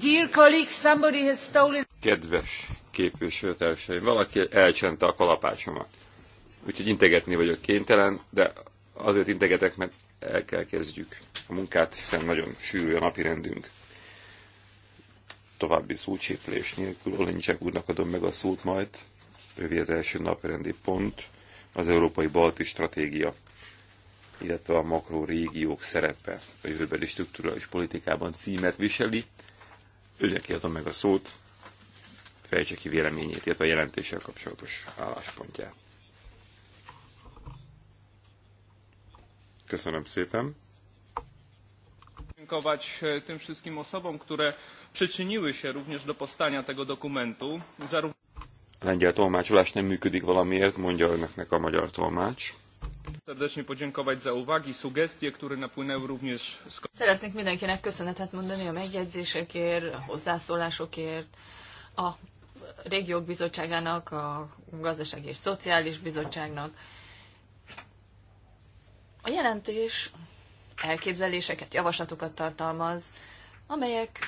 Dear colleagues, somebody has stolen... Kedves képviselőtársaim, valaki elcsente a kalapácsomat, Úgyhogy integetni vagyok kénytelen, de azért integetek, mert el kell kezdjük a munkát, hiszen nagyon sűrű a napi rendünk. További szócsétlés nélkül Olincsek úrnak adom meg a szót majd. Ővé az első napirendi pont, az Európai Balti Stratégia illetve a makró régiók szerepe a jövőbeli struktúrális politikában címet viseli. Őnek adom meg a szót, fejtse ki véleményét, illetve a jelentéssel kapcsolatos álláspontját. Köszönöm szépen. Dziękować e, tym wszystkim osobom, które przyczyniły się również do powstania tego dokumentu. Zarówno... A lengyel tolmácsolás nem működik valamiért, mondja önöknek a magyar tolmács serdecznie podziękować za uwagi, sugestie, które napłynęły również z... Szeretnék mindenkinek köszönetet mondani a megjegyzésekért, a hozzászólásokért, a régiók bizottságának, a gazdasági és szociális bizottságnak. A jelentés elképzeléseket, javaslatokat tartalmaz, amelyek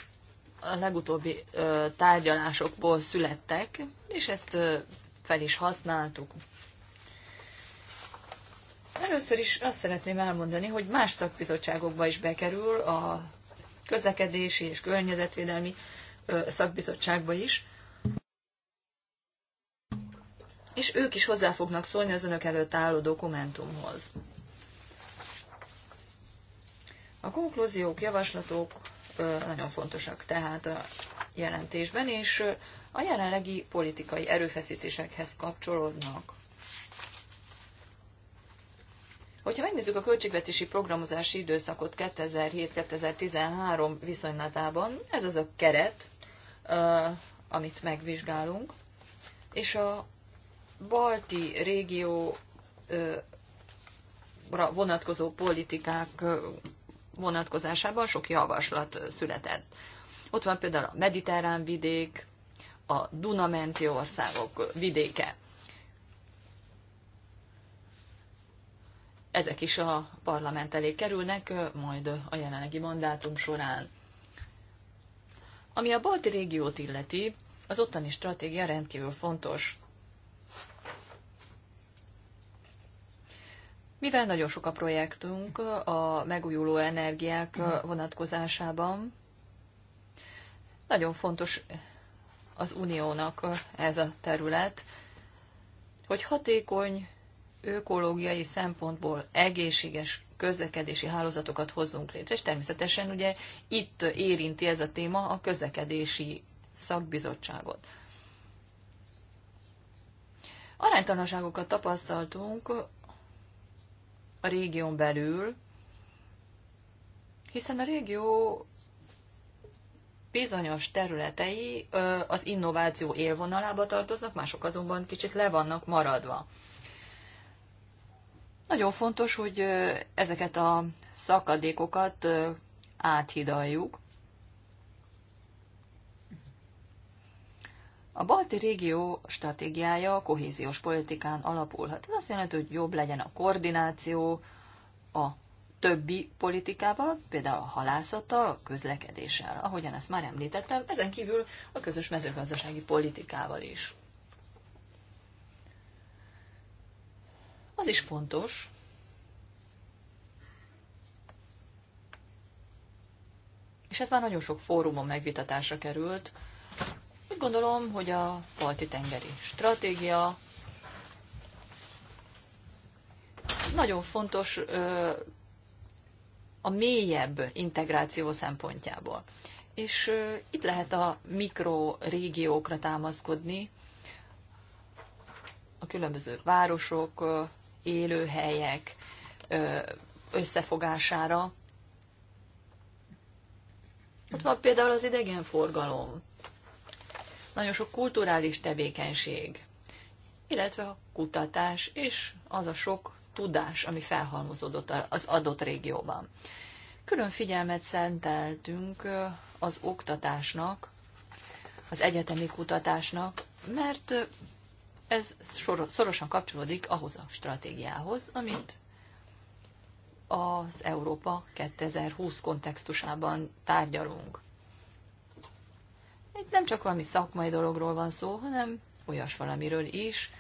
a legutóbbi ö, tárgyalásokból születtek, és ezt ö, fel is használtuk. Először is azt szeretném elmondani, hogy más szakbizottságokba is bekerül a közlekedési és környezetvédelmi szakbizottságba is, és ők is hozzá fognak szólni az önök előtt álló dokumentumhoz. A konklúziók, javaslatok nagyon fontosak tehát a jelentésben, és a jelenlegi politikai erőfeszítésekhez kapcsolódnak. Hogyha megnézzük a költségvetési programozási időszakot 2007-2013 viszonylatában, ez az a keret, amit megvizsgálunk, és a balti régióra vonatkozó politikák vonatkozásában sok javaslat született. Ott van például a mediterrán vidék, a Dunamenti országok vidéke. ezek is a parlament elé kerülnek, majd a jelenlegi mandátum során. Ami a balti régiót illeti, az ottani stratégia rendkívül fontos. Mivel nagyon sok a projektünk a megújuló energiák vonatkozásában, nagyon fontos az uniónak ez a terület, hogy hatékony, ökológiai szempontból egészséges közlekedési hálózatokat hozzunk létre, és természetesen ugye itt érinti ez a téma a közlekedési szakbizottságot. Aránytalanságokat tapasztaltunk a régión belül, hiszen a régió bizonyos területei az innováció élvonalába tartoznak, mások azonban kicsit le vannak maradva. Nagyon fontos, hogy ezeket a szakadékokat áthidaljuk. A balti régió stratégiája a kohéziós politikán alapulhat. Ez azt jelenti, hogy jobb legyen a koordináció a többi politikával, például a halászattal, a közlekedéssel, ahogyan ezt már említettem, ezen kívül a közös mezőgazdasági politikával is. Az is fontos, és ez már nagyon sok fórumon megvitatásra került, úgy gondolom, hogy a balti tengeri stratégia nagyon fontos a mélyebb integráció szempontjából. És itt lehet a mikrorégiókra támaszkodni, a különböző városok, élőhelyek összefogására. Ott van például az idegenforgalom, nagyon sok kulturális tevékenység, illetve a kutatás és az a sok tudás, ami felhalmozódott az adott régióban. Külön figyelmet szenteltünk az oktatásnak, az egyetemi kutatásnak, mert ez szorosan kapcsolódik ahhoz a stratégiához, amit az Európa 2020 kontextusában tárgyalunk. Itt nem csak valami szakmai dologról van szó, hanem olyas valamiről is,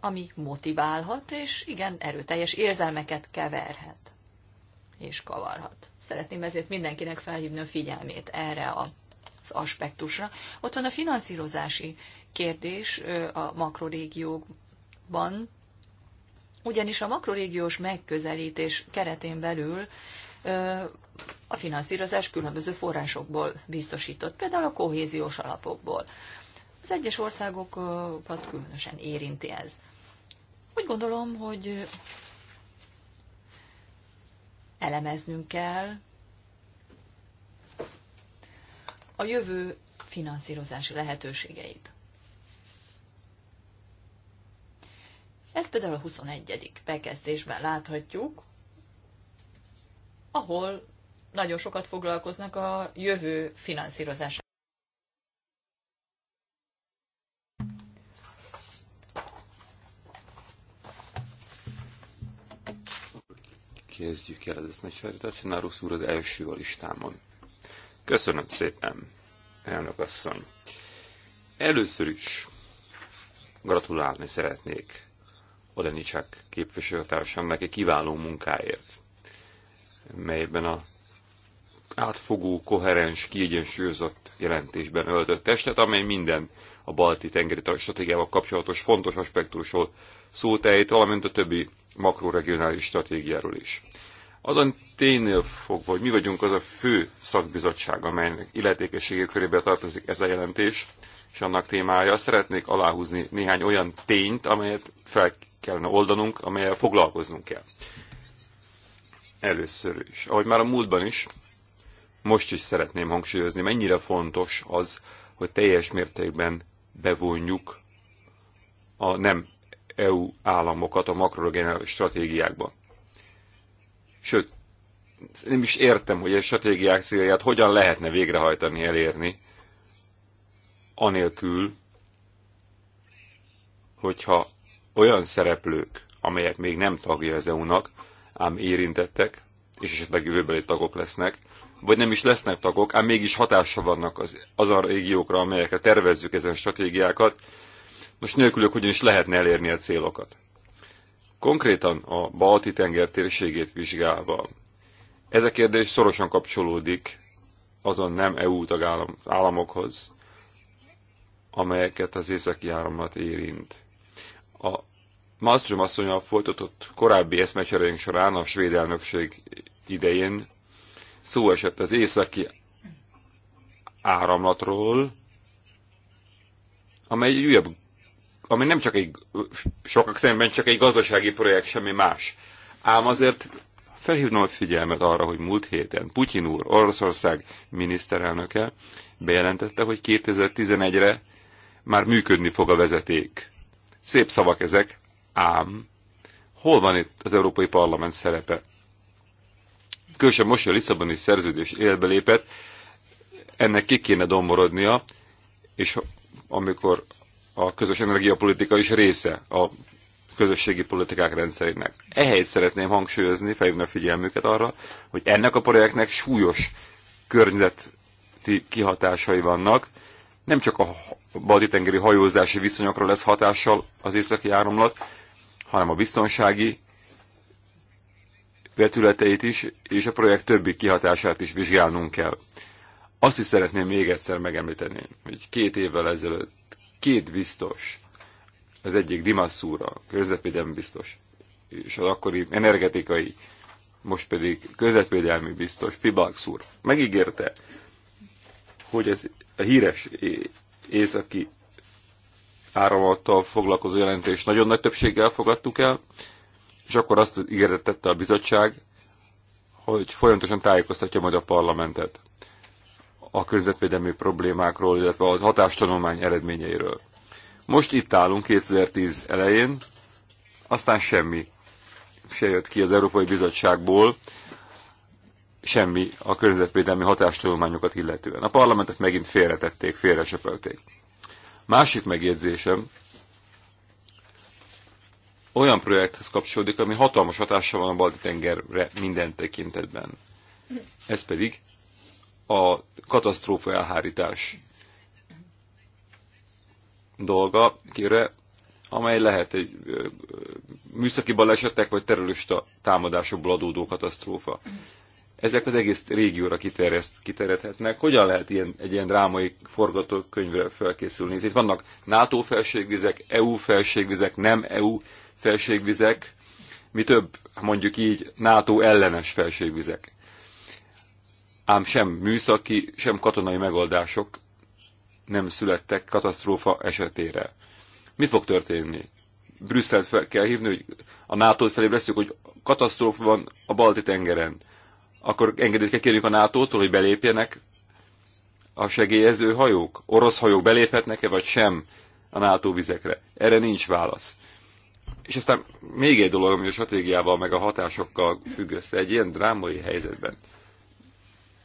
ami motiválhat, és igen, erőteljes érzelmeket keverhet és kavarhat. Szeretném ezért mindenkinek felhívni a figyelmét erre az aspektusra. Ott van a finanszírozási kérdés a makrorégiókban, ugyanis a makrorégiós megközelítés keretén belül a finanszírozás különböző forrásokból biztosított, például a kohéziós alapokból. Az egyes országokat különösen érinti ez. Úgy gondolom, hogy elemeznünk kell a jövő finanszírozási lehetőségeit. Ezt például a 21. bekezdésben láthatjuk, ahol nagyon sokat foglalkoznak a jövő finanszírozása. Kezdjük el az eszmecserét, hiszem, Szenárusz úr az első a listámon. Köszönöm szépen, elnök asszony. Először is gratulálni szeretnék Olenicsák képviselőtársam neki kiváló munkáért, melyben a átfogó, koherens, kiegyensúlyozott jelentésben öltött testet, amely minden a balti tengeri stratégiával kapcsolatos fontos aspektusról szót ejt, valamint a többi makroregionális stratégiáról is. Azon ténynél fogva, hogy mi vagyunk az a fő szakbizottság, amelynek illetékességé körébe tartozik ez a jelentés, és annak témája, szeretnék aláhúzni néhány olyan tényt, amelyet fel kellene oldanunk, amelyel foglalkoznunk kell. Először is. Ahogy már a múltban is, most is szeretném hangsúlyozni, mennyire fontos az, hogy teljes mértékben bevonjuk a nem EU államokat a makrogenerális stratégiákba. Sőt, nem is értem, hogy egy stratégiák célját hogyan lehetne végrehajtani, elérni, anélkül, hogyha olyan szereplők, amelyek még nem tagja az EU-nak, ám érintettek, és esetleg jövőbeli tagok lesznek, vagy nem is lesznek tagok, ám mégis hatása vannak az, azon régiókra, amelyekre tervezzük ezen a stratégiákat, most nélkülük hogyan is lehetne elérni a célokat. Konkrétan a Balti tenger térségét vizsgálva, ez a kérdés szorosan kapcsolódik azon nem EU tagállamokhoz, amelyeket az északi áramlat érint. A Malmström asszonyal folytatott korábbi eszmecserénk során a svéd elnökség idején szó esett az északi áramlatról, amely egy újabb, ami nem csak egy, sokak szemben csak egy gazdasági projekt, semmi más. Ám azért felhívnom a figyelmet arra, hogy múlt héten Putyin úr, Oroszország miniszterelnöke bejelentette, hogy 2011-re már működni fog a vezeték. Szép szavak ezek, Ám hol van itt az Európai Parlament szerepe? Különösen most, a Lisszaboni szerződés élbe lépett, ennek ki kéne domborodnia, és amikor a közös energiapolitika is része a közösségi politikák rendszerének. Ehelyett szeretném hangsúlyozni, felhívni a figyelmüket arra, hogy ennek a projektnek súlyos környezeti kihatásai vannak, nem csak a balti-tengeri hajózási viszonyokra lesz hatással az északi áramlat, hanem a biztonsági vetületeit is, és a projekt többi kihatását is vizsgálnunk kell. Azt is szeretném még egyszer megemlíteni, hogy két évvel ezelőtt két biztos, az egyik Dimasszúra, közvetvédelmi biztos, és az akkori energetikai, most pedig közvetvédelmi biztos, Pibalx úr, megígérte, hogy ez a híres északi áramlattal foglalkozó jelentést nagyon nagy többséggel fogadtuk el, és akkor azt ígéretet tette a bizottság, hogy folyamatosan tájékoztatja majd a parlamentet a környezetvédelmi problémákról, illetve a hatástanulmány eredményeiről. Most itt állunk 2010 elején, aztán semmi se jött ki az Európai Bizottságból, semmi a környezetvédelmi hatástanulmányokat illetően. A parlamentet megint félretették, félresöpölték. Másik megjegyzésem olyan projekthez kapcsolódik, ami hatalmas hatással van a Balti-tengerre minden tekintetben. Ez pedig a katasztrófa elhárítás dolga, kire, amely lehet egy műszaki balesetek vagy terrorista támadásokból adódó katasztrófa ezek az egész régióra kiterjedhetnek. Hogyan lehet ilyen, egy ilyen drámai forgatókönyvre felkészülni? Itt vannak NATO felségvizek, EU felségvizek, nem EU felségvizek, mi több, mondjuk így, NATO ellenes felségvizek. Ám sem műszaki, sem katonai megoldások nem születtek katasztrófa esetére. Mi fog történni? Brüsszelt fel kell hívni, hogy a NATO-t felébresztjük, hogy katasztrófa van a Balti tengeren akkor engedélyt kell kérjük a NATO-tól, hogy belépjenek a segélyező hajók? Orosz hajók beléphetnek-e, vagy sem a NATO vizekre? Erre nincs válasz. És aztán még egy dolog, ami a stratégiával, meg a hatásokkal függ össze, egy ilyen drámai helyzetben.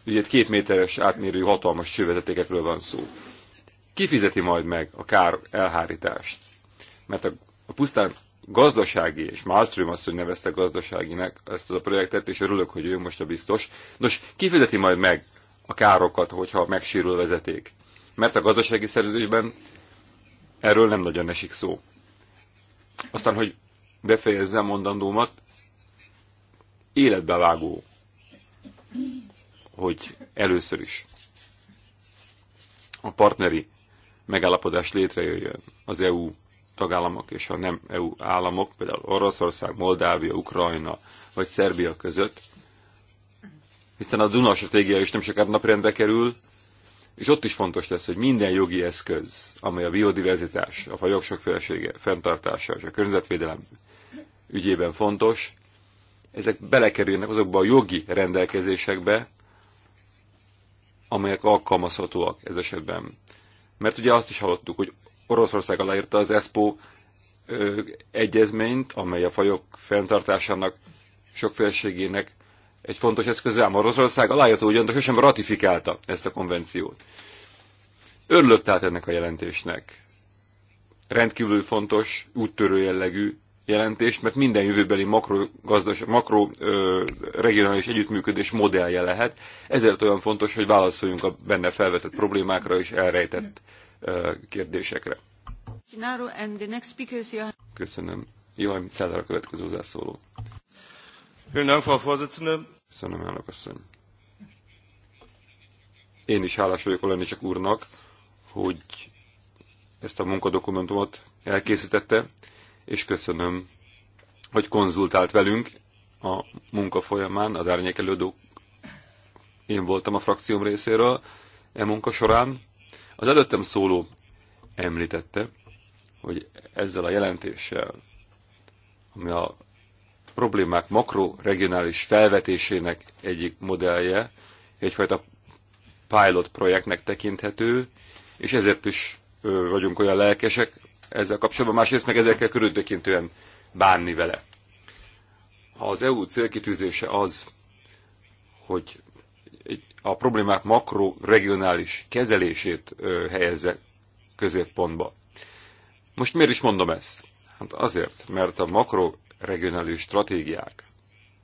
Ugye egy két méteres átmérő hatalmas csővezetékekről van szó. Ki fizeti majd meg a kár elhárítást? Mert a, a pusztán gazdasági, és Malmström asszony nevezte gazdaságinek ezt a projektet, és örülök, hogy ő most a biztos. Nos, kifizeti majd meg a károkat, hogyha megsérül a vezeték? Mert a gazdasági szerződésben erről nem nagyon esik szó. Aztán, hogy befejezzem mondandómat, életbevágó, hogy először is a partneri megállapodás létrejöjjön az EU tagállamok és a nem EU államok, például Oroszország, Moldávia, Ukrajna vagy Szerbia között, hiszen a Duna stratégia is nem sokára napirendbe kerül, és ott is fontos lesz, hogy minden jogi eszköz, amely a biodiverzitás, a fajok sokfélesége fenntartása és a környezetvédelem ügyében fontos, ezek belekerülnek azokba a jogi rendelkezésekbe, amelyek alkalmazhatóak ez esetben. Mert ugye azt is hallottuk, hogy Oroszország aláírta az ESPO egyezményt, amely a fajok fenntartásának, sokféleségének egy fontos eszköze, ám Oroszország aláírta ugyan, de sosem ratifikálta ezt a konvenciót. Örülök tehát ennek a jelentésnek. Rendkívül fontos, úttörő jellegű jelentést, mert minden jövőbeli makrogazdas, makro regionális együttműködés modellje lehet. Ezért olyan fontos, hogy válaszoljunk a benne felvetett problémákra és elrejtett kérdésekre. Köszönöm. Joachim Cezár a következő hozzászóló. Köszönöm, elnök asszony. Én is hálás vagyok Olani csak úrnak, hogy ezt a munkadokumentumot elkészítette, és köszönöm, hogy konzultált velünk a munka folyamán, az árnyékelődők. Én voltam a frakcióm részéről e munka során, az előttem szóló említette, hogy ezzel a jelentéssel, ami a problémák makroregionális felvetésének egyik modellje, egyfajta pilot projektnek tekinthető, és ezért is vagyunk olyan lelkesek ezzel kapcsolatban, másrészt meg ezekkel körültekintően bánni vele. Ha az EU célkitűzése az, hogy a problémák makroregionális kezelését helyezze középpontba. Most miért is mondom ezt? Hát azért, mert a makroregionális stratégiák,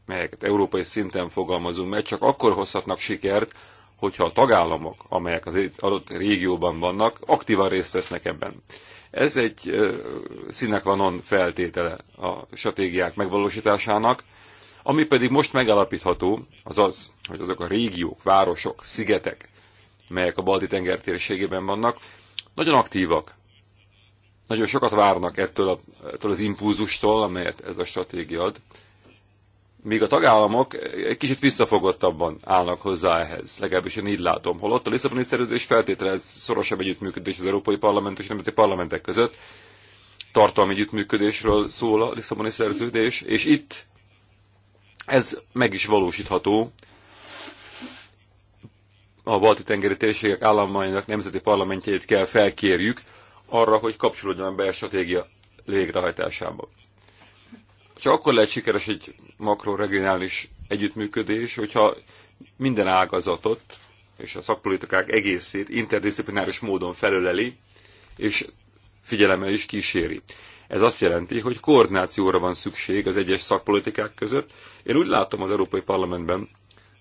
melyeket európai szinten fogalmazunk mert csak akkor hozhatnak sikert, hogyha a tagállamok, amelyek az adott régióban vannak, aktívan részt vesznek ebben. Ez egy színek vanon feltétele a stratégiák megvalósításának, ami pedig most megalapítható, az az, hogy azok a régiók, városok, szigetek, melyek a balti tenger térségében vannak, nagyon aktívak. Nagyon sokat várnak ettől, a, ettől az impulzustól, amelyet ez a stratégia ad. Míg a tagállamok egy kicsit visszafogottabban állnak hozzá ehhez, legalábbis én így látom, holott a Lisszaboni szerződés feltételez szorosabb együttműködés az Európai Parlament és Nemzeti Parlamentek között, tartalmi együttműködésről szól a Lisszaboni szerződés, és itt ez meg is valósítható. A balti tengeri térségek államainak nemzeti parlamentjeit kell felkérjük arra, hogy kapcsolódjon be a stratégia végrehajtásába. Csak akkor lehet sikeres egy makroregionális együttműködés, hogyha minden ágazatot és a szakpolitikák egészét interdisziplináris módon felöleli, és figyelemmel is kíséri. Ez azt jelenti, hogy koordinációra van szükség az egyes szakpolitikák között. Én úgy látom az Európai Parlamentben,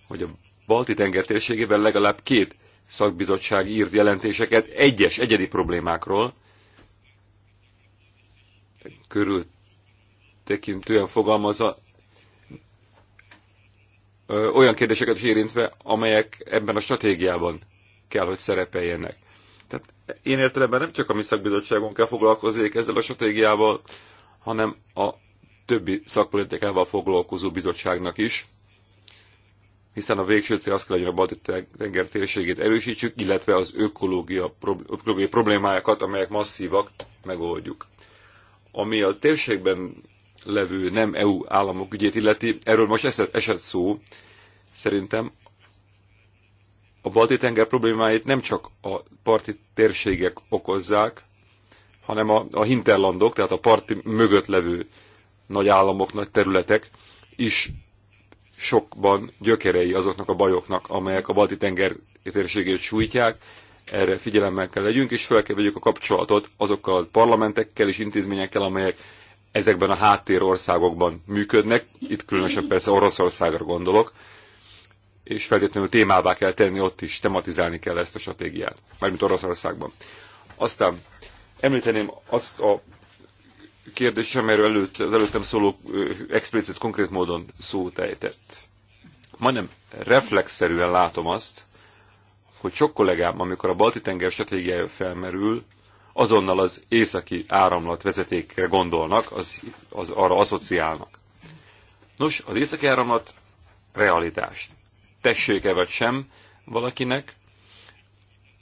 hogy a Balti tenger térségében legalább két szakbizottság írt jelentéseket egyes egyedi problémákról. tekintően fogalmazva olyan kérdéseket is érintve, amelyek ebben a stratégiában kell, hogy szerepeljenek. Tehát én értelemben nem csak a mi szakbizottságunk kell foglalkozik ezzel a stratégiával, hanem a többi szakpolitikával foglalkozó bizottságnak is, hiszen a végső cél az kell, hogy a balti tenger térségét erősítsük, illetve az ökológia, ökológiai problémákat, amelyek masszívak, megoldjuk. Ami a térségben levő nem EU államok ügyét illeti, erről most esett szó, szerintem a Balti-tenger problémáit nem csak a parti térségek okozzák, hanem a, a hinterlandok, tehát a parti mögött levő nagy államok, nagy területek is sokban gyökerei azoknak a bajoknak, amelyek a Balti-tenger térségét sújtják. Erre figyelemmel kell legyünk, és fel kell vegyük a kapcsolatot azokkal a parlamentekkel és intézményekkel, amelyek ezekben a háttérországokban működnek, itt különösen persze Oroszországra gondolok, és feltétlenül témává kell tenni ott is, tematizálni kell ezt a stratégiát, mármint Oroszországban. Aztán említeném azt a kérdést, amelyről előtt, az előttem szóló explicit, konkrét módon szót ejtett. Majdnem reflexzerűen látom azt, hogy sok kollégám, amikor a Balti-tenger stratégiája felmerül, azonnal az északi áramlat vezetékre gondolnak, az, az arra aszociálnak. Nos, az északi áramlat realitás tessék-e vagy sem valakinek.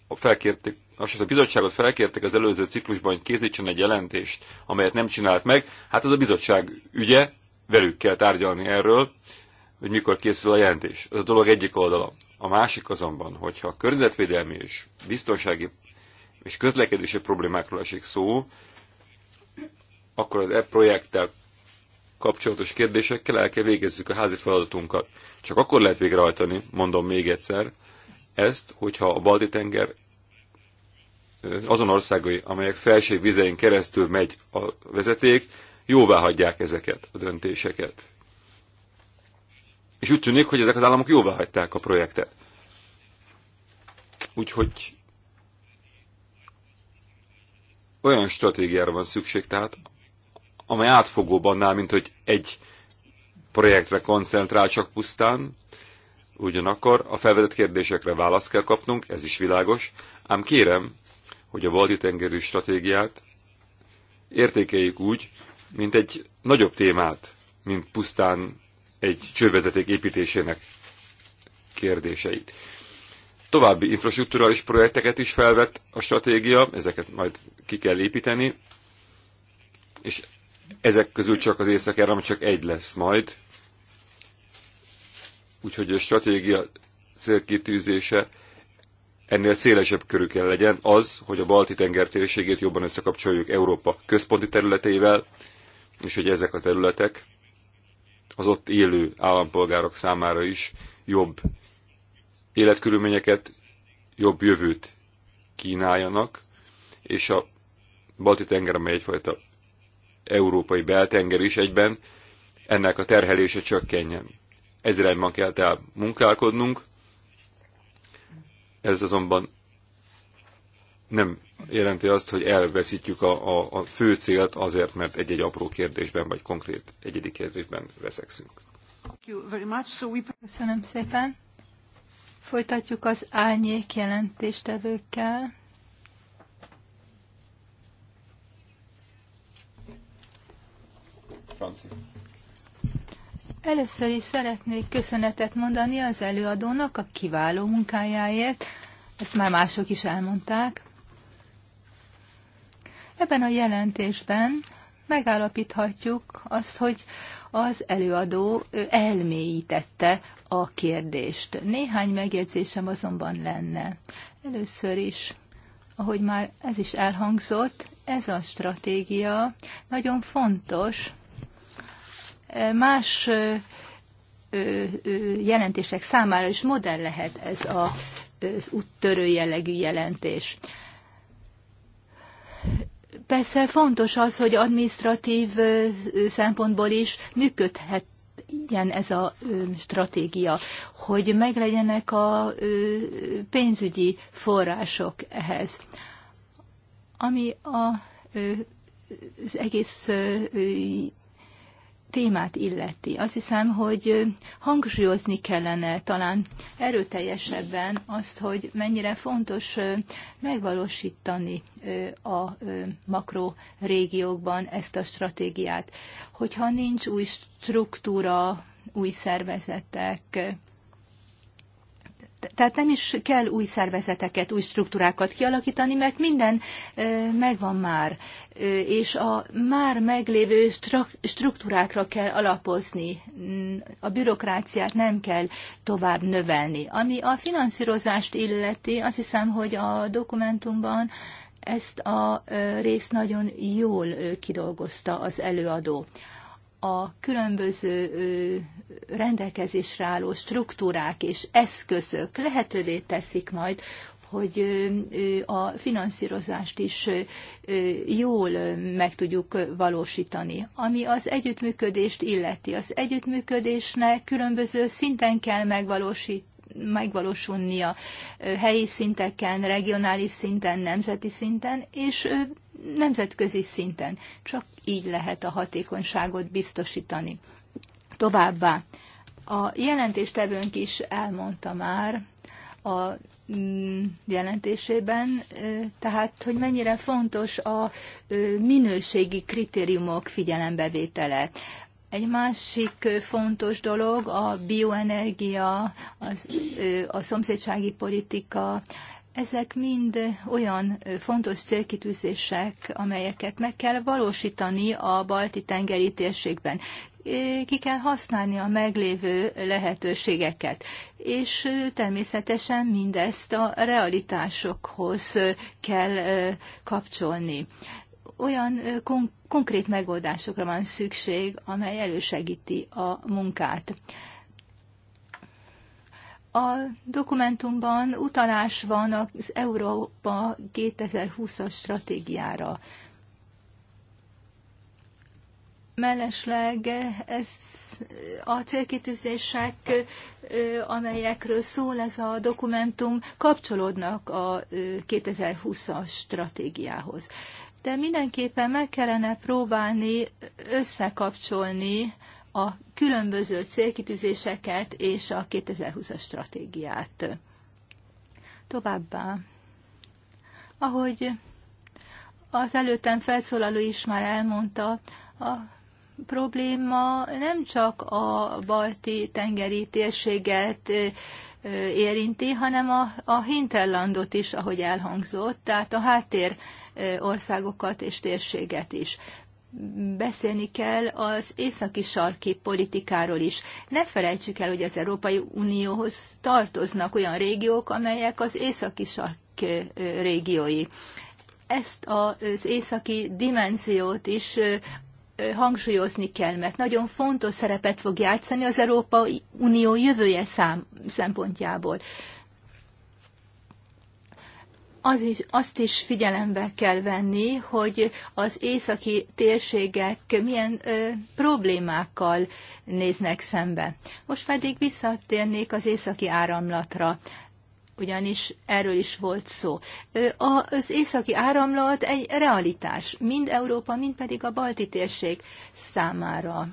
Felkérték, azt hiszem, a bizottságot felkértek az előző ciklusban, hogy készítsen egy jelentést, amelyet nem csinált meg. Hát az a bizottság ügye, velük kell tárgyalni erről, hogy mikor készül a jelentés. Ez a dolog egyik oldala. A másik azonban, hogyha a környezetvédelmi és biztonsági és közlekedési problémákról esik szó, akkor az e projekttel kapcsolatos kérdésekkel el kell végezzük a házi feladatunkat. Csak akkor lehet végrehajtani, mondom még egyszer, ezt, hogyha a Balti-tenger azon országai, amelyek felség vizein keresztül megy a vezeték, jóvá hagyják ezeket a döntéseket. És úgy tűnik, hogy ezek az államok jóvá hagyták a projektet. Úgyhogy olyan stratégiára van szükség, tehát amely átfogóbb annál, mint hogy egy projektre koncentrál csak pusztán, ugyanakkor a felvetett kérdésekre választ kell kapnunk, ez is világos, ám kérem, hogy a valdi tengerű stratégiát értékeljük úgy, mint egy nagyobb témát, mint pusztán egy csővezeték építésének kérdéseit. További infrastruktúrális projekteket is felvett a stratégia, ezeket majd ki kell építeni, és ezek közül csak az északi áram csak egy lesz majd. Úgyhogy a stratégia célkitűzése ennél szélesebb körű kell legyen az, hogy a balti tenger térségét jobban összekapcsoljuk Európa központi területeivel, és hogy ezek a területek az ott élő állampolgárok számára is jobb életkörülményeket, jobb jövőt kínáljanak, és a balti tenger, amely egyfajta európai beltenger is egyben, ennek a terhelése csökkenjen. Ez kell tehát munkálkodnunk, ez azonban nem jelenti azt, hogy elveszítjük a, a, a fő célt azért, mert egy-egy apró kérdésben, vagy konkrét egyedi kérdésben veszekszünk. Köszönöm szépen. Folytatjuk az árnyék jelentéstevőkkel. Franci. Először is szeretnék köszönetet mondani az előadónak a kiváló munkájáért, ezt már mások is elmondták. Ebben a jelentésben megállapíthatjuk azt, hogy az előadó elmélyítette a kérdést. Néhány megjegyzésem azonban lenne. Először is, ahogy már ez is elhangzott, ez a stratégia nagyon fontos más jelentések számára is modell lehet ez a, az úttörő jellegű jelentés. Persze fontos az, hogy administratív szempontból is működhet ilyen ez a stratégia, hogy meglegyenek a pénzügyi források ehhez. Ami a, az egész témát illeti. Azt hiszem, hogy hangsúlyozni kellene talán erőteljesebben azt, hogy mennyire fontos megvalósítani a makrorégiókban ezt a stratégiát. Hogyha nincs új struktúra, új szervezetek, tehát nem is kell új szervezeteket, új struktúrákat kialakítani, mert minden megvan már, és a már meglévő struktúrákra kell alapozni. A bürokráciát nem kell tovább növelni. Ami a finanszírozást illeti, azt hiszem, hogy a dokumentumban ezt a részt nagyon jól kidolgozta az előadó a különböző rendelkezésre álló struktúrák és eszközök lehetővé teszik majd, hogy a finanszírozást is jól meg tudjuk valósítani. Ami az együttműködést illeti, az együttműködésnek különböző szinten kell megvalósítani megvalósulnia helyi szinteken, regionális szinten, nemzeti szinten, és nemzetközi szinten. Csak így lehet a hatékonyságot biztosítani. Továbbá, a jelentéstevőnk is elmondta már a mm, jelentésében, tehát, hogy mennyire fontos a minőségi kritériumok figyelembevétele. Egy másik fontos dolog a bioenergia, az, a szomszédsági politika, ezek mind olyan fontos célkitűzések, amelyeket meg kell valósítani a balti tengeri térségben. Ki kell használni a meglévő lehetőségeket, és természetesen mindezt a realitásokhoz kell kapcsolni. Olyan kon- konkrét megoldásokra van szükség, amely elősegíti a munkát. A dokumentumban utalás van az Európa 2020-as stratégiára. Mellesleg ez a célkitűzések, amelyekről szól ez a dokumentum, kapcsolódnak a 2020-as stratégiához. De mindenképpen meg kellene próbálni összekapcsolni a különböző célkitűzéseket és a 2020-as stratégiát. Továbbá, ahogy az előttem felszólaló is már elmondta, a probléma nem csak a balti tengeri térséget érinti, hanem a, a hinterlandot is, ahogy elhangzott, tehát a háttér országokat és térséget is beszélni kell az északi sarki politikáról is. Ne felejtsük el, hogy az Európai Unióhoz tartoznak olyan régiók, amelyek az északi sark régiói. Ezt az északi dimenziót is hangsúlyozni kell, mert nagyon fontos szerepet fog játszani az Európai Unió jövője szám, szempontjából az is, azt is figyelembe kell venni, hogy az északi térségek milyen ö, problémákkal néznek szembe. Most pedig visszatérnék az északi áramlatra ugyanis erről is volt szó. Az északi áramlat egy realitás, mind Európa, mind pedig a balti térség számára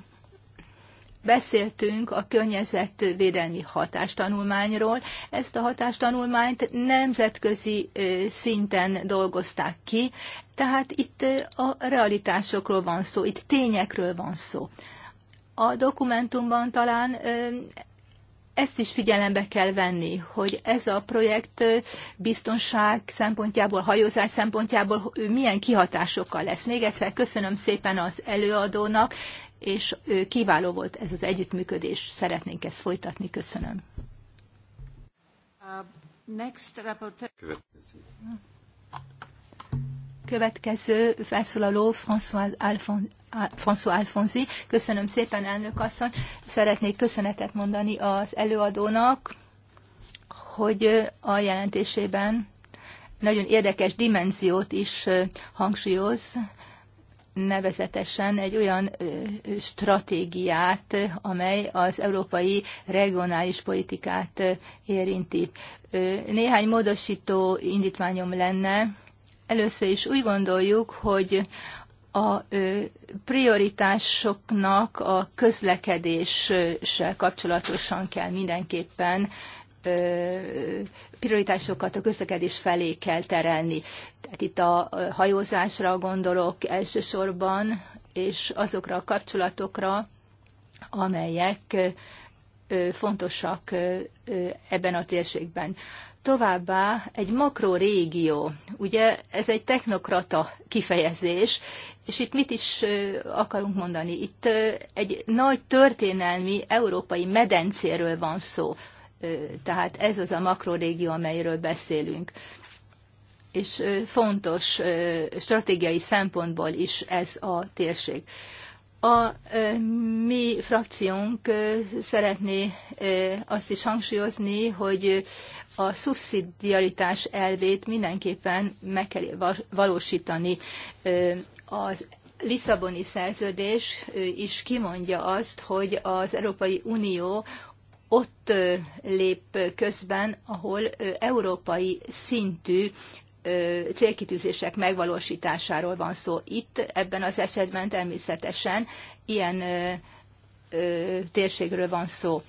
beszéltünk a környezetvédelmi hatástanulmányról. Ezt a hatástanulmányt nemzetközi szinten dolgozták ki, tehát itt a realitásokról van szó, itt tényekről van szó. A dokumentumban talán ezt is figyelembe kell venni, hogy ez a projekt biztonság szempontjából, hajózás szempontjából milyen kihatásokkal lesz. Még egyszer köszönöm szépen az előadónak, és kiváló volt ez az együttműködés, szeretnénk ezt folytatni. Köszönöm. Következő. Uh, Következő felszólaló François, Alfon, François Alfonzi. Köszönöm szépen, elnök asszony. Szeretnék köszönetet mondani az előadónak, hogy a jelentésében nagyon érdekes dimenziót is hangsúlyoz, nevezetesen egy olyan stratégiát, amely az európai regionális politikát érinti. Néhány módosító indítványom lenne. Először is úgy gondoljuk, hogy a prioritásoknak a közlekedéssel kapcsolatosan kell mindenképpen prioritásokat a közlekedés felé kell terelni. Tehát itt a hajózásra gondolok elsősorban, és azokra a kapcsolatokra, amelyek fontosak ebben a térségben. Továbbá egy makrorégió, ugye ez egy technokrata kifejezés, és itt mit is akarunk mondani? Itt egy nagy történelmi európai medencéről van szó, tehát ez az a makrorégió, amelyről beszélünk. És fontos stratégiai szempontból is ez a térség. A mi frakciónk szeretné azt is hangsúlyozni, hogy a szubszidiaritás elvét mindenképpen meg kell valósítani. Az Lisszaboni szerződés is kimondja azt, hogy az Európai Unió ott lép közben, ahol európai szintű célkitűzések megvalósításáról van szó. Itt ebben az esetben természetesen ilyen térségről van szó.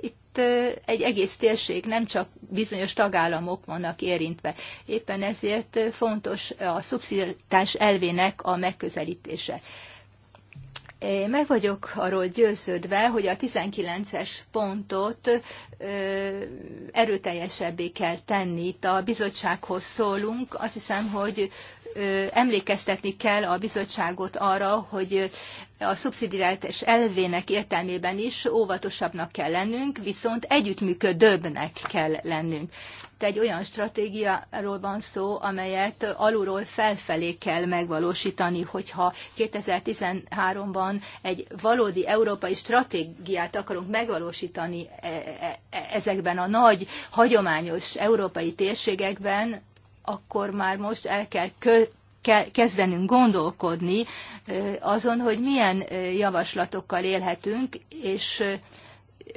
Itt egy egész térség, nem csak bizonyos tagállamok vannak érintve. Éppen ezért fontos a szubszidiás elvének a megközelítése. Meg vagyok arról győződve, hogy a 19-es pontot erőteljesebbé kell tenni. Itt a bizottsághoz szólunk. Azt hiszem, hogy emlékeztetni kell a bizottságot arra, hogy a szubszidiáltás elvének értelmében is óvatosabbnak kell lennünk, viszont együttműködőbbnek kell lennünk. Tehát egy olyan stratégiáról van szó, amelyet alulról felfelé kell megvalósítani, hogyha 2013-ban egy valódi európai stratégiát akarunk megvalósítani e- e- e- ezekben a nagy, hagyományos európai térségekben, akkor már most el kell kezdenünk gondolkodni azon, hogy milyen javaslatokkal élhetünk, és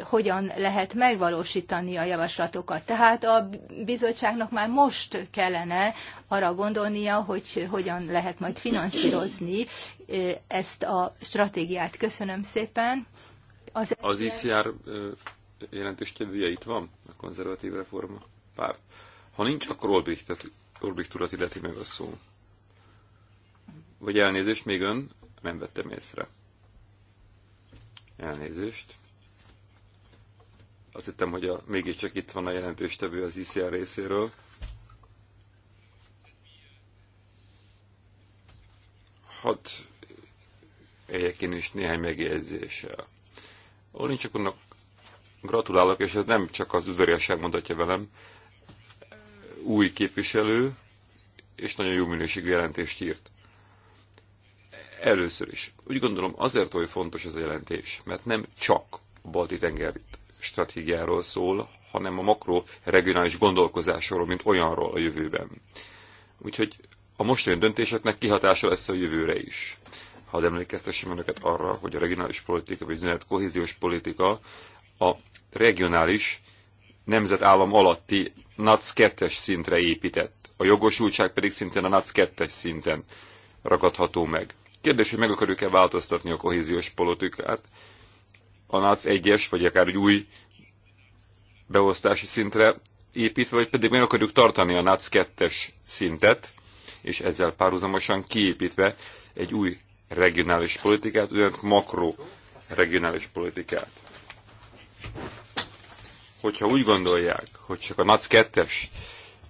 hogyan lehet megvalósítani a javaslatokat. Tehát a bizottságnak már most kellene arra gondolnia, hogy hogyan lehet majd finanszírozni ezt a stratégiát. Köszönöm szépen. Az, az ICR jelentős itt van, a konzervatív reforma párt. Ha nincs, akkor Olbricht urat illeti meg a szó. Vagy elnézést, még ön nem vettem észre. Elnézést. Azt hittem, hogy a, mégiscsak itt van a jelentőstevő az ICR részéről. Hadd éljek én is néhány megjegyzéssel. Olin csak gratulálok, és ez nem csak az udvariasság mondatja velem, új képviselő, és nagyon jó minőségű jelentést írt. Először is. Úgy gondolom azért oly fontos ez a jelentés, mert nem csak balti tengeri stratégiáról szól, hanem a makro regionális gondolkozásról, mint olyanról a jövőben. Úgyhogy a mostani döntéseknek kihatása lesz a jövőre is. ha emlékeztessem önöket arra, hogy a regionális politika, vagy a kohéziós politika a regionális nemzetállam alatti NAC 2 szintre épített, a jogosultság pedig szintén a NAC 2 szinten ragadható meg. Kérdés, hogy meg akarjuk-e változtatni a kohéziós politikát, a NAC 1-es, vagy akár egy új beosztási szintre építve, vagy pedig meg akarjuk tartani a NAC 2 szintet, és ezzel párhuzamosan kiépítve egy új regionális politikát, olyan makro regionális politikát hogyha úgy gondolják, hogy csak a NAC 2-es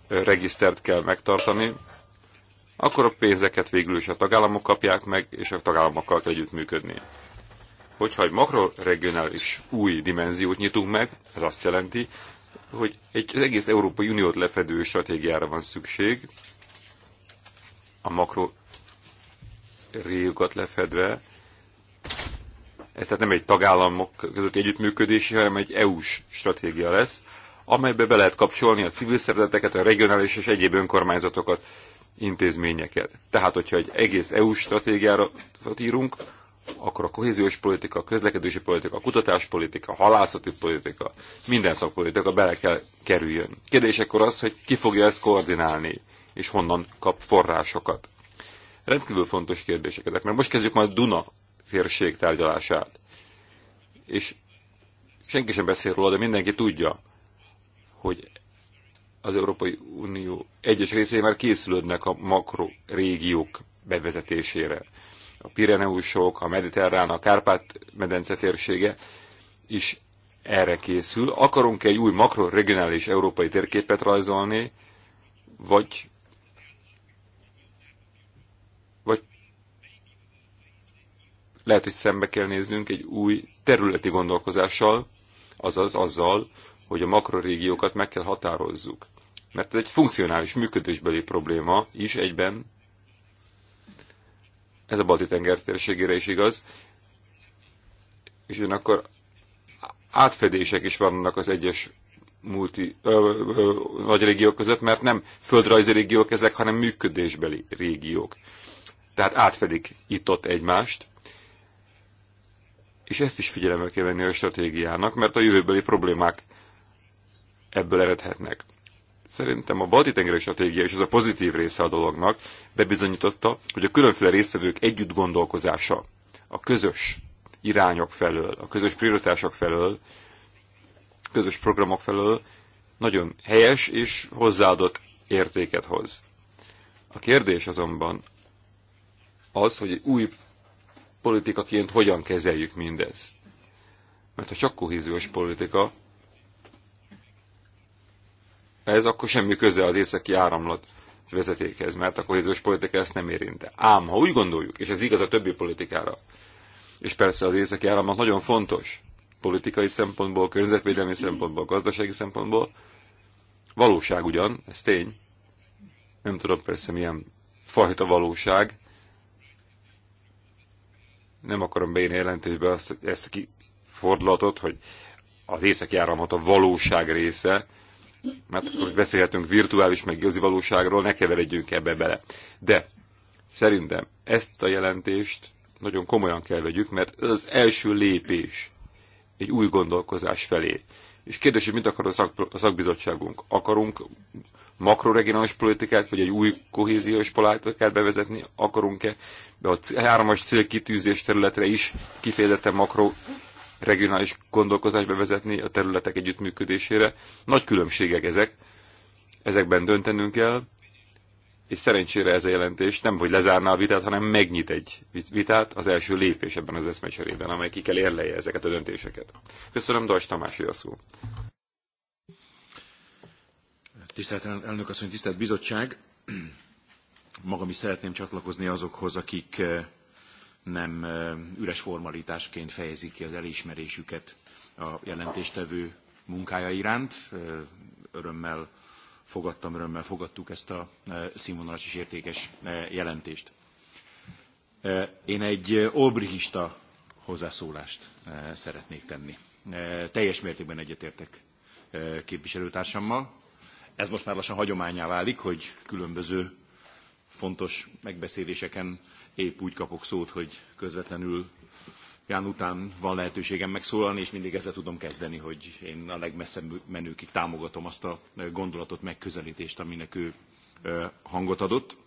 regisztert kell megtartani, akkor a pénzeket végül is a tagállamok kapják meg, és a tagállamokkal kell működni. Hogyha egy makroregionális új dimenziót nyitunk meg, ez azt jelenti, hogy egy az egész Európai Uniót lefedő stratégiára van szükség, a makro régokat lefedve, ez tehát nem egy tagállamok közötti együttműködési, hanem egy EU-s stratégia lesz, amelybe be lehet kapcsolni a civil szervezeteket, a regionális és egyéb önkormányzatokat, intézményeket. Tehát, hogyha egy egész EU stratégiára írunk, akkor a kohéziós politika, a közlekedési politika, a kutatáspolitika, a halászati politika, minden szakpolitika bele kell kerüljön. Kérdés akkor az, hogy ki fogja ezt koordinálni, és honnan kap forrásokat. Rendkívül fontos kérdések ezek, mert most kezdjük majd Duna férség tárgyalását. És senki sem beszél róla, de mindenki tudja, hogy az Európai Unió egyes részei már készülődnek a makro régiók bevezetésére. A Pireneusok, a Mediterrán, a Kárpát-medence térsége is erre készül. Akarunk egy új makroregionális európai térképet rajzolni, vagy lehet, hogy szembe kell néznünk egy új területi gondolkozással, azaz azzal, hogy a makrorégiókat meg kell határozzuk. Mert ez egy funkcionális, működésbeli probléma is egyben, ez a Balti-tenger térségére is igaz, és ugyanakkor átfedések is vannak az egyes multi, ö, ö, ö, nagy régiók között, mert nem földrajzi régiók ezek, hanem működésbeli régiók. Tehát átfedik itt-ott egymást, és ezt is figyelembe kell venni a stratégiának, mert a jövőbeli problémák ebből eredhetnek. Szerintem a balti tengeri stratégia és az a pozitív része a dolognak bebizonyította, hogy a különféle résztvevők együtt gondolkozása a közös irányok felől, a közös prioritások felől, közös programok felől nagyon helyes és hozzáadott értéket hoz. A kérdés azonban az, hogy új politikaként hogyan kezeljük mindezt. Mert ha csak kohéziós politika, ez akkor semmi köze az északi áramlat vezetékhez, mert a kohéziós politika ezt nem érinte. Ám, ha úgy gondoljuk, és ez igaz a többi politikára, és persze az északi áramlat nagyon fontos, politikai szempontból, környezetvédelmi szempontból, gazdasági szempontból, valóság ugyan, ez tény, nem tudom persze milyen fajta valóság, nem akarom beírni jelentésbe azt, hogy ezt a fordulatot, hogy az északi áramlat a valóság része, mert akkor beszélhetünk virtuális, meg igazi valóságról, ne keveredjünk ebbe bele. De szerintem ezt a jelentést nagyon komolyan kell vegyük, mert ez az első lépés egy új gondolkozás felé. És kérdés, hogy mit akar a, szak, a szakbizottságunk? Akarunk makroregionális politikát, vagy egy új kohéziós politikát bevezetni akarunk-e, de a háromas célkitűzés területre is kifejezetten makroregionális gondolkozást bevezetni a területek együttműködésére. Nagy különbségek ezek, ezekben döntenünk kell, és szerencsére ez a jelentés nem hogy lezárná a vitát, hanem megnyit egy vitát az első lépés ebben az eszmecserében, amely ki kell érleje ezeket a döntéseket. Köszönöm, Dajs Tamás, a szó. Tisztelt elnök asszony, tisztelt bizottság! Magam is szeretném csatlakozni azokhoz, akik eh, nem eh, üres formalitásként fejezik ki az elismerésüket a jelentéstevő munkája iránt. Eh, örömmel fogadtam, örömmel fogadtuk ezt a színvonalas és értékes jelentést. Én egy olbrichista hozzászólást szeretnék tenni. Teljes mértékben egyetértek képviselőtársammal. Ez most már lassan hagyományá válik, hogy különböző fontos megbeszéléseken épp úgy kapok szót, hogy közvetlenül Ján után van lehetőségem megszólalni, és mindig ezzel tudom kezdeni, hogy én a legmesszebb menőkig támogatom azt a gondolatot, megközelítést, aminek ő hangot adott.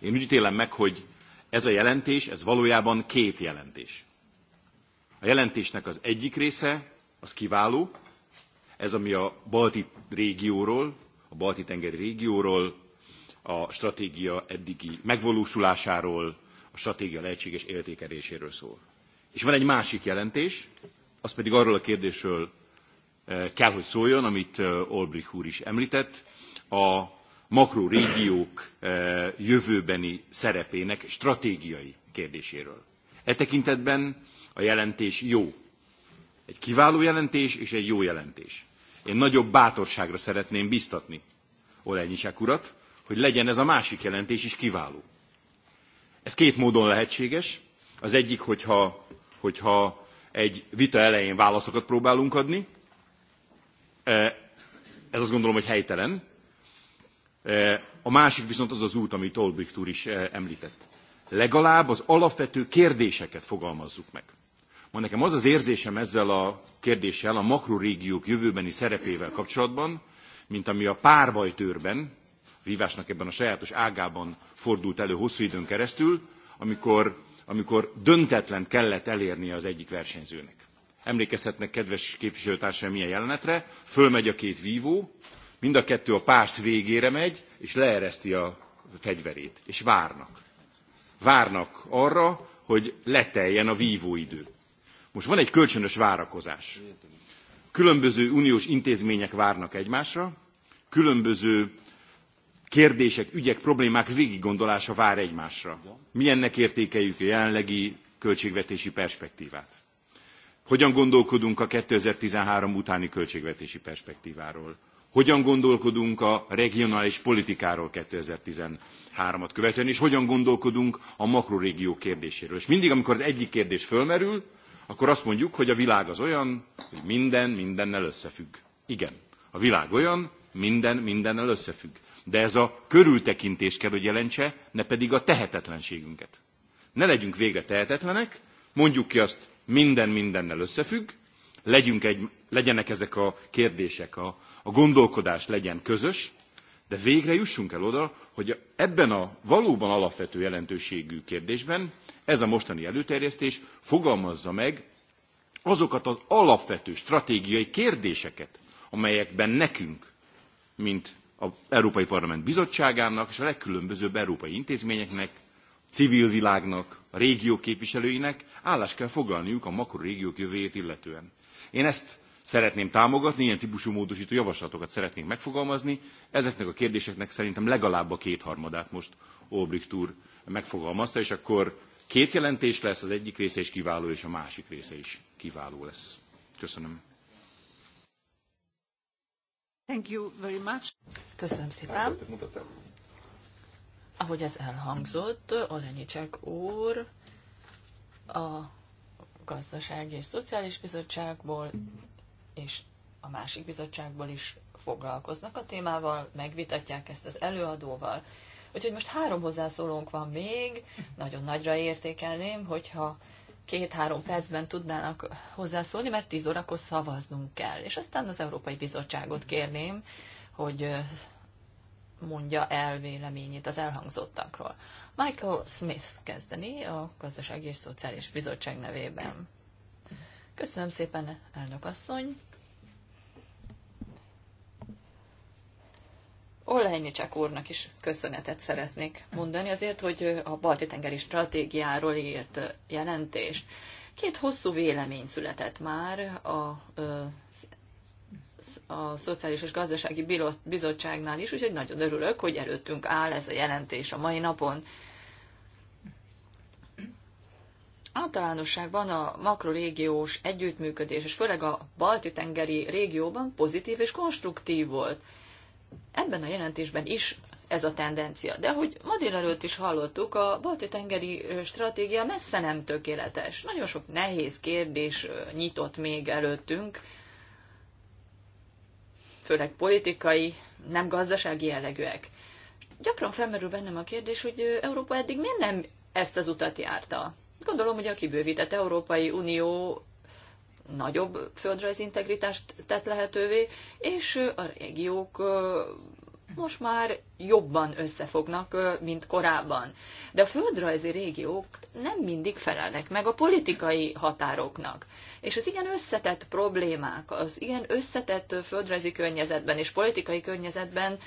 Én úgy ítélem meg, hogy ez a jelentés, ez valójában két jelentés. A jelentésnek az egyik része, az kiváló, ez, ami a balti régióról, a balti tengeri régióról, a stratégia eddigi megvalósulásáról, a stratégia lehetséges értékeléséről szól. És van egy másik jelentés, az pedig arról a kérdésről eh, kell, hogy szóljon, amit eh, Olbrich úr is említett, a makrorégiók eh, jövőbeni szerepének stratégiai kérdéséről. E tekintetben a jelentés jó egy kiváló jelentés és egy jó jelentés. Én nagyobb bátorságra szeretném biztatni Olejnyisák urat, hogy legyen ez a másik jelentés is kiváló. Ez két módon lehetséges. Az egyik, hogyha, hogyha egy vita elején válaszokat próbálunk adni. E, ez azt gondolom, hogy helytelen. E, a másik viszont az az út, amit Olbricht úr is e, említett. Legalább az alapvető kérdéseket fogalmazzuk meg. Ma nekem az az érzésem ezzel a kérdéssel, a makrorégiók jövőbeni szerepével kapcsolatban, mint ami a párbajtőrben, vívásnak ebben a sajátos ágában fordult elő hosszú időn keresztül, amikor, amikor döntetlen kellett elérnie az egyik versenyzőnek. Emlékezhetnek kedves képviselőtársai milyen jelenetre, fölmegy a két vívó, mind a kettő a pást végére megy, és leereszti a fegyverét, és várnak. Várnak arra, hogy leteljen a vívóidő. Most van egy kölcsönös várakozás. Különböző uniós intézmények várnak egymásra, különböző kérdések, ügyek, problémák végiggondolása vár egymásra. Milyennek értékeljük a jelenlegi költségvetési perspektívát? Hogyan gondolkodunk a 2013 utáni költségvetési perspektíváról? Hogyan gondolkodunk a regionális politikáról 2013-at követően, és hogyan gondolkodunk a makrorégió kérdéséről? És mindig, amikor az egyik kérdés fölmerül, akkor azt mondjuk, hogy a világ az olyan, hogy minden mindennel összefügg. Igen, a világ olyan, minden mindennel összefügg. De ez a körültekintés kell, hogy jelentse, ne pedig a tehetetlenségünket. Ne legyünk végre tehetetlenek, mondjuk ki azt, minden mindennel összefügg, legyünk egy, legyenek ezek a kérdések, a, a gondolkodás legyen közös, de végre jussunk el oda, hogy ebben a valóban alapvető jelentőségű kérdésben ez a mostani előterjesztés fogalmazza meg azokat az alapvető stratégiai kérdéseket, amelyekben nekünk, mint az Európai Parlament Bizottságának és a legkülönbözőbb európai intézményeknek, civil világnak, a régió képviselőinek állást kell foglalniuk a makrorégiók jövőjét illetően. Én ezt szeretném támogatni, ilyen típusú módosító javaslatokat szeretnénk megfogalmazni. Ezeknek a kérdéseknek szerintem legalább a kétharmadát most Olbricht úr megfogalmazta, és akkor két jelentés lesz, az egyik része is kiváló, és a másik része is kiváló lesz. Köszönöm. Thank you very much. Köszönöm szépen. Ahogy ez elhangzott, Olenicsek úr a Gazdasági és Szociális Bizottságból és a másik bizottságból is foglalkoznak a témával, megvitatják ezt az előadóval. Úgyhogy most három hozzászólónk van még, nagyon nagyra értékelném, hogyha két-három percben tudnának hozzászólni, mert tíz órakor szavaznunk kell. És aztán az Európai Bizottságot kérném, hogy mondja el véleményét az elhangzottakról. Michael Smith kezdeni a Gazdasági és Szociális Bizottság nevében. Köszönöm szépen, elnök asszony! Olejnicsak úrnak is köszönetet szeretnék mondani azért, hogy a Balti-tengeri stratégiáról írt jelentést. Két hosszú vélemény született már a, a, a Szociális és Gazdasági Bizottságnál is, úgyhogy nagyon örülök, hogy előttünk áll ez a jelentés a mai napon. Általánosságban a makrorégiós együttműködés, és főleg a balti-tengeri régióban pozitív és konstruktív volt Ebben a jelentésben is ez a tendencia. De ahogy ma délelőtt is hallottuk, a balti-tengeri stratégia messze nem tökéletes. Nagyon sok nehéz kérdés nyitott még előttünk, főleg politikai, nem gazdasági jellegűek. Gyakran felmerül bennem a kérdés, hogy Európa eddig miért nem ezt az utat járta? Gondolom, hogy a kibővített Európai Unió nagyobb földrajzi integritást tett lehetővé, és a régiók most már jobban összefognak, mint korábban. De a földrajzi régiók nem mindig felelnek meg a politikai határoknak. És az igen összetett problémák, az igen összetett földrajzi környezetben és politikai környezetben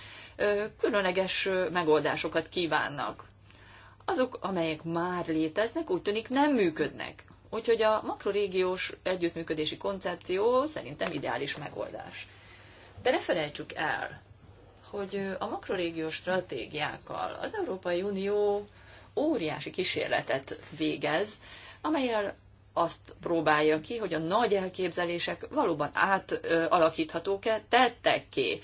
különleges megoldásokat kívánnak. Azok, amelyek már léteznek, úgy tűnik nem működnek. Úgyhogy a makrorégiós együttműködési koncepció szerintem ideális megoldás. De ne felejtsük el, hogy a makrorégiós stratégiákkal az Európai Unió óriási kísérletet végez, amelyel azt próbálja ki, hogy a nagy elképzelések valóban átalakíthatók-e, tettek-e,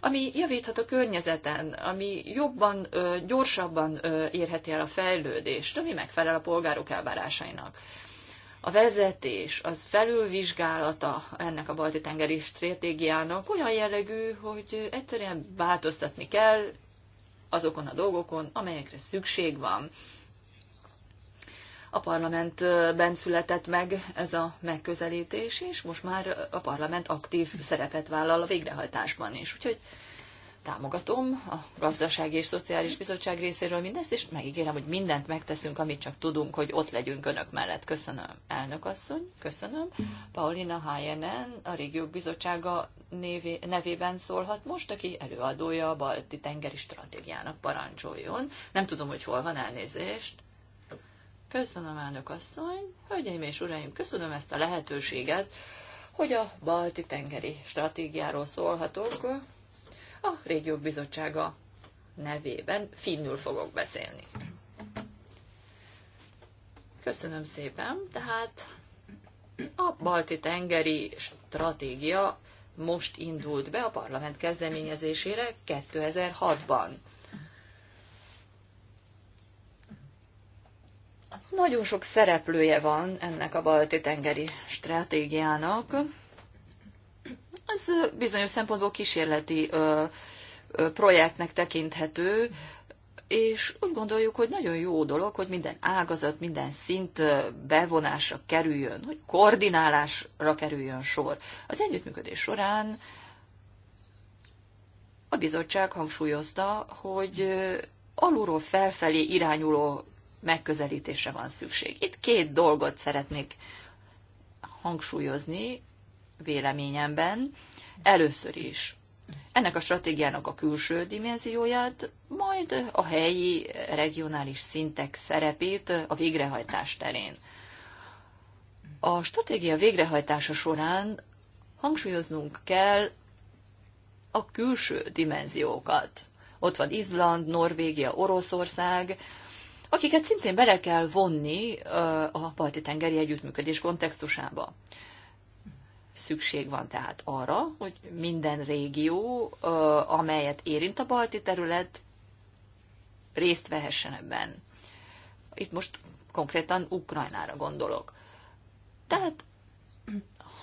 ami javíthat a környezeten, ami jobban, gyorsabban érheti el a fejlődést, ami megfelel a polgárok elvárásainak a vezetés, az felülvizsgálata ennek a balti tengeri stratégiának olyan jellegű, hogy egyszerűen változtatni kell azokon a dolgokon, amelyekre szükség van. A parlamentben született meg ez a megközelítés, és most már a parlament aktív szerepet vállal a végrehajtásban is. Úgyhogy támogatom a Gazdasági és Szociális Bizottság részéről mindezt, és megígérem, hogy mindent megteszünk, amit csak tudunk, hogy ott legyünk Önök mellett. Köszönöm, elnök asszony, köszönöm. Paulina Hájenen a Régiók Bizottsága névé, nevében szólhat most, aki előadója a Balti Tengeri Stratégiának parancsoljon. Nem tudom, hogy hol van elnézést. Köszönöm, elnök asszony. Hölgyeim és uraim, köszönöm ezt a lehetőséget, hogy a Balti Tengeri Stratégiáról szólhatok a régiók bizottsága nevében finnül fogok beszélni. Köszönöm szépen, tehát a balti tengeri stratégia most indult be a parlament kezdeményezésére 2006-ban. Nagyon sok szereplője van ennek a balti tengeri stratégiának, az bizonyos szempontból kísérleti ö, ö, projektnek tekinthető, és úgy gondoljuk, hogy nagyon jó dolog, hogy minden ágazat, minden szint bevonásra kerüljön, hogy koordinálásra kerüljön sor. Az együttműködés során a bizottság hangsúlyozta, hogy alulról felfelé irányuló megközelítésre van szükség. Itt két dolgot szeretnék hangsúlyozni, véleményemben először is ennek a stratégiának a külső dimenzióját, majd a helyi, regionális szintek szerepét a végrehajtás terén. A stratégia végrehajtása során hangsúlyoznunk kell a külső dimenziókat. Ott van Izland, Norvégia, Oroszország, akiket szintén bele kell vonni a balti tengeri együttműködés kontextusába. Szükség van tehát arra, hogy minden régió, amelyet érint a balti terület, részt vehessen ebben. Itt most konkrétan Ukrajnára gondolok. Tehát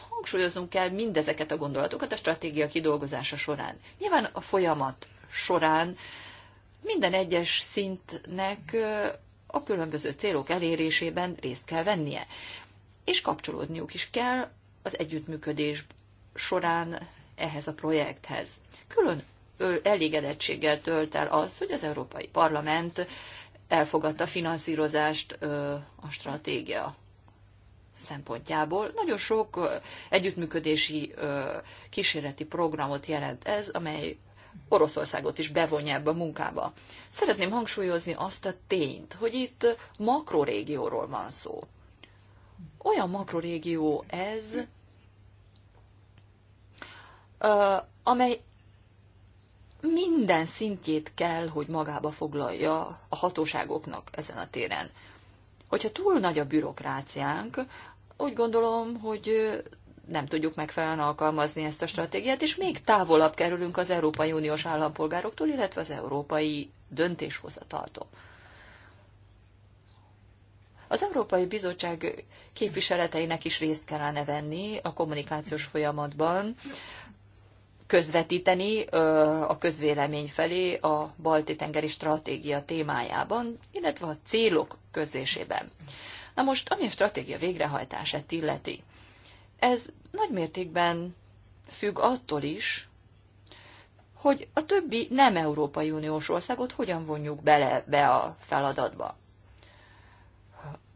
hangsúlyoznunk kell mindezeket a gondolatokat a stratégia kidolgozása során. Nyilván a folyamat során minden egyes szintnek a különböző célok elérésében részt kell vennie, és kapcsolódniuk is kell az együttműködés során ehhez a projekthez. Külön elégedettséggel tölt el az, hogy az Európai Parlament elfogadta finanszírozást a stratégia szempontjából. Nagyon sok együttműködési kísérleti programot jelent ez, amely Oroszországot is bevonja ebbe a munkába. Szeretném hangsúlyozni azt a tényt, hogy itt makrorégióról van szó. Olyan makrorégió ez, amely minden szintjét kell, hogy magába foglalja a hatóságoknak ezen a téren. Hogyha túl nagy a bürokráciánk, úgy gondolom, hogy nem tudjuk megfelelően alkalmazni ezt a stratégiát, és még távolabb kerülünk az Európai Uniós állampolgároktól, illetve az európai döntéshozataltól. Az Európai Bizottság képviseleteinek is részt kellene venni a kommunikációs folyamatban, közvetíteni a közvélemény felé a balti-tengeri stratégia témájában, illetve a célok közlésében. Na most, ami a stratégia végrehajtását illeti, ez nagymértékben függ attól is, hogy a többi nem Európai Uniós országot hogyan vonjuk bele be a feladatba.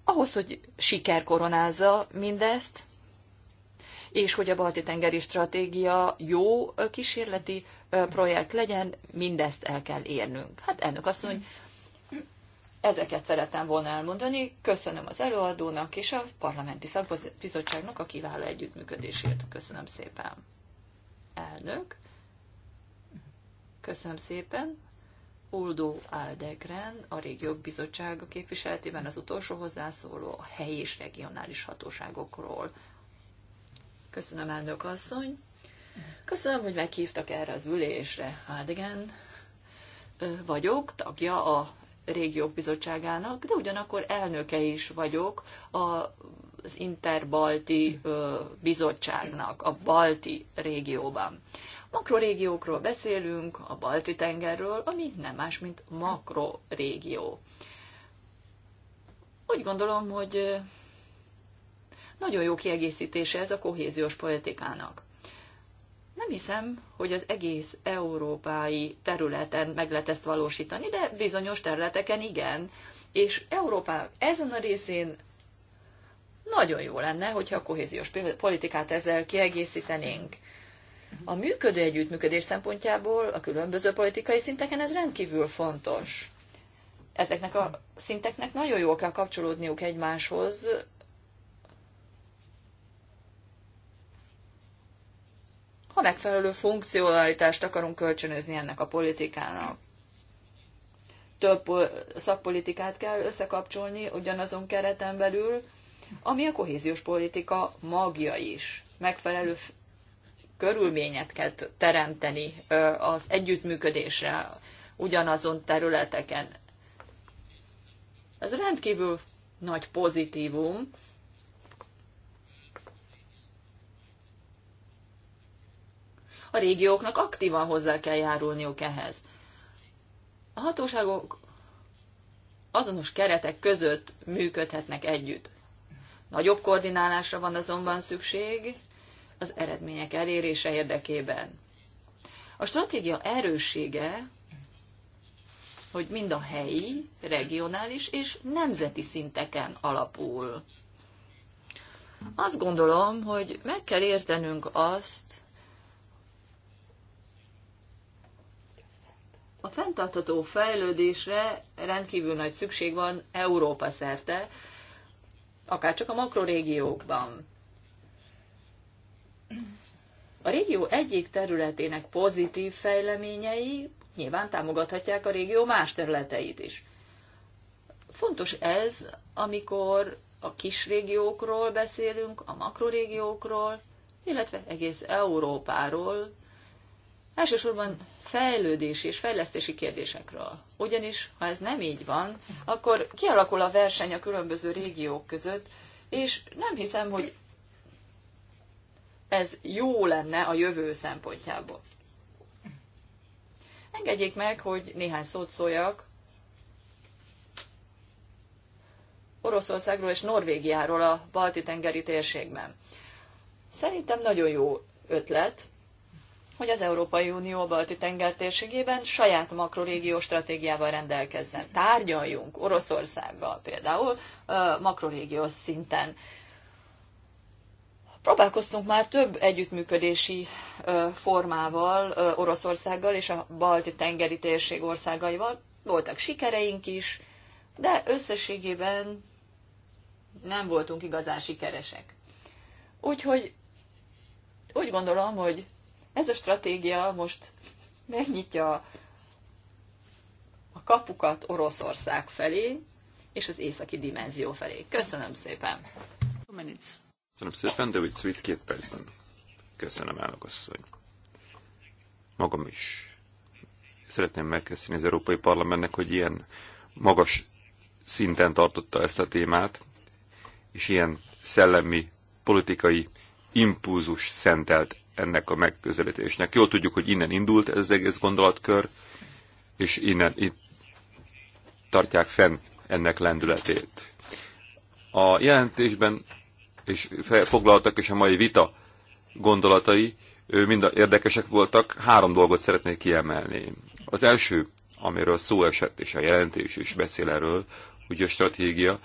Ahhoz, hogy siker koronázza mindezt, és hogy a Balti-tengeri stratégia jó kísérleti projekt legyen, mindezt el kell érnünk. Hát ennek elnök hogy ezeket szerettem volna elmondani. Köszönöm az előadónak és a parlamenti szakbizottságnak a kiváló együttműködésért. Köszönöm szépen. Elnök. Köszönöm szépen. Uldó Aldegren, a Régiók Bizottsága képviseletében az utolsó hozzászóló a helyi és regionális hatóságokról Köszönöm, elnök asszony. Köszönöm, hogy meghívtak erre az ülésre. Hát igen, vagyok, tagja a régiók bizottságának, de ugyanakkor elnöke is vagyok az Interbalti bizottságnak, a balti régióban. Makrorégiókról beszélünk, a balti tengerről, ami nem más, mint makrorégió. Úgy gondolom, hogy nagyon jó kiegészítése ez a kohéziós politikának. Nem hiszem, hogy az egész európai területen meg lehet ezt valósítani, de bizonyos területeken igen. És Európa, ezen a részén nagyon jó lenne, hogyha a kohéziós politikát ezzel kiegészítenénk. A működő együttműködés szempontjából a különböző politikai szinteken ez rendkívül fontos. Ezeknek a szinteknek nagyon jól kell kapcsolódniuk egymáshoz a megfelelő funkcionalitást akarunk kölcsönözni ennek a politikának. Több szakpolitikát kell összekapcsolni ugyanazon kereten belül, ami a kohéziós politika magja is. Megfelelő körülményet kell teremteni az együttműködésre ugyanazon területeken. Ez rendkívül nagy pozitívum, a régióknak aktívan hozzá kell járulniuk ehhez. A hatóságok azonos keretek között működhetnek együtt. Nagyobb koordinálásra van azonban szükség az eredmények elérése érdekében. A stratégia erőssége, hogy mind a helyi, regionális és nemzeti szinteken alapul. Azt gondolom, hogy meg kell értenünk azt, A fenntartható fejlődésre rendkívül nagy szükség van Európa szerte, akár csak a makrorégiókban. A régió egyik területének pozitív fejleményei nyilván támogathatják a régió más területeit is. Fontos ez, amikor a kis régiókról beszélünk, a makrorégiókról, illetve egész Európáról, elsősorban fejlődési és fejlesztési kérdésekről. Ugyanis, ha ez nem így van, akkor kialakul a verseny a különböző régiók között, és nem hiszem, hogy ez jó lenne a jövő szempontjából. Engedjék meg, hogy néhány szót szóljak Oroszországról és Norvégiáról a balti tengeri térségben. Szerintem nagyon jó ötlet, hogy az Európai Unió a balti tenger térségében saját makrorégió stratégiával rendelkezzen. Tárgyaljunk Oroszországgal például makrorégiós szinten. Próbálkoztunk már több együttműködési formával Oroszországgal és a balti tengeri térség országaival. Voltak sikereink is, de összességében nem voltunk igazán sikeresek. Úgyhogy úgy gondolom, hogy ez a stratégia most megnyitja a kapukat Oroszország felé és az északi dimenzió felé. Köszönöm szépen! Köszönöm szépen, de úgy szvít két percben. Köszönöm, elnök asszony. Magam is. Szeretném megköszönni az Európai Parlamentnek, hogy ilyen magas szinten tartotta ezt a témát, és ilyen szellemi, politikai impulzus szentelt ennek a megközelítésnek. Jól tudjuk, hogy innen indult ez az egész gondolatkör, és innen itt tartják fenn ennek lendületét. A jelentésben és foglaltak, és a mai vita gondolatai mind érdekesek voltak. Három dolgot szeretnék kiemelni. Az első, amiről szó esett, és a jelentés is beszél erről, hogy a stratégia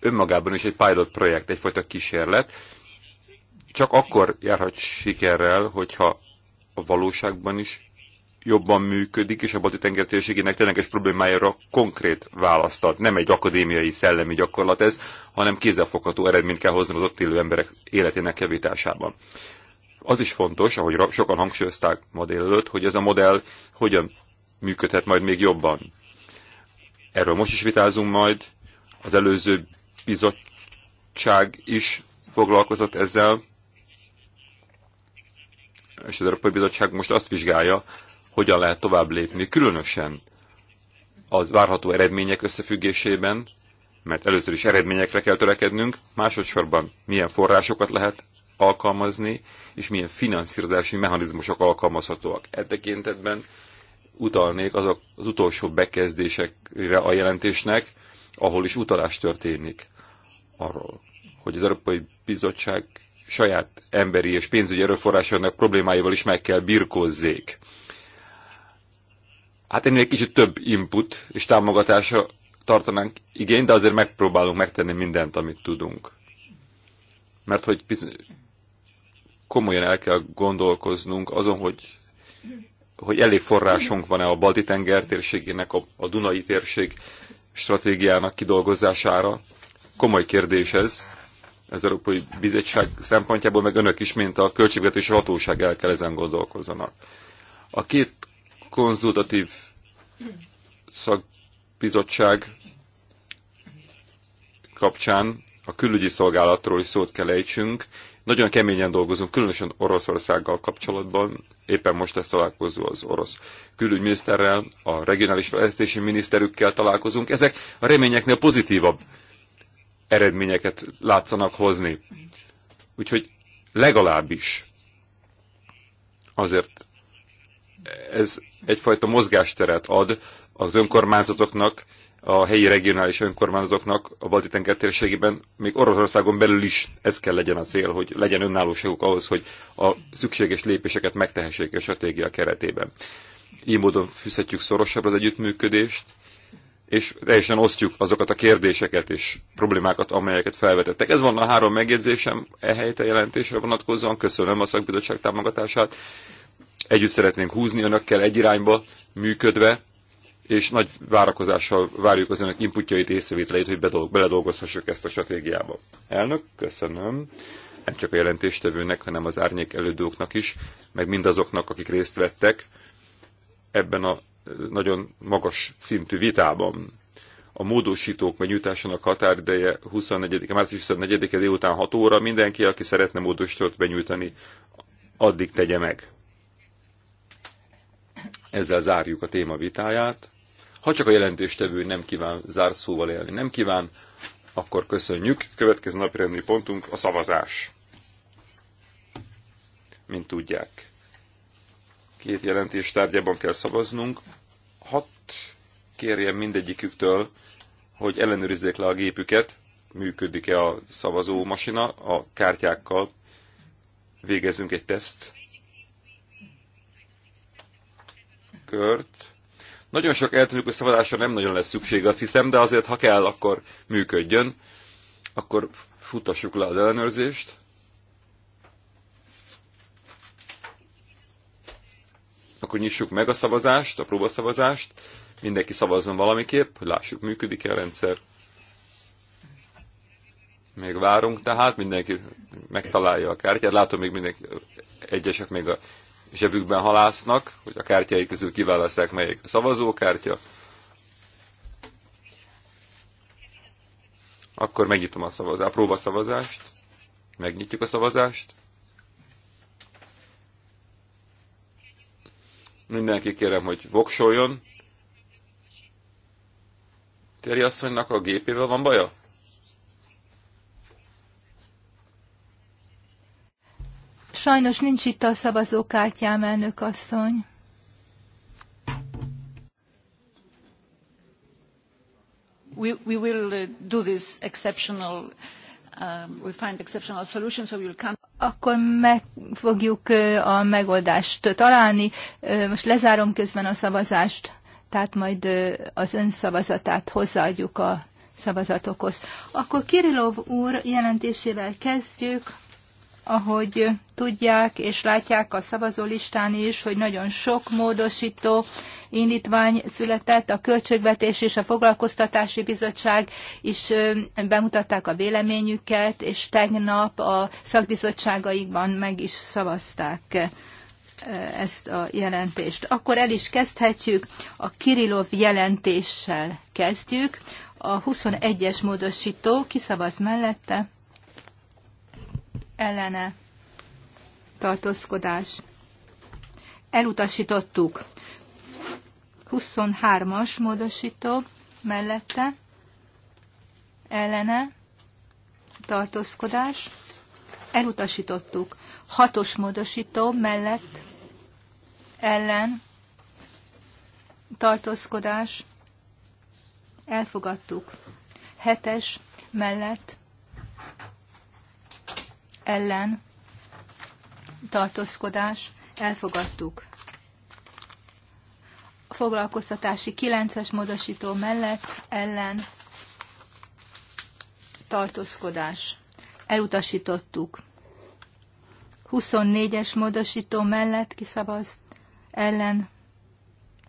önmagában is egy pilot projekt, egyfajta kísérlet, csak akkor járhat sikerrel, hogyha a valóságban is jobban működik, és a balti tenger térségének tényleges problémájára konkrét választ ad. Nem egy akadémiai szellemi gyakorlat ez, hanem kézzelfogható eredményt kell hozni az ott élő emberek életének javításában. Az is fontos, ahogy sokan hangsúlyozták ma délelőtt, hogy ez a modell hogyan működhet majd még jobban. Erről most is vitázunk majd, az előző bizottság is foglalkozott ezzel, és az Európai Bizottság most azt vizsgálja, hogyan lehet tovább lépni, különösen az várható eredmények összefüggésében, mert először is eredményekre kell törekednünk, másodszorban milyen forrásokat lehet alkalmazni, és milyen finanszírozási mechanizmusok alkalmazhatóak. E tekintetben utalnék azok az utolsó bekezdésekre a jelentésnek, ahol is utalás történik arról, hogy az Európai Bizottság saját emberi és pénzügyi erőforrásainak problémáival is meg kell birkózzék. Hát ennél egy kicsit több input és támogatása tartanánk igény, de azért megpróbálunk megtenni mindent, amit tudunk. Mert hogy komolyan el kell gondolkoznunk azon, hogy, hogy elég forrásunk van-e a Balti-tenger térségének, a, a Dunai térség stratégiának kidolgozására. Komoly kérdés ez az Európai Bizottság szempontjából, meg önök is, mint a költségvetési hatóság el kell ezen gondolkozzanak. A két konzultatív szakbizottság kapcsán a külügyi szolgálatról is szót kell ejtsünk. Nagyon keményen dolgozunk, különösen Oroszországgal kapcsolatban. Éppen most lesz találkozó az orosz külügyminiszterrel, a regionális fejlesztési miniszterükkel találkozunk. Ezek a reményeknél pozitívabb eredményeket látszanak hozni. Úgyhogy legalábbis azért ez egyfajta mozgásteret ad az önkormányzatoknak, a helyi regionális önkormányzatoknak a balti tenger térségében, még Oroszországon belül is ez kell legyen a cél, hogy legyen önállóságuk ahhoz, hogy a szükséges lépéseket megtehessék a stratégia keretében. Így módon fűzhetjük szorosabb az együttműködést, és teljesen osztjuk azokat a kérdéseket és problémákat, amelyeket felvetettek. Ez van a három megjegyzésem e a jelentésre vonatkozóan. Köszönöm a szakbizottság támogatását. Együtt szeretnénk húzni önökkel egy irányba működve, és nagy várakozással várjuk az önök inputjait, észrevételeit, hogy bedolg, beledolgozhassuk ezt a stratégiába. Elnök, köszönöm. Nem csak a jelentéstevőnek, hanem az árnyék elődőknek is, meg mindazoknak, akik részt vettek ebben a nagyon magas szintű vitában. A módosítók benyújtásának határideje 24 március 24-e délután 6 óra. Mindenki, aki szeretne módosítót benyújtani, addig tegye meg. Ezzel zárjuk a téma vitáját. Ha csak a jelentéstevő nem kíván zárszóval élni, nem kíván, akkor köszönjük. Következő napi pontunk a szavazás. Mint tudják két jelentés tárgyában kell szavaznunk. Hat kérjem mindegyiküktől, hogy ellenőrizzék le a gépüket, működik-e a szavazómasina, a kártyákkal végezzünk egy teszt kört. Nagyon sok hogy szavazásra nem nagyon lesz szükség, azt hiszem, de azért, ha kell, akkor működjön, akkor futassuk le az ellenőrzést. akkor nyissuk meg a szavazást, a próbaszavazást, mindenki szavazzon valamiképp, hogy lássuk, működik-e a rendszer. Még várunk, tehát mindenki megtalálja a kártyát. Látom, még mindenki, egyesek még a zsebükben halásznak, hogy a kártyai közül kiválasztják, melyik a szavazókártya. Akkor megnyitom a szavazást, a próbaszavazást. Megnyitjuk a szavazást. Mindenki kérem, hogy voksoljon. Téri asszonynak a gépével van baja? Sajnos nincs itt a szavazókártyám, elnök asszony. We, we will uh, do this exceptional, um, we find exceptional solutions, so we will come akkor meg fogjuk a megoldást találni. Most lezárom közben a szavazást, tehát majd az ön szavazatát hozzáadjuk a szavazatokhoz. Akkor Kirillov úr jelentésével kezdjük ahogy tudják és látják a szavazólistán is, hogy nagyon sok módosító indítvány született, a Költségvetés és a Foglalkoztatási Bizottság is bemutatták a véleményüket, és tegnap a szakbizottságaikban meg is szavazták ezt a jelentést. Akkor el is kezdhetjük, a Kirilov jelentéssel kezdjük. A 21-es módosító kiszavaz mellette, ellene tartózkodás. Elutasítottuk. 23-as módosító mellette ellene tartózkodás. Elutasítottuk. 6-os módosító mellett ellen tartózkodás. Elfogadtuk. 7-es mellett ellen tartózkodás elfogadtuk. A foglalkoztatási 9-es módosító mellett ellen tartózkodás elutasítottuk. 24-es módosító mellett kiszavaz ellen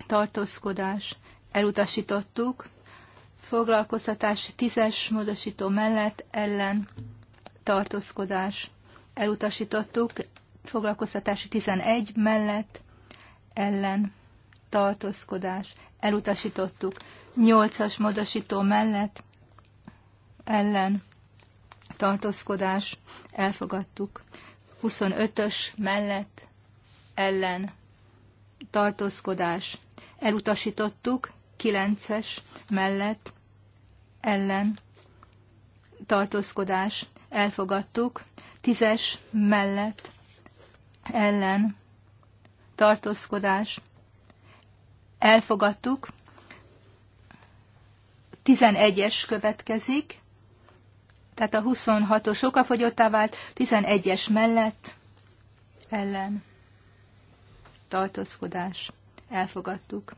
tartózkodás elutasítottuk. Foglalkoztatási 10-es módosító mellett ellen tartózkodás elutasítottuk, foglalkoztatási 11 mellett ellen tartózkodás elutasítottuk, 8-as módosító mellett ellen tartózkodás elfogadtuk, 25-ös mellett ellen tartózkodás elutasítottuk, 9-es mellett ellen tartózkodás elfogadtuk, tízes mellett ellen tartózkodás elfogadtuk, tizenegyes következik, tehát a 26-os okafogyottá vált, 11-es mellett ellen tartózkodás elfogadtuk.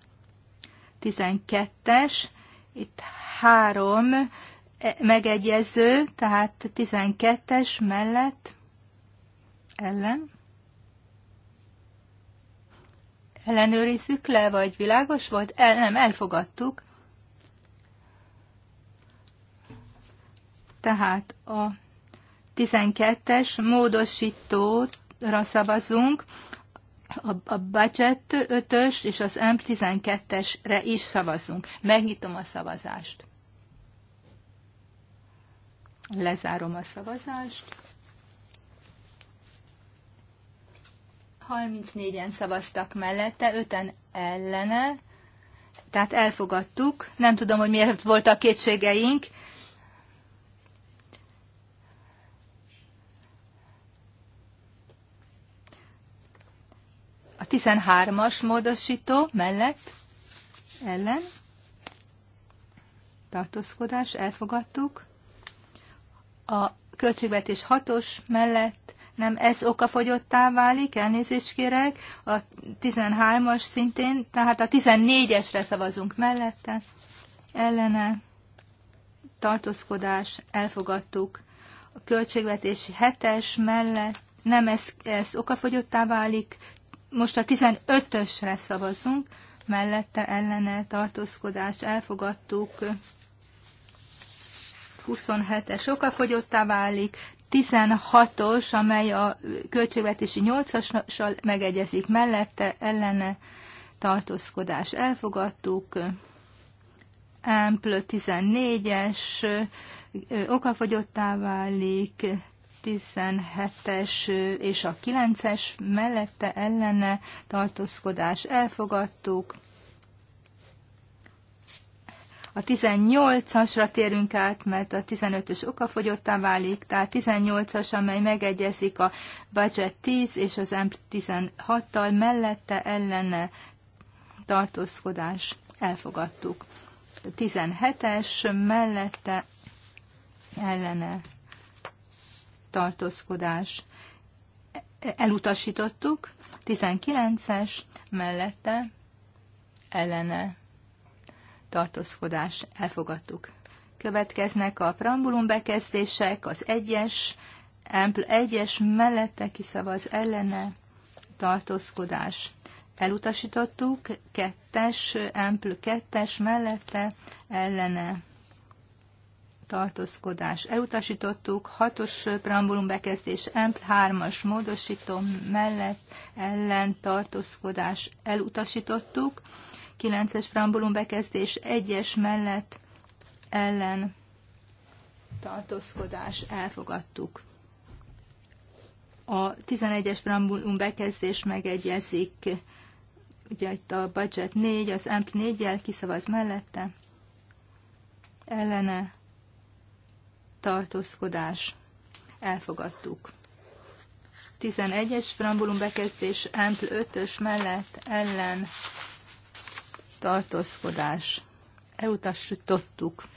12-es, itt három megegyező, tehát 12-es mellett ellen. Ellenőrizzük le, vagy világos volt? El, nem, elfogadtuk. Tehát a 12-es módosítóra szavazunk, a, a budget 5-ös és az M12-esre is szavazunk. Megnyitom a szavazást. Lezárom a szavazást. 34-en szavaztak mellette, 5-en ellene, tehát elfogadtuk. Nem tudom, hogy miért voltak kétségeink. A 13-as módosító mellett, ellen, tartózkodás, elfogadtuk a költségvetés hatos mellett nem ez okafogyottá válik, elnézést kérek, a 13-as szintén, tehát a 14-esre szavazunk mellette, ellene, tartózkodás, elfogadtuk. A költségvetési hetes mellett nem ez, ez okafogyottá válik, most a 15-ösre szavazunk, mellette, ellene, tartózkodás, elfogadtuk. 27-es okafogyottá válik, 16-os, amely a költségvetési 8-assal megegyezik mellette, ellene tartózkodás elfogadtuk, Ample 14-es okafogyottá válik, 17-es és a 9-es mellette ellene tartózkodás elfogadtuk, a 18-asra térünk át, mert a 15-ös okafogyottá válik, tehát 18-as, amely megegyezik a budget 10 és az M16-tal, mellette ellene tartózkodás elfogadtuk. 17-es mellette ellene tartózkodás elutasítottuk, 19-es mellette ellene tartózkodás elfogadtuk. Következnek a prambulum bekezdések, az egyes, ampl egyes mellette kiszavaz ellene tartózkodás. Elutasítottuk, kettes, ampl kettes mellette ellene tartózkodás. Elutasítottuk, hatos prambulum bekezdés, ampl hármas módosító mellett ellen tartózkodás. Elutasítottuk, 9-es frambulum bekezdés 1-es mellett ellen tartózkodás elfogadtuk. A 11-es frambulum bekezdés megegyezik, ugye itt a budget 4, az MP 4-jel kiszavaz mellette, ellene tartózkodás elfogadtuk. 11-es frambulum bekezdés MP 5-ös mellett ellen tartózkodás elutasítottuk.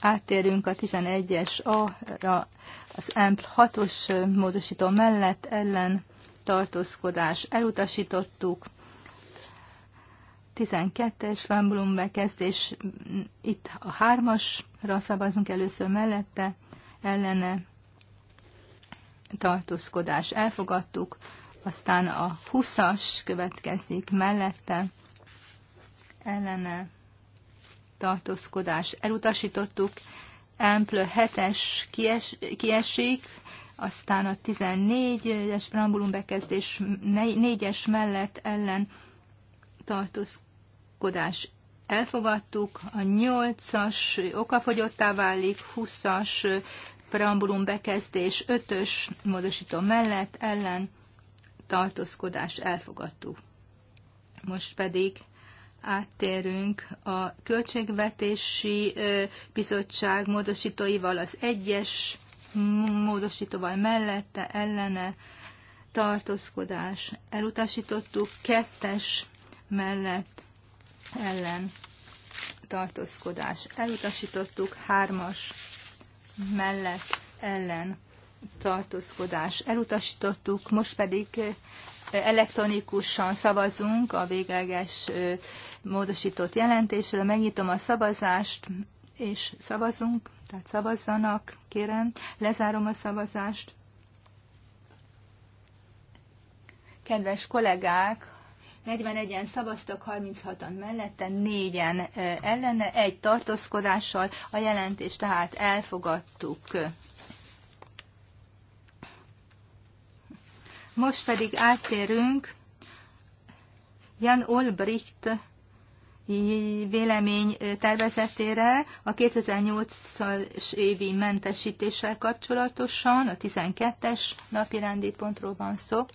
Átérünk a 11-es A-ra, az EMP 6-os módosító mellett ellen tartózkodás elutasítottuk. 12-es Lamblum bekezdés, itt a 3-asra szavazunk először mellette, ellene tartózkodás elfogadtuk, aztán a 20-as következik mellette, ellene tartózkodás elutasítottuk, Emplő 7-es kies, kiesik, aztán a 14-es Brambulum bekezdés 4-es mellett ellen tartózkodás elfogadtuk, a 8-as okafogyottá válik, 20-as preambulum bekezdés 5-ös módosító mellett ellen tartózkodás elfogadtuk. Most pedig áttérünk a Költségvetési Bizottság módosítóival, az egyes módosítóval mellette, ellene tartózkodás elutasítottuk, kettes mellett ellen tartózkodás elutasítottuk, hármas mellett ellen tartózkodás elutasítottuk, most pedig elektronikusan szavazunk a végleges módosított jelentésről. Megnyitom a szavazást, és szavazunk, tehát szavazzanak, kérem. Lezárom a szavazást. Kedves kollégák, 41-en szavaztak, 36-an mellette, 4-en ellene, egy tartózkodással. A jelentést tehát elfogadtuk. Most pedig áttérünk Jan Olbricht vélemény tervezetére a 2008-as évi mentesítéssel kapcsolatosan, a 12-es napirendi pontról van szó.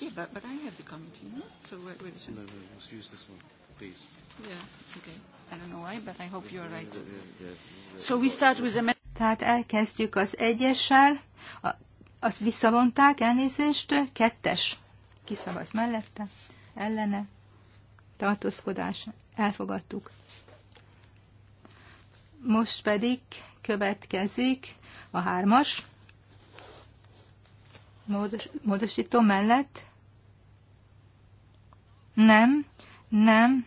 Yeah, but, but I have the committee, no? So wait, wait a second. No, no, let's use this one, please. Yeah, okay. I don't know why, but I hope you're right. So we start with the tehát elkezdjük az egyessel, azt visszavonták, elnézést, kettes. Kiszavaz mellette, ellene, tartózkodás, elfogadtuk. Most pedig következik a hármas módos, módosító mellett. Nem, nem.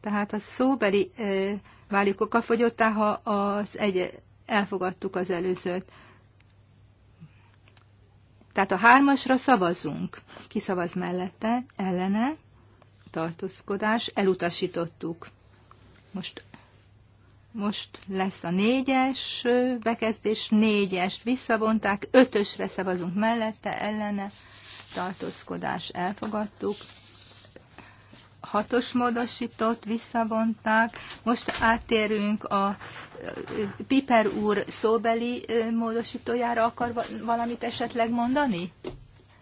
Tehát a szóbeli ö, válik okafogyottá, ha az egy, elfogadtuk az előzőt. Tehát a hármasra szavazunk. szavaz mellette, ellene, tartózkodás, elutasítottuk. Most, most lesz a négyes bekezdés, négyest visszavonták, ötösre szavazunk mellette, ellene, tartózkodás, elfogadtuk hatos módosítót visszavonták, most áttérünk a Piper úr szóbeli módosítójára akar valamit esetleg mondani?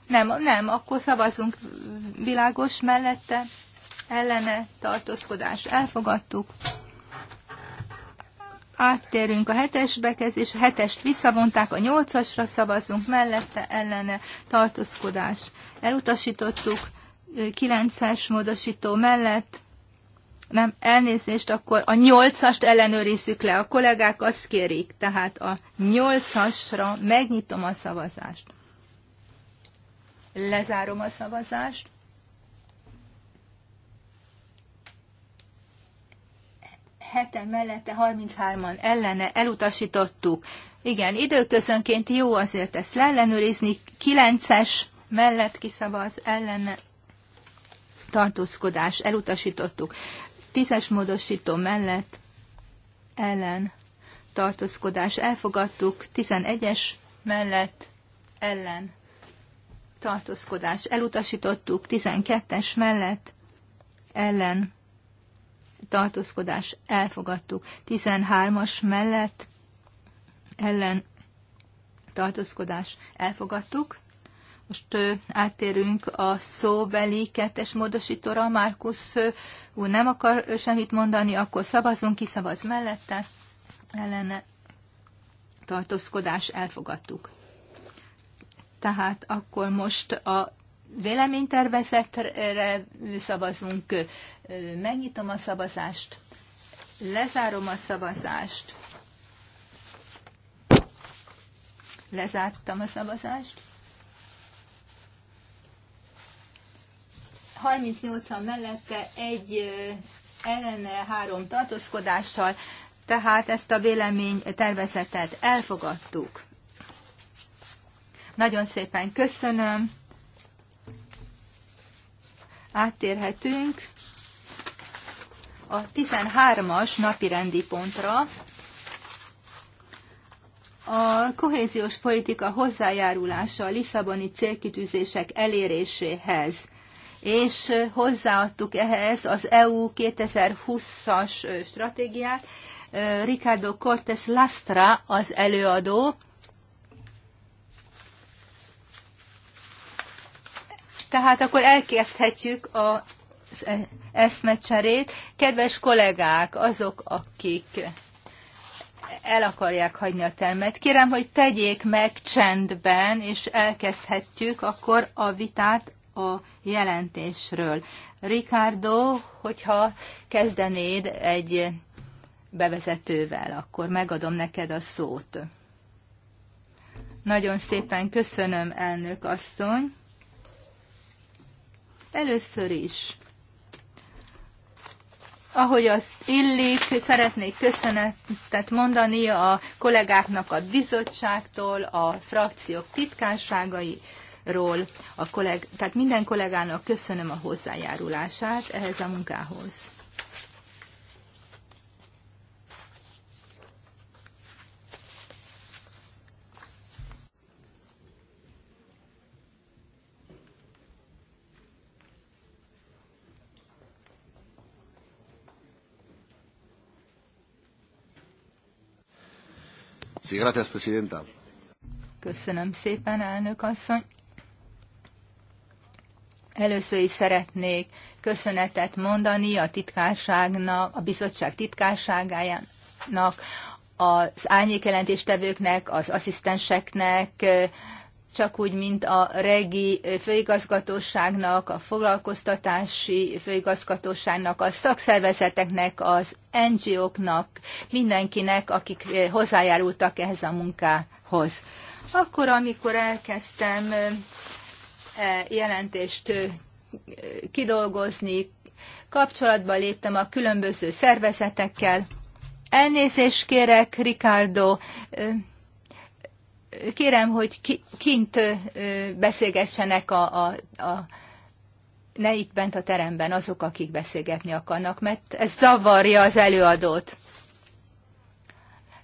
Nem, nem, akkor szavazunk világos mellette, ellene tartózkodás elfogadtuk. Áttérünk a hetes bekezdés, a hetest visszavonták, a nyolcasra szavazunk, mellette ellene tartózkodás elutasítottuk, 9-es módosító mellett, nem, elnézést, akkor a 8-ast ellenőrizzük le. A kollégák azt kérik, tehát a 8-asra megnyitom a szavazást. Lezárom a szavazást. heten mellette 33-an ellene elutasítottuk. Igen, időközönként jó azért ezt leellenőrizni. 9-es mellett kiszavaz ellene tartózkodás elutasítottuk. Tízes módosító mellett ellen tartózkodás elfogadtuk, 11-es mellett ellen tartózkodás elutasítottuk, 12-es mellett ellen tartózkodás elfogadtuk, 13-as mellett ellen tartózkodás elfogadtuk, most átérünk a szóbeli kettes módosítóra. Márkusz úr nem akar semmit mondani, akkor szavazunk, ki szavaz mellette. Ellene tartózkodás elfogadtuk. Tehát akkor most a véleménytervezetre szavazunk. Megnyitom a szavazást, lezárom a szavazást. Lezártam a szavazást. 38-an mellette egy ellene három tartózkodással, tehát ezt a vélemény tervezetet elfogadtuk. Nagyon szépen köszönöm. Áttérhetünk a 13-as rendi pontra. A kohéziós politika hozzájárulása a Lisszaboni célkitűzések eléréséhez és hozzáadtuk ehhez az EU 2020-as stratégiát. Ricardo Cortes Lastra az előadó. Tehát akkor elkezdhetjük a eszmecserét. Kedves kollégák, azok, akik el akarják hagyni a termet, kérem, hogy tegyék meg csendben, és elkezdhetjük akkor a vitát a jelentésről. Ricardo, hogyha kezdenéd egy bevezetővel, akkor megadom neked a szót. Nagyon szépen köszönöm, elnök asszony. Először is, ahogy azt illik, szeretnék köszönetet mondani a kollégáknak a bizottságtól, a frakciók titkárságai, ról A kolleg, tehát minden kollégának köszönöm a hozzájárulását ehhez a munkához. Köszönöm szépen, elnök asszony. Először is szeretnék köszönetet mondani a titkárságnak, a bizottság titkárságának, az árnyékjelentéstevőknek, az asszisztenseknek, csak úgy, mint a regi főigazgatóságnak, a foglalkoztatási főigazgatóságnak, a szakszervezeteknek, az NGO-knak, mindenkinek, akik hozzájárultak ehhez a munkához. Akkor, amikor elkezdtem E, jelentést kidolgozni, kapcsolatba léptem a különböző szervezetekkel. Elnézést kérek, Ricardo, kérem, hogy kint beszélgessenek a, a, a ne itt bent a teremben azok, akik beszélgetni akarnak, mert ez zavarja az előadót.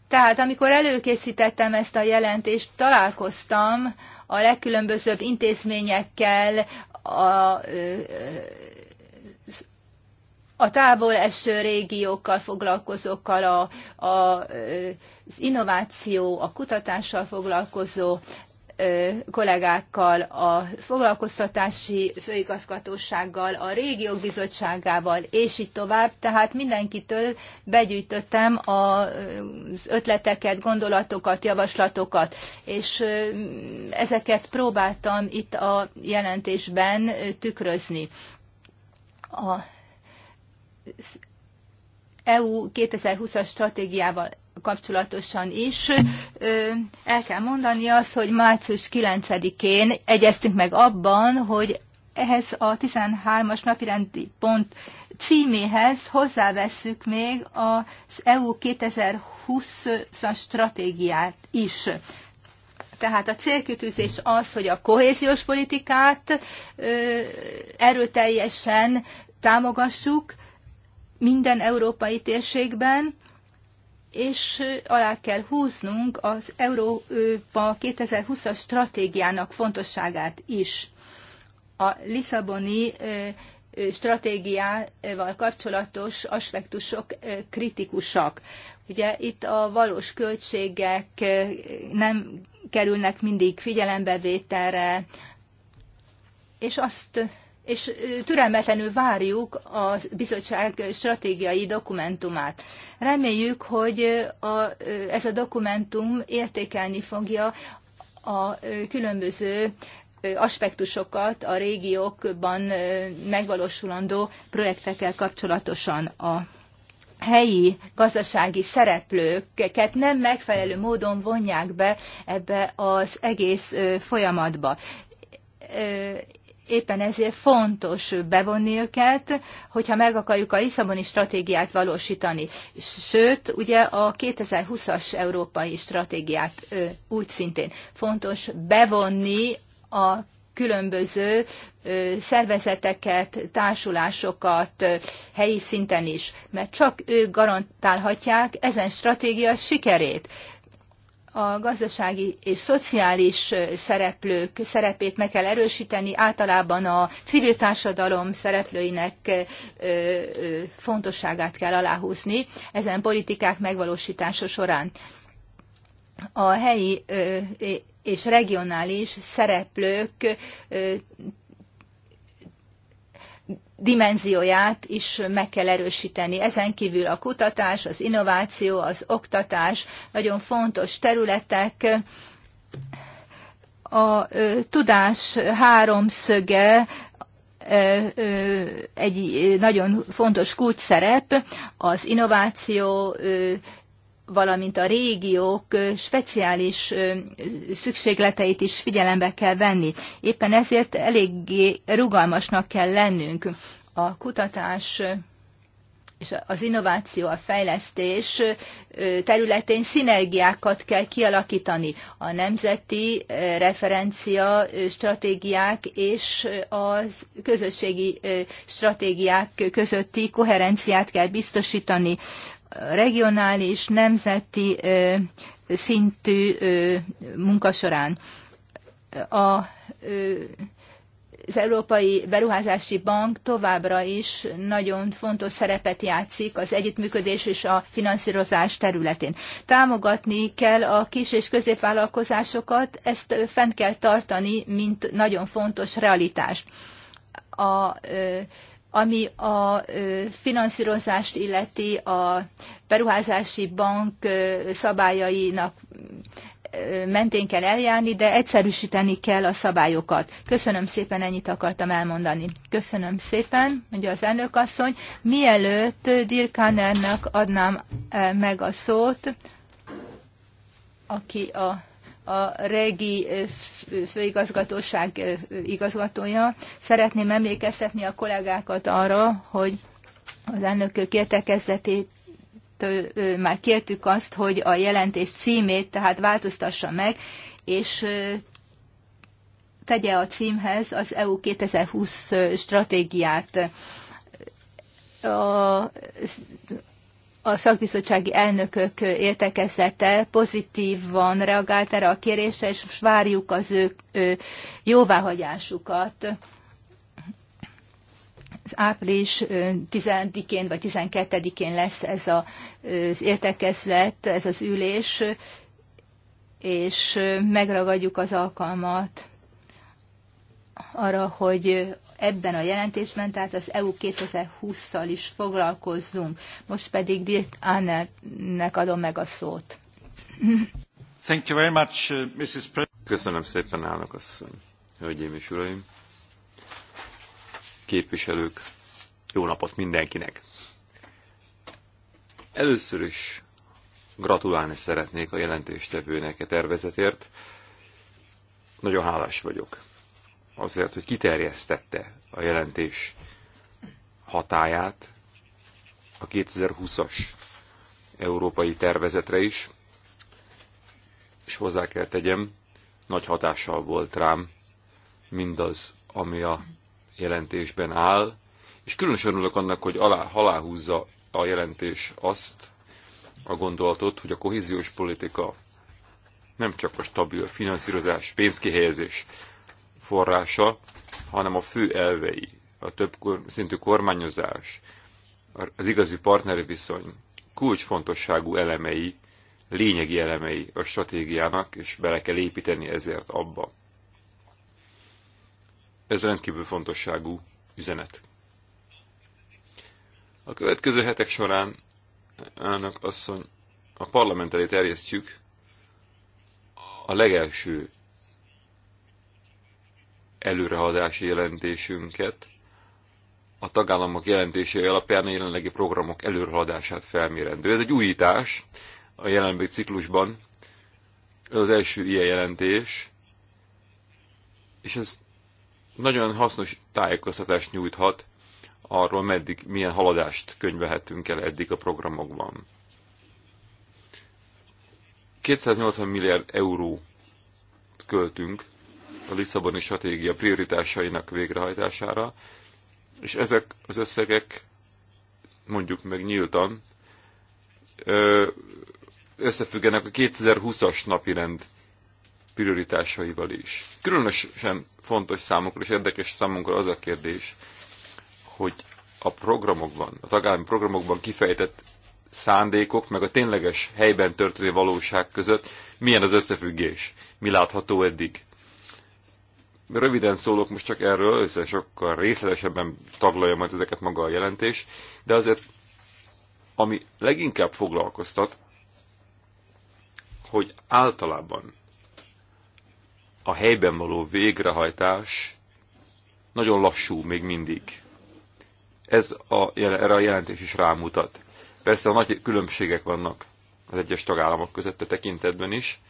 Tehát amikor előkészítettem ezt a jelentést, találkoztam a legkülönbözőbb intézményekkel, a, a távol eső régiókkal foglalkozókkal, a, a, az innováció, a kutatással foglalkozó kollégákkal, a foglalkoztatási főigazgatósággal, a régiók bizottságával, és így tovább. Tehát mindenkitől begyűjtöttem az ötleteket, gondolatokat, javaslatokat, és ezeket próbáltam itt a jelentésben tükrözni. A EU 2020-as stratégiával kapcsolatosan is el kell mondani azt, hogy március 9-én egyeztünk meg abban, hogy ehhez a 13-as napirendi pont címéhez hozzáveszük még az EU 2020-as stratégiát is. Tehát a célkütőzés az, hogy a kohéziós politikát erőteljesen támogassuk minden európai térségben, és alá kell húznunk az Európa 2020-as stratégiának fontosságát is. A Lisszaboni stratégiával kapcsolatos aspektusok kritikusak. Ugye itt a valós költségek nem kerülnek mindig figyelembevételre, és azt és türelmetlenül várjuk a bizottság stratégiai dokumentumát. Reméljük, hogy a, ez a dokumentum értékelni fogja a különböző aspektusokat a régiókban megvalósulandó projektekkel kapcsolatosan a helyi gazdasági szereplőket nem megfelelő módon vonják be ebbe az egész folyamatba éppen ezért fontos bevonni őket, hogyha meg akarjuk a Lisszaboni stratégiát valósítani. Sőt, ugye a 2020-as európai stratégiát úgy szintén fontos bevonni a különböző szervezeteket, társulásokat helyi szinten is, mert csak ők garantálhatják ezen stratégia sikerét a gazdasági és szociális szereplők szerepét meg kell erősíteni, általában a civil társadalom szereplőinek fontosságát kell aláhúzni ezen politikák megvalósítása során. A helyi és regionális szereplők dimenzióját is meg kell erősíteni. Ezen kívül a kutatás, az innováció, az oktatás nagyon fontos területek. A tudás háromszöge egy nagyon fontos kulcsszerep, az innováció, valamint a régiók speciális szükségleteit is figyelembe kell venni. Éppen ezért eléggé rugalmasnak kell lennünk. A kutatás és az innováció, a fejlesztés területén szinergiákat kell kialakítani. A nemzeti referencia stratégiák és a közösségi stratégiák közötti koherenciát kell biztosítani regionális, nemzeti szintű munka során. A az Európai Beruházási Bank továbbra is nagyon fontos szerepet játszik az együttműködés és a finanszírozás területén. Támogatni kell a kis és középvállalkozásokat, ezt fent kell tartani, mint nagyon fontos realitást. A ami a finanszírozást illeti, a beruházási bank szabályainak mentén kell eljárni, de egyszerűsíteni kell a szabályokat. Köszönöm szépen, ennyit akartam elmondani. Köszönöm szépen, hogy az elnök asszony. Mielőtt Dirkanernek adnám meg a szót, aki a a régi eh, főigazgatóság eh, igazgatója. Szeretném emlékeztetni a kollégákat arra, hogy az elnökök kértekezletét eh, már kértük azt, hogy a jelentés címét tehát változtassa meg, és tegye a címhez az EU 2020 stratégiát. A a szakbizottsági elnökök értekezete pozitívan reagált erre a kérésre, és most várjuk az ő, ő jóváhagyásukat. Az április 10-én vagy 12-én lesz ez a, az értekezlet, ez az ülés, és megragadjuk az alkalmat arra, hogy ebben a jelentésben, tehát az EU 2020-szal is foglalkozzunk. Most pedig Dirk Annernek adom meg a szót. Thank you very much, uh, Mrs. Köszönöm szépen, állnak asszony. Hölgyeim és uraim, képviselők, jó napot mindenkinek! Először is gratulálni szeretnék a jelentéstevőnek a tervezetért. Nagyon hálás vagyok azért, hogy kiterjesztette a jelentés hatáját a 2020-as európai tervezetre is, és hozzá kell tegyem, nagy hatással volt rám mindaz, ami a jelentésben áll, és különösen örülök annak, hogy alá, aláhúzza a jelentés azt a gondolatot, hogy a kohéziós politika nem csak a stabil finanszírozás, pénzkihelyezés forrása, hanem a fő elvei, a több szintű kormányozás, az igazi partneri viszony kulcsfontosságú elemei, lényegi elemei a stratégiának, és bele kell építeni ezért abba. Ez rendkívül fontosságú üzenet. A következő hetek során elnök asszony a parlament elé terjesztjük a legelső előrehaladási jelentésünket a tagállamok jelentései alapján a jelenlegi programok előrehaladását felmérendő. Ez egy újítás a jelenlegi ciklusban. Ez az első ilyen jelentés, és ez nagyon hasznos tájékoztatást nyújthat arról, meddig milyen haladást könyvehetünk el eddig a programokban. 280 milliárd euró költünk a Lisszaboni stratégia prioritásainak végrehajtására, és ezek az összegek, mondjuk meg nyíltan, összefüggenek a 2020-as rend prioritásaival is. Különösen fontos számunkra és érdekes számunkra az a kérdés, hogy a programokban, a tagállami programokban kifejtett szándékok, meg a tényleges helyben történő valóság között milyen az összefüggés, mi látható eddig. Röviden szólok most csak erről, és sokkal részletesebben taglalja majd ezeket maga a jelentés, de azért ami leginkább foglalkoztat, hogy általában a helyben való végrehajtás nagyon lassú még mindig. Ez a, erre a jelentés is rámutat. Persze a nagy különbségek vannak az egyes tagállamok között a tekintetben is,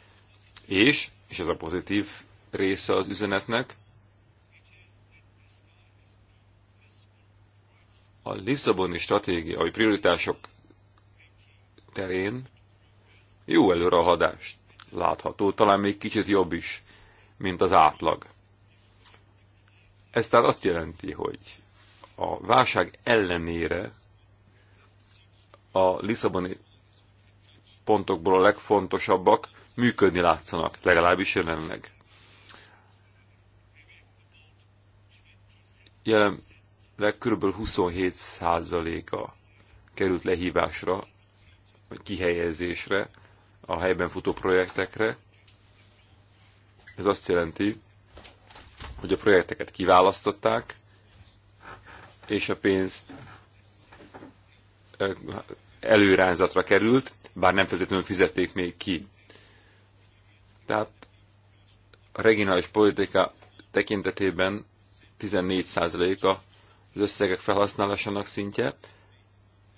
és, és ez a pozitív része az üzenetnek. A Lisszaboni stratégia, a prioritások terén jó előre a hadást látható, talán még kicsit jobb is, mint az átlag. Ez tehát azt jelenti, hogy a válság ellenére a Lisszaboni pontokból a legfontosabbak működni látszanak, legalábbis jelenleg. jelenleg kb. 27%-a került lehívásra, vagy kihelyezésre a helyben futó projektekre. Ez azt jelenti, hogy a projekteket kiválasztották, és a pénzt előránzatra került, bár nem feltétlenül fizették még ki. Tehát a regionális politika tekintetében 14% az összegek felhasználásának szintje,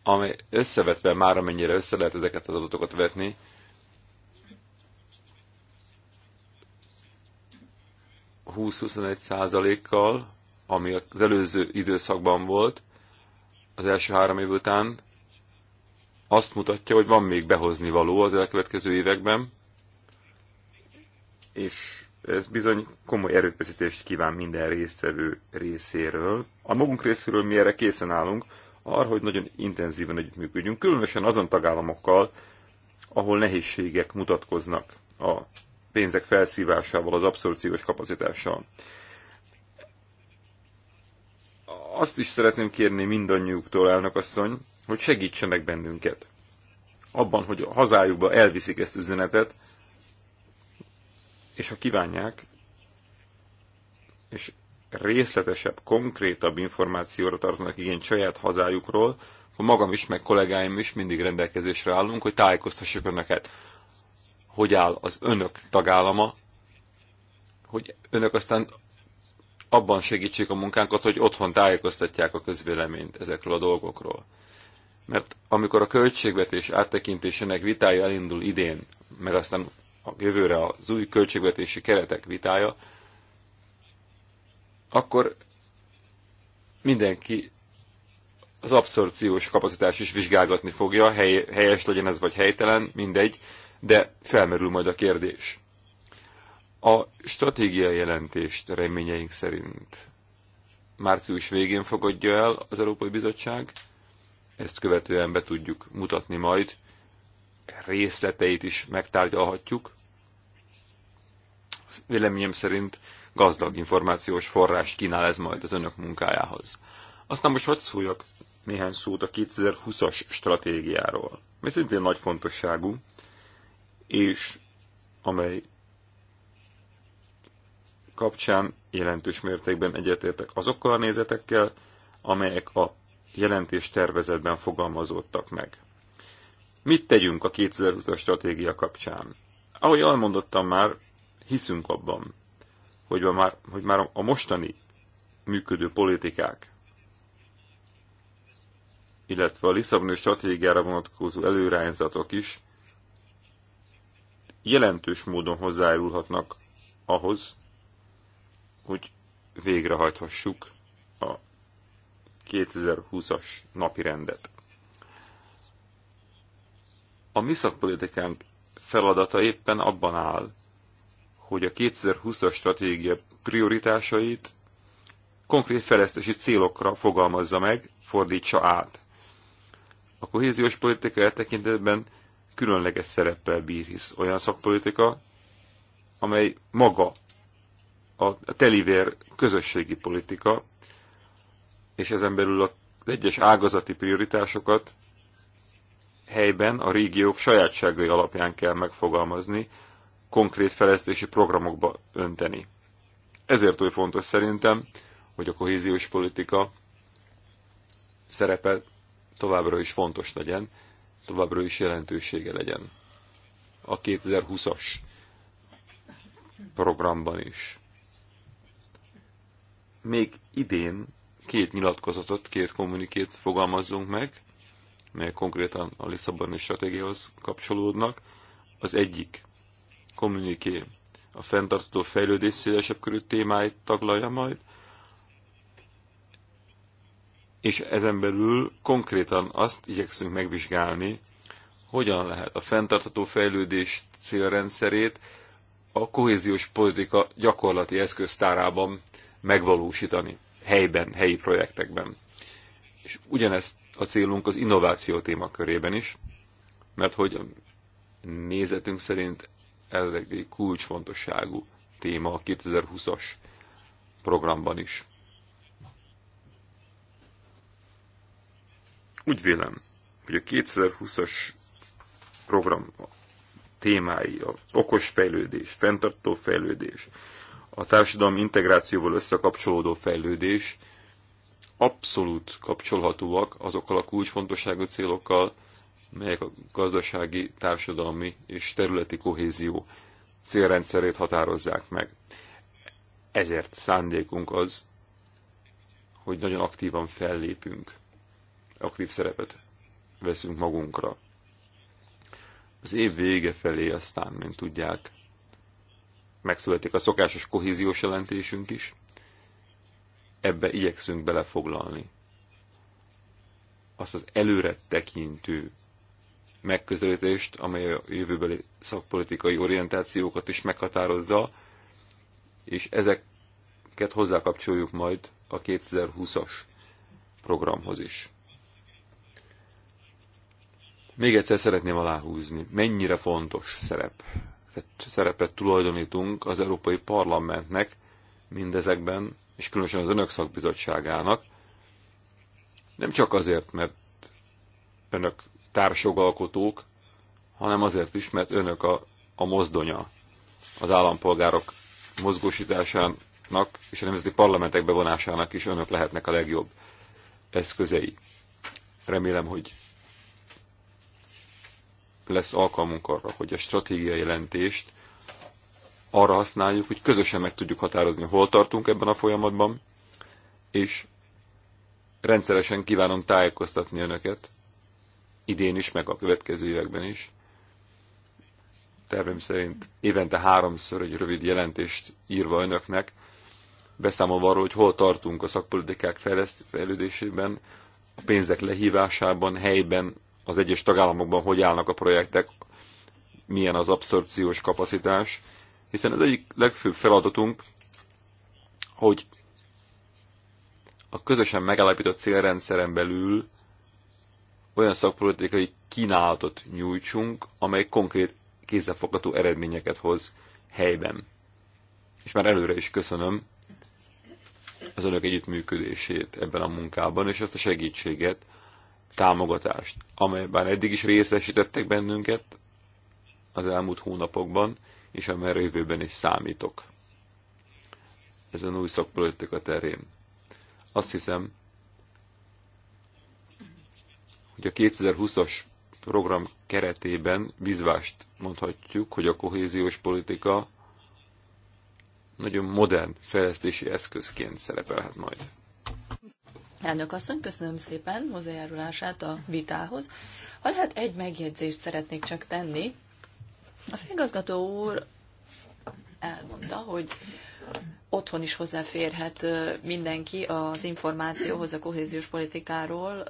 amely összevetve már amennyire össze lehet ezeket az adatokat vetni, százalékkal, ami az előző időszakban volt, az első három év után, azt mutatja, hogy van még behozni való az elkövetkező években, és ez bizony komoly erőfeszítést kíván minden résztvevő részéről. A magunk részéről mi erre készen állunk, arra, hogy nagyon intenzíven együttműködjünk, különösen azon tagállamokkal, ahol nehézségek mutatkoznak a pénzek felszívásával, az abszorciós kapacitással. Azt is szeretném kérni mindannyiuktól, asszony, hogy segítsenek bennünket abban, hogy a hazájukba elviszik ezt üzenetet, és ha kívánják, és részletesebb, konkrétabb információra tartanak igény saját hazájukról, akkor magam is, meg kollégáim is mindig rendelkezésre állunk, hogy tájékoztassuk önöket, hogy áll az önök tagállama, hogy önök aztán abban segítsék a munkánkat, hogy otthon tájékoztatják a közvéleményt ezekről a dolgokról. Mert amikor a költségvetés áttekintésének vitája elindul idén, meg aztán a jövőre az új költségvetési keretek vitája, akkor mindenki az abszorciós kapacitás is vizsgálgatni fogja, hely, helyes legyen ez vagy helytelen, mindegy, de felmerül majd a kérdés. A stratégiai jelentést reményeink szerint március végén fogadja el az Európai Bizottság, ezt követően be tudjuk mutatni majd részleteit is megtárgyalhatjuk. Véleményem szerint gazdag információs forrás kínál ez majd az önök munkájához. Aztán most hadd szóljak néhány szót a 2020-as stratégiáról, ami szintén nagy fontosságú, és amely kapcsán jelentős mértékben egyetértek azokkal a nézetekkel, amelyek a jelentés tervezetben fogalmazódtak meg. Mit tegyünk a 2020-as stratégia kapcsán? Ahogy elmondottam már, hiszünk abban, hogy már, hogy már a mostani működő politikák, illetve a Lisszaboni stratégiára vonatkozó előrányzatok is jelentős módon hozzájárulhatnak ahhoz, hogy végrehajthassuk a 2020-as napi rendet. A mi szakpolitikánk feladata éppen abban áll, hogy a 2020-as stratégia prioritásait konkrét fejlesztési célokra fogalmazza meg, fordítsa át. A kohéziós politika e tekintetben különleges szereppel bír, hisz olyan szakpolitika, amely maga a telivér közösségi politika, és ezen belül az egyes ágazati prioritásokat helyben a régiók sajátságai alapján kell megfogalmazni, konkrét fejlesztési programokba önteni. Ezért oly fontos szerintem, hogy a kohéziós politika szerepe továbbra is fontos legyen, továbbra is jelentősége legyen. A 2020-as programban is. Még idén két nyilatkozatot, két kommunikét fogalmazzunk meg, melyek konkrétan a Lisszaboni stratégiához kapcsolódnak. Az egyik kommuniké a fenntartó fejlődés szélesebb körű témáit taglalja majd, és ezen belül konkrétan azt igyekszünk megvizsgálni, hogyan lehet a fenntartható fejlődés célrendszerét a kohéziós politika gyakorlati eszköztárában megvalósítani, helyben, helyi projektekben és ugyanezt a célunk az innováció témakörében is, mert hogy a nézetünk szerint ez egy kulcsfontosságú téma a 2020-as programban is. Úgy vélem, hogy a 2020-as program témái, a okos fejlődés, fenntartó fejlődés, a társadalmi integrációval összekapcsolódó fejlődés, abszolút kapcsolhatóak azokkal a kulcsfontosságú célokkal, melyek a gazdasági, társadalmi és területi kohézió célrendszerét határozzák meg. Ezért szándékunk az, hogy nagyon aktívan fellépünk, aktív szerepet veszünk magunkra. Az év vége felé aztán, mint tudják, megszületik a szokásos kohéziós jelentésünk is, ebbe igyekszünk belefoglalni. Azt az előre tekintő megközelítést, amely a jövőbeli szakpolitikai orientációkat is meghatározza, és ezeket hozzákapcsoljuk majd a 2020-as programhoz is. Még egyszer szeretném aláhúzni, mennyire fontos szerep, szerepet tulajdonítunk az Európai Parlamentnek mindezekben és különösen az önök szakbizottságának, nem csak azért, mert önök társjogalkotók, hanem azért is, mert önök a, a mozdonya az állampolgárok mozgósításának és a nemzeti parlamentek bevonásának is önök lehetnek a legjobb eszközei. Remélem, hogy lesz alkalmunk arra, hogy a stratégiai jelentést arra használjuk, hogy közösen meg tudjuk határozni, hol tartunk ebben a folyamatban, és rendszeresen kívánom tájékoztatni önöket, idén is, meg a következő években is. Tervem szerint évente háromszor egy rövid jelentést írva önöknek, beszámolva arról, hogy hol tartunk a szakpolitikák fejlődésében, a pénzek lehívásában, helyben, az egyes tagállamokban hogy állnak a projektek, milyen az abszorpciós kapacitás, hiszen az egyik legfőbb feladatunk, hogy a közösen megállapított célrendszeren belül olyan szakpolitikai kínálatot nyújtsunk, amely konkrét kézzelfogható eredményeket hoz helyben. És már előre is köszönöm az önök együttműködését ebben a munkában, és ezt a segítséget, támogatást, amelyben eddig is részesítettek bennünket az elmúlt hónapokban, és a jövőben is számítok. Ezen új szakpolitika terén. Azt hiszem, hogy a 2020-as program keretében bizvást mondhatjuk, hogy a kohéziós politika nagyon modern fejlesztési eszközként szerepelhet majd. Elnök asszony, köszönöm szépen hozzájárulását a vitához. Ha lehet, egy megjegyzést szeretnék csak tenni. A főigazgató úr elmondta, hogy otthon is hozzáférhet mindenki az információhoz a kohéziós politikáról.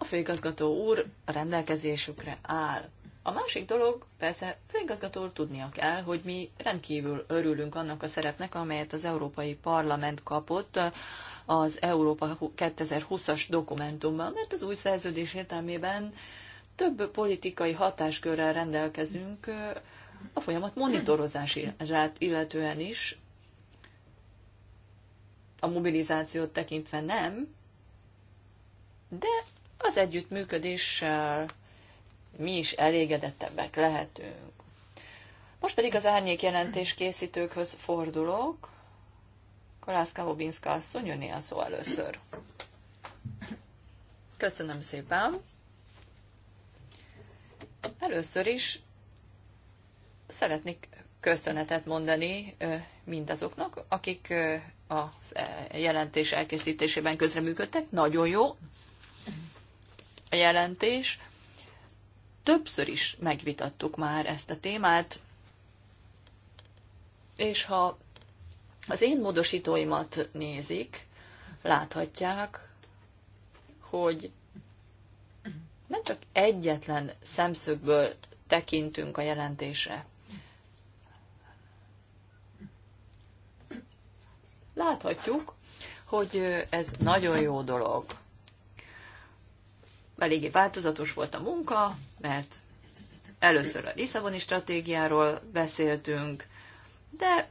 A főigazgató úr rendelkezésükre áll. A másik dolog, persze főigazgató úr tudnia kell, hogy mi rendkívül örülünk annak a szerepnek, amelyet az Európai Parlament kapott az Európa 2020-as dokumentumban, mert az új szerződés értelmében több politikai hatáskörrel rendelkezünk a folyamat monitorozását illetően is, a mobilizációt tekintve nem, de az együttműködéssel mi is elégedettebbek lehetünk. Most pedig az árnyék jelentés készítőkhöz fordulok. Kolászka Hobinska asszony, a szó először. Köszönöm szépen. Először is szeretnék köszönetet mondani mindazoknak, akik a jelentés elkészítésében közreműködtek. Nagyon jó a jelentés. Többször is megvitattuk már ezt a témát, és ha az én módosítóimat nézik, láthatják, hogy nem csak egyetlen szemszögből tekintünk a jelentésre. Láthatjuk, hogy ez nagyon jó dolog. Eléggé változatos volt a munka, mert először a Lisszaboni stratégiáról beszéltünk, de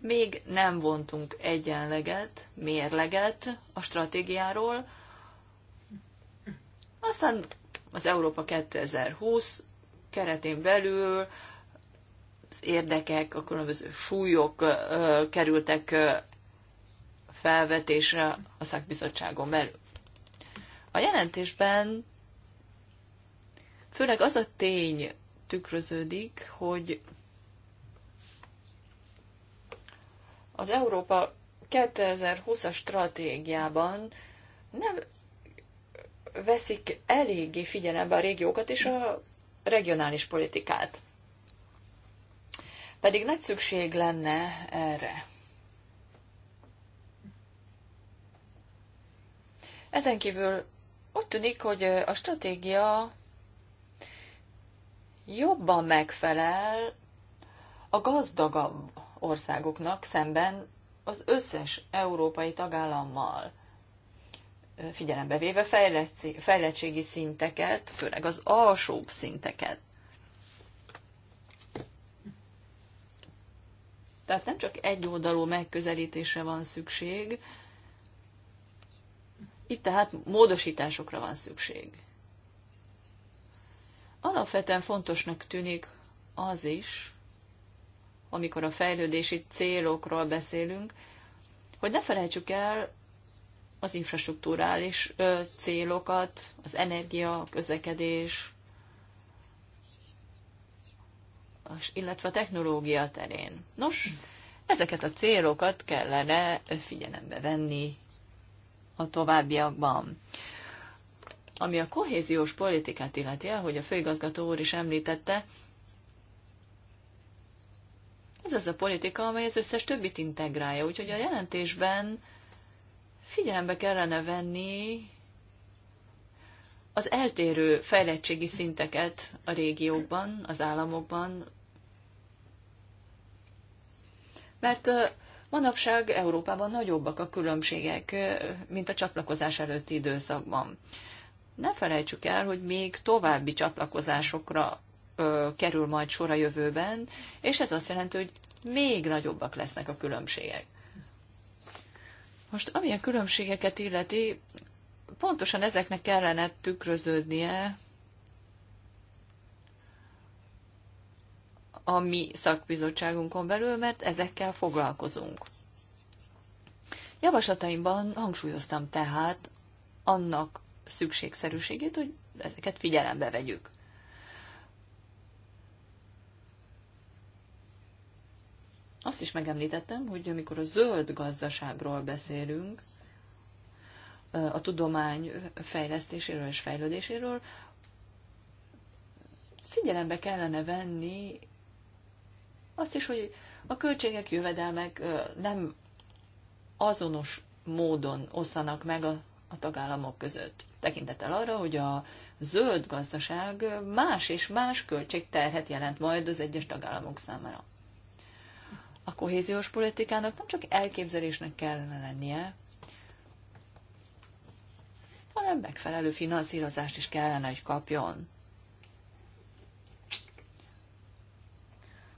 még nem vontunk egyenleget, mérleget a stratégiáról, aztán az Európa 2020 keretén belül az érdekek, a különböző súlyok kerültek felvetésre a szakbizottságon belül. A jelentésben főleg az a tény tükröződik, hogy az Európa 2020-as stratégiában nem veszik eléggé figyelembe a régiókat és a regionális politikát. Pedig nagy szükség lenne erre. Ezen kívül úgy tűnik, hogy a stratégia jobban megfelel a gazdagabb országoknak szemben az összes európai tagállammal figyelembe véve fejlettségi szinteket, főleg az alsóbb szinteket. Tehát nem csak egy oldalú megközelítésre van szükség, itt tehát módosításokra van szükség. Alapvetően fontosnak tűnik az is, amikor a fejlődési célokról beszélünk, hogy ne felejtsük el az infrastruktúrális célokat, az energia, a közlekedés, illetve a technológia terén. Nos, ezeket a célokat kellene figyelembe venni a továbbiakban. Ami a kohéziós politikát illeti, ahogy a főigazgató úr is említette, ez az a politika, amely az összes többit integrálja. Úgyhogy a jelentésben figyelembe kellene venni az eltérő fejlettségi szinteket a régiókban, az államokban, mert manapság Európában nagyobbak a különbségek, mint a csatlakozás előtti időszakban. Ne felejtsük el, hogy még további csatlakozásokra ö, kerül majd sor a jövőben, és ez azt jelenti, hogy még nagyobbak lesznek a különbségek. Most amilyen különbségeket illeti, pontosan ezeknek kellene tükröződnie a mi szakbizottságunkon belül, mert ezekkel foglalkozunk. Javaslataimban hangsúlyoztam tehát annak szükségszerűségét, hogy ezeket figyelembe vegyük. Azt is megemlítettem, hogy amikor a zöld gazdaságról beszélünk, a tudomány fejlesztéséről és fejlődéséről, figyelembe kellene venni azt is, hogy a költségek, jövedelmek nem azonos módon oszlanak meg a, a tagállamok között. Tekintettel arra, hogy a zöld gazdaság más és más költségterhet jelent majd az egyes tagállamok számára a kohéziós politikának nem csak elképzelésnek kellene lennie, hanem megfelelő finanszírozást is kellene, hogy kapjon.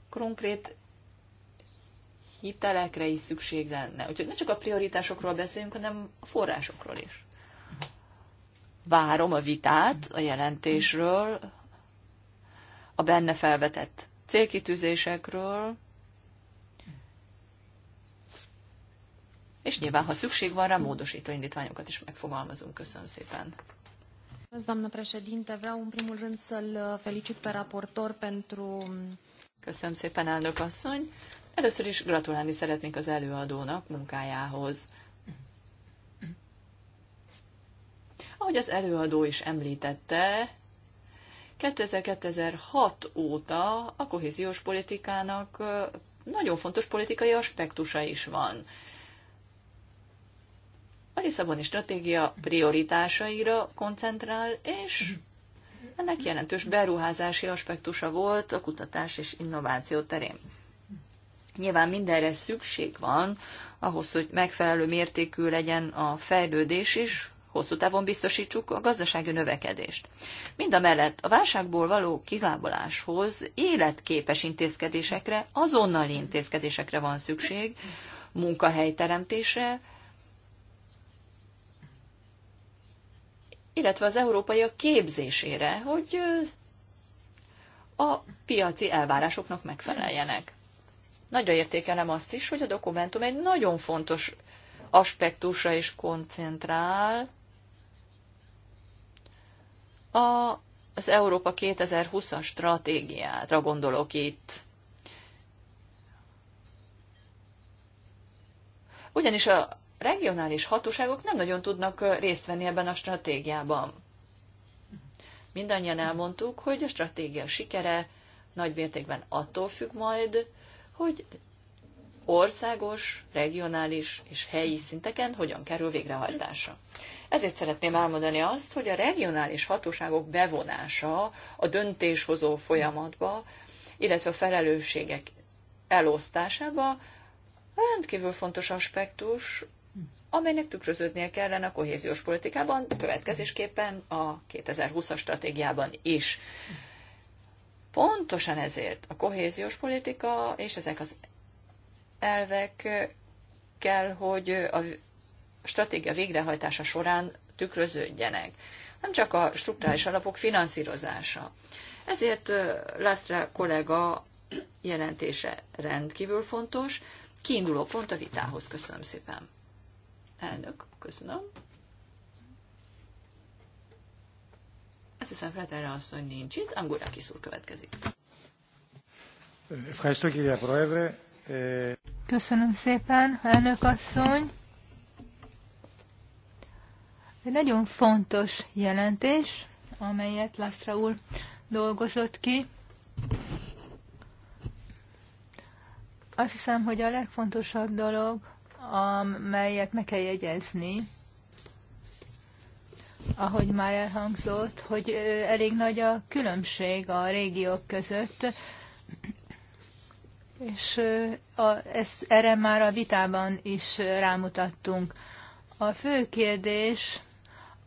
Konkrét hitelekre is szükség lenne. Úgyhogy ne csak a prioritásokról beszéljünk, hanem a forrásokról is. Várom a vitát a jelentésről, a benne felvetett célkitűzésekről, és nyilván, ha szükség van rá, módosító indítványokat is megfogalmazunk. Köszönöm szépen. președinte, Köszönöm szépen, elnök asszony. Először is gratulálni szeretnék az előadónak munkájához. Ahogy az előadó is említette, 2006 óta a kohéziós politikának nagyon fontos politikai aspektusa is van a Lisszaboni stratégia prioritásaira koncentrál, és ennek jelentős beruházási aspektusa volt a kutatás és innováció terén. Nyilván mindenre szükség van, ahhoz, hogy megfelelő mértékű legyen a fejlődés is, hosszú távon biztosítsuk a gazdasági növekedést. Mind a mellett a válságból való kizláboláshoz életképes intézkedésekre, azonnali intézkedésekre van szükség, munkahelyteremtésre, illetve az európaiak képzésére, hogy a piaci elvárásoknak megfeleljenek. Nagyra értékelem azt is, hogy a dokumentum egy nagyon fontos aspektusra is koncentrál, a, az Európa 2020-as stratégiára gondolok itt. Ugyanis a regionális hatóságok nem nagyon tudnak részt venni ebben a stratégiában. Mindannyian elmondtuk, hogy a stratégia sikere nagy mértékben attól függ majd, hogy országos, regionális és helyi szinteken hogyan kerül végrehajtása. Ezért szeretném elmondani azt, hogy a regionális hatóságok bevonása a döntéshozó folyamatba, illetve a felelősségek elosztásába rendkívül fontos aspektus amelynek tükröződnie kellene a kohéziós politikában, következésképpen a 2020-as stratégiában is. Pontosan ezért a kohéziós politika és ezek az elvek kell, hogy a stratégia végrehajtása során tükröződjenek. Nem csak a struktúrális alapok finanszírozása. Ezért Lászra kollega jelentése rendkívül fontos. Kiinduló pont a vitához. Köszönöm szépen. Elnök, köszönöm. Azt hiszem, Fraterra asszony nincs itt, Angóra kiszúr következik. Köszönöm szépen, elnök asszony. Egy nagyon fontos jelentés, amelyet Lasztra úr dolgozott ki. Azt hiszem, hogy a legfontosabb dolog amelyet meg kell jegyezni, ahogy már elhangzott, hogy elég nagy a különbség a régiók között, és a, ez, erre már a vitában is rámutattunk. A fő kérdés,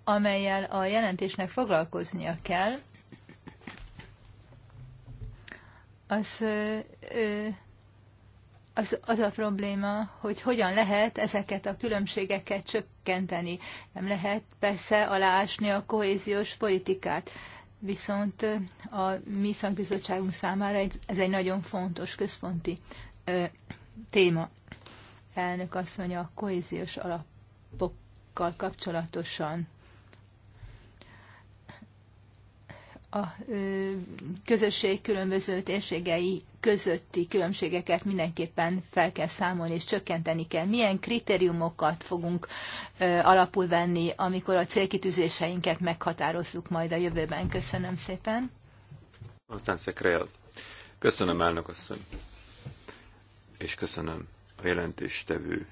amelyel a jelentésnek foglalkoznia kell, az ö, az, az a probléma, hogy hogyan lehet ezeket a különbségeket csökkenteni. Nem lehet persze aláásni a kohéziós politikát. Viszont a mi szakbizottságunk számára ez egy nagyon fontos központi ö, téma. Elnök asszony a kohéziós alapokkal kapcsolatosan. a közösség különböző térségei közötti különbségeket mindenképpen fel kell számolni és csökkenteni kell. Milyen kritériumokat fogunk alapul venni, amikor a célkitűzéseinket meghatározzuk majd a jövőben? Köszönöm szépen. Aztán Szekrejel. Köszönöm, elnök asszony. És köszönöm a jelentéstevő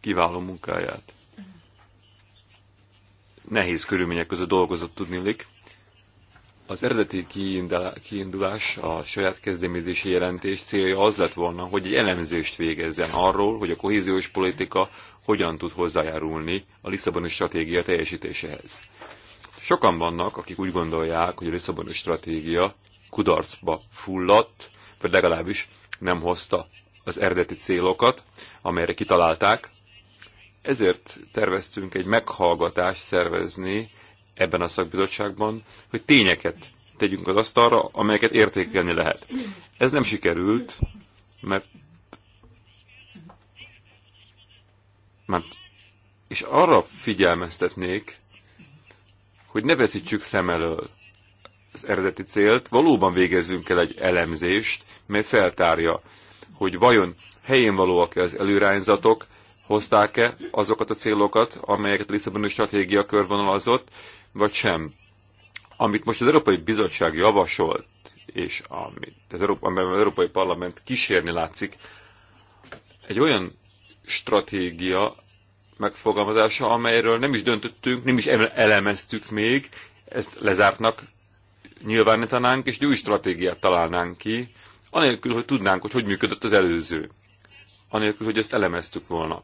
kiváló munkáját. Nehéz körülmények között dolgozott tudni Lik. Az eredeti kiindulás, a saját kezdeményezési jelentés célja az lett volna, hogy egy elemzést végezzen arról, hogy a kohéziós politika hogyan tud hozzájárulni a Lisszaboni stratégia teljesítéséhez. Sokan vannak, akik úgy gondolják, hogy a Lisszaboni stratégia kudarcba fulladt, vagy legalábbis nem hozta az eredeti célokat, amelyre kitalálták. Ezért terveztünk egy meghallgatást szervezni ebben a szakbizottságban, hogy tényeket tegyünk az asztalra, amelyeket értékelni lehet. Ez nem sikerült, mert mert és arra figyelmeztetnék, hogy ne veszítsük szem elől az eredeti célt, valóban végezzünk el egy elemzést, mely feltárja, hogy vajon helyén valóak-e az előrányzatok, hozták-e azokat a célokat, amelyeket a Lisszaboni stratégia körvonalazott, vagy sem. Amit most az Európai Bizottság javasolt, és amit az, Európa, amiben az Európai Parlament kísérni látszik, egy olyan stratégia megfogalmazása, amelyről nem is döntöttünk, nem is elemeztük még, ezt lezártnak nyilvánítanánk, és egy új stratégiát találnánk ki, anélkül, hogy tudnánk, hogy hogy működött az előző anélkül, hogy ezt elemeztük volna.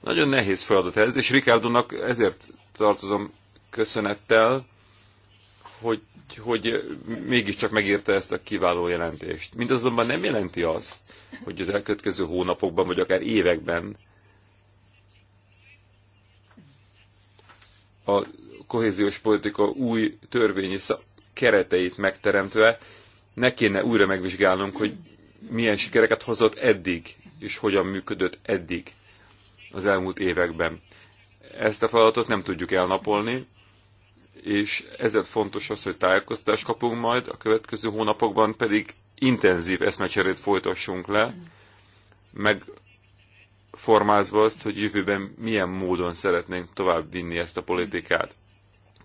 Nagyon nehéz feladat ez, és Ricardonak ezért tartozom köszönettel, hogy, hogy mégiscsak megírta ezt a kiváló jelentést. azonban nem jelenti azt, hogy az elkövetkező hónapokban, vagy akár években a kohéziós politika új törvényi kereteit megteremtve ne kéne újra megvizsgálnunk, hogy milyen sikereket hozott eddig és hogyan működött eddig az elmúlt években. Ezt a feladatot nem tudjuk elnapolni, és ezért fontos az, hogy tájékoztatást kapunk majd, a következő hónapokban pedig intenzív eszmecserét folytassunk le, megformázva azt, hogy jövőben milyen módon szeretnénk tovább vinni ezt a politikát.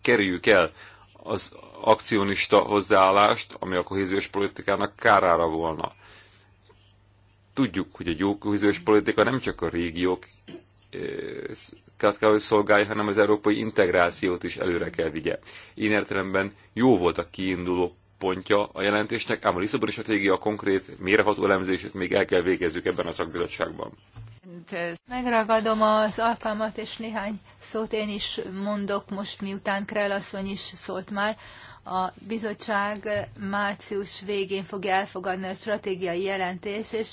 Kerüljük el az akcionista hozzáállást, ami a kohéziós politikának kárára volna. Tudjuk, hogy a jó politika nem csak a régiók kell, hogy szolgálja, hanem az európai integrációt is előre kell vigye. Én értelemben jó volt a kiinduló pontja a jelentésnek, ám a Lisszaboni stratégia a konkrét mérható elemzését még el kell végezzük ebben a szakbizottságban. Megragadom az alkalmat, és néhány szót én is mondok most, miután Krell asszony is szólt már. A bizottság március végén fogja elfogadni a stratégiai jelentés, és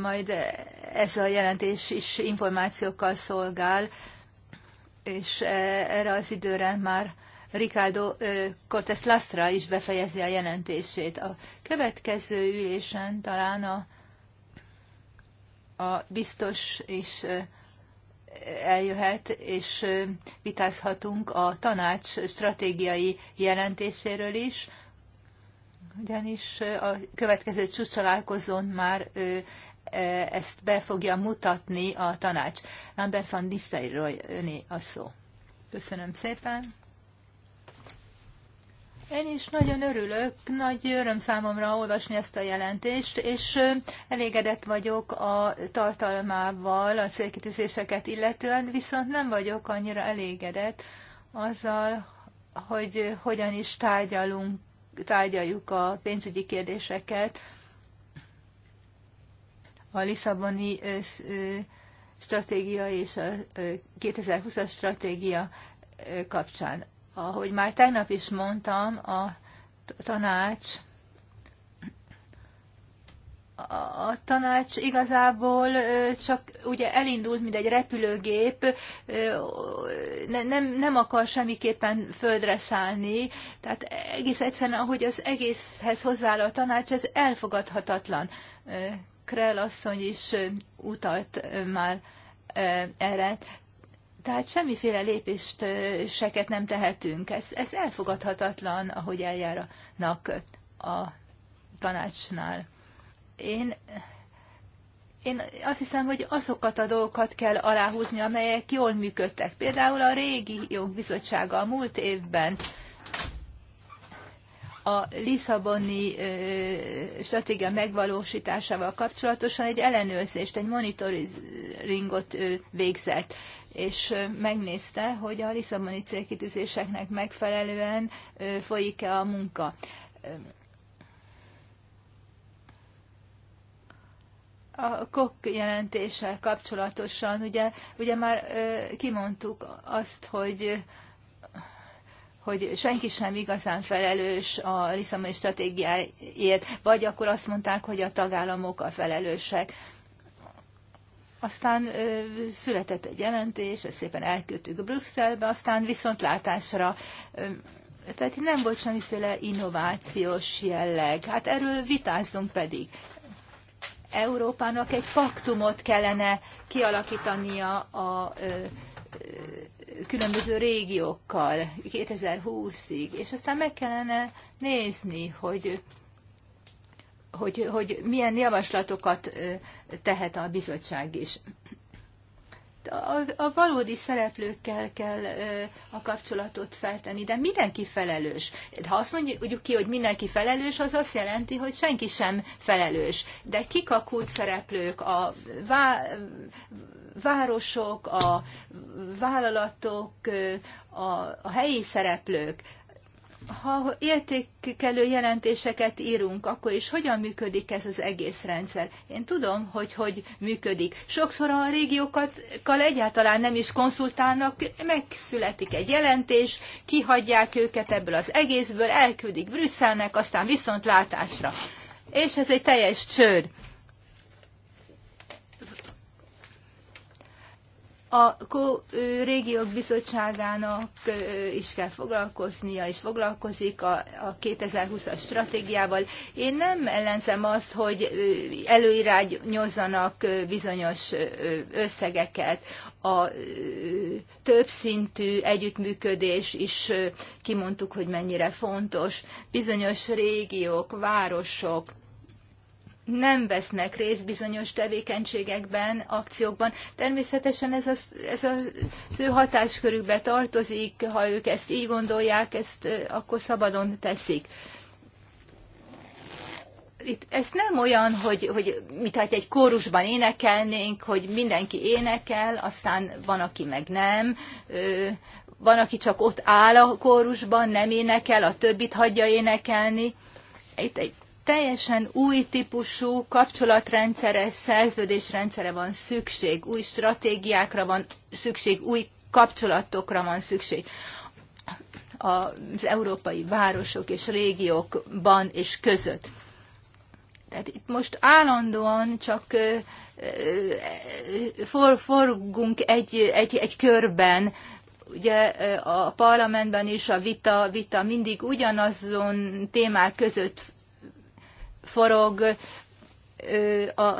majd ez a jelentés is információkkal szolgál, és e, erre az időre már Ricardo Cortes Lastra is befejezi a jelentését. A következő ülésen talán a, a biztos is eljöhet, és vitázhatunk a tanács stratégiai jelentéséről is, ugyanis a következő csúcsalálkozón már ő ezt be fogja mutatni a tanács. Lambert van Disztairól öné a szó. Köszönöm szépen. Én is nagyon örülök, nagy öröm számomra olvasni ezt a jelentést, és elégedett vagyok a tartalmával, a célkitűzéseket illetően, viszont nem vagyok annyira elégedett azzal, hogy hogyan is tárgyalunk tárgyaljuk a pénzügyi kérdéseket. A Lisszaboni stratégia és a 2020-as stratégia kapcsán. Ahogy már tegnap is mondtam, a tanács a tanács igazából csak ugye elindult, mint egy repülőgép, nem, nem akar semmiképpen földre szállni, tehát egész egyszerűen, ahogy az egészhez hozzááll a tanács, ez elfogadhatatlan. Krell asszony is utalt már erre. Tehát semmiféle lépést seket nem tehetünk. Ez, ez elfogadhatatlan, ahogy eljárnak a tanácsnál én én azt hiszem, hogy azokat a dolgokat kell aláhúzni, amelyek jól működtek. Például a régi jogbizottsága a múlt évben a Lisszaboni stratégia megvalósításával kapcsolatosan egy ellenőrzést, egy monitoringot végzett, és megnézte, hogy a Lisszaboni célkitűzéseknek megfelelően folyik-e a munka a kok jelentéssel kapcsolatosan, ugye, ugye már kimondtuk azt, hogy hogy senki sem igazán felelős a Lisszaboni stratégiáért, vagy akkor azt mondták, hogy a tagállamok a felelősek. Aztán ö, született egy jelentés, ezt szépen elküldtük Brüsszelbe, aztán viszontlátásra. Ö, tehát nem volt semmiféle innovációs jelleg. Hát erről vitázzunk pedig. Európának egy paktumot kellene kialakítania a különböző régiókkal 2020-ig, és aztán meg kellene nézni, hogy, hogy, hogy milyen javaslatokat tehet a bizottság is a, a valódi szereplőkkel kell ö, a kapcsolatot feltenni, de mindenki felelős. De ha azt mondjuk ki, hogy mindenki felelős, az azt jelenti, hogy senki sem felelős. De kik a kult szereplők? A vá, városok, a vállalatok, a, a helyi szereplők ha értékelő jelentéseket írunk, akkor is hogyan működik ez az egész rendszer? Én tudom, hogy hogy működik. Sokszor a régiókkal egyáltalán nem is konszultálnak, megszületik egy jelentés, kihagyják őket ebből az egészből, elküldik Brüsszelnek, aztán viszontlátásra. És ez egy teljes csőd. a régiók bizottságának is kell foglalkoznia, és foglalkozik a, a 2020-as stratégiával. Én nem ellenzem azt, hogy előirányozzanak bizonyos összegeket. A többszintű együttműködés is kimondtuk, hogy mennyire fontos. Bizonyos régiók, városok nem vesznek részt bizonyos tevékenységekben, akciókban. Természetesen ez, az, ez az ő hatáskörükbe tartozik, ha ők ezt így gondolják, ezt akkor szabadon teszik. Itt, ez nem olyan, hogy, hogy mit hát egy kórusban énekelnénk, hogy mindenki énekel, aztán van, aki meg nem, van, aki csak ott áll a kórusban, nem énekel, a többit hagyja énekelni. Itt egy teljesen új típusú kapcsolatrendszere, szerződésrendszere van szükség, új stratégiákra van szükség, új kapcsolatokra van szükség az európai városok és régiókban és között. Tehát itt most állandóan csak for, forgunk egy, egy, egy körben, ugye a parlamentben is a vita, vita mindig ugyanazon témák között forog a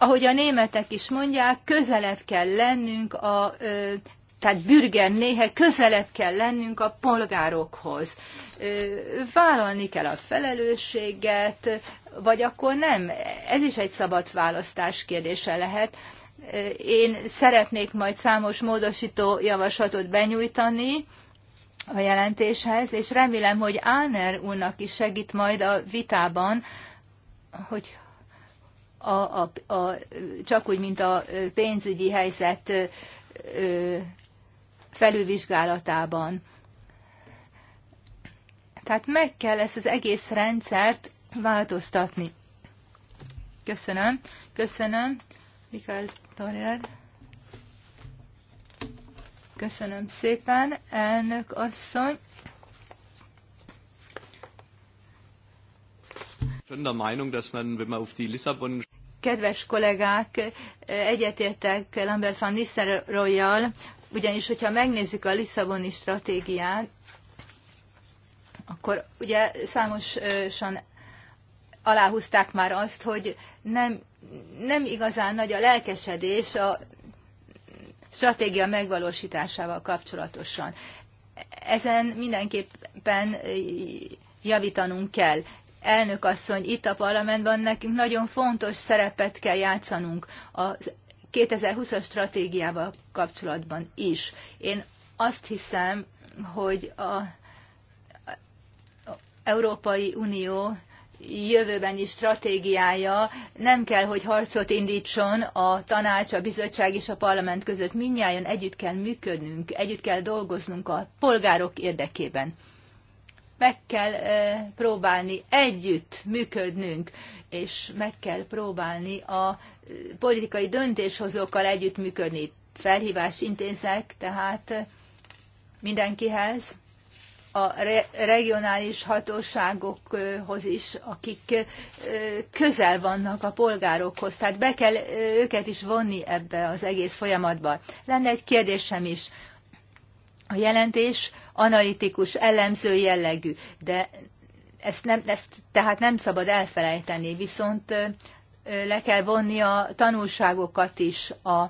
ahogy a németek is mondják, közelebb kell lennünk a, tehát bürgen néhe közelebb kell lennünk a polgárokhoz. Vállalni kell a felelősséget, vagy akkor nem. Ez is egy szabad választás kérdése lehet. Én szeretnék majd számos módosító javaslatot benyújtani, a jelentéshez, és remélem, hogy Áner úrnak is segít majd a vitában, hogy a, a, a, csak úgy, mint a pénzügyi helyzet ö, felülvizsgálatában. Tehát meg kell ezt az egész rendszert változtatni. Köszönöm. Köszönöm, Mikael Torrer. Köszönöm szépen, elnök asszony. Kedves kollégák, egyetértek Lambert van Nistelrooyjal, ugyanis, hogyha megnézzük a Lisszaboni stratégiát, akkor ugye számosan aláhúzták már azt, hogy nem, nem igazán nagy a lelkesedés a stratégia megvalósításával kapcsolatosan. Ezen mindenképpen javítanunk kell. Elnök asszony, itt a parlamentben nekünk nagyon fontos szerepet kell játszanunk a 2020-as stratégiával kapcsolatban is. Én azt hiszem, hogy a Európai Unió jövőbeni stratégiája nem kell, hogy harcot indítson a tanács, a bizottság és a parlament között. Mindnyáján együtt kell működnünk, együtt kell dolgoznunk a polgárok érdekében. Meg kell e, próbálni együtt működnünk, és meg kell próbálni a eh, politikai döntéshozókkal együtt működni. felhívás intézek tehát eh, mindenkihez, a regionális hatóságokhoz is, akik közel vannak a polgárokhoz, tehát be kell őket is vonni ebbe az egész folyamatba. Lenne egy kérdésem is. A jelentés analitikus, ellenző jellegű, de ezt nem, ezt tehát nem szabad elfelejteni, viszont le kell vonni a tanulságokat is a,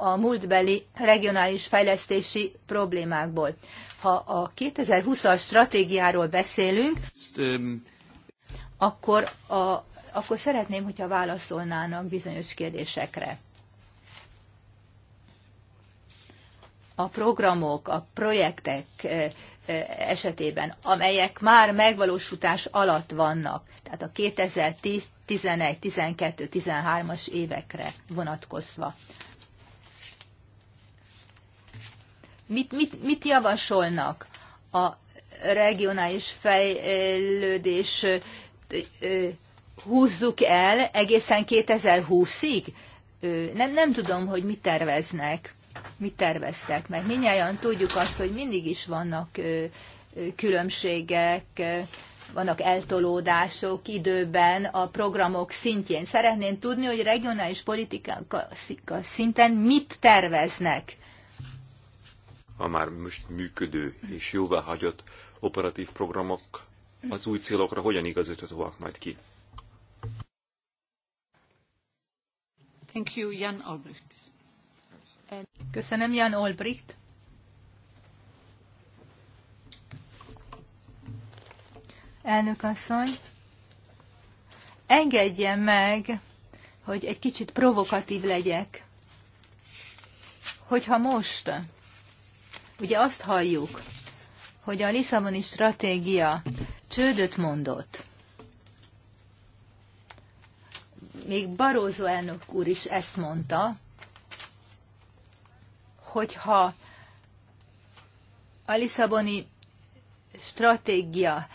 a múltbeli regionális fejlesztési problémákból. Ha a 2020-as stratégiáról beszélünk, akkor, a, akkor szeretném, hogyha válaszolnának bizonyos kérdésekre. a programok, a projektek eh, eh, esetében, amelyek már megvalósítás alatt vannak, tehát a 2010, 11, 12, 13-as évekre vonatkozva. mit, mit, mit javasolnak a regionális fejlődés húzzuk el egészen 2020-ig? Nem, nem tudom, hogy mit terveznek, mit terveztek, mert minnyáján tudjuk azt, hogy mindig is vannak különbségek, vannak eltolódások időben a programok szintjén. Szeretném tudni, hogy regionális politika szinten mit terveznek a már most működő és jóváhagyott operatív programok az új célokra hogyan igazíthatóak majd ki? Thank you, Jan Albrecht. Köszönöm, Jan Olbricht. Elnök asszony, engedje meg, hogy egy kicsit provokatív legyek. Hogyha most Ugye azt halljuk, hogy a Lisszaboni stratégia csődöt mondott. Még Barózó elnök úr is ezt mondta, hogyha a Lisszaboni stratégia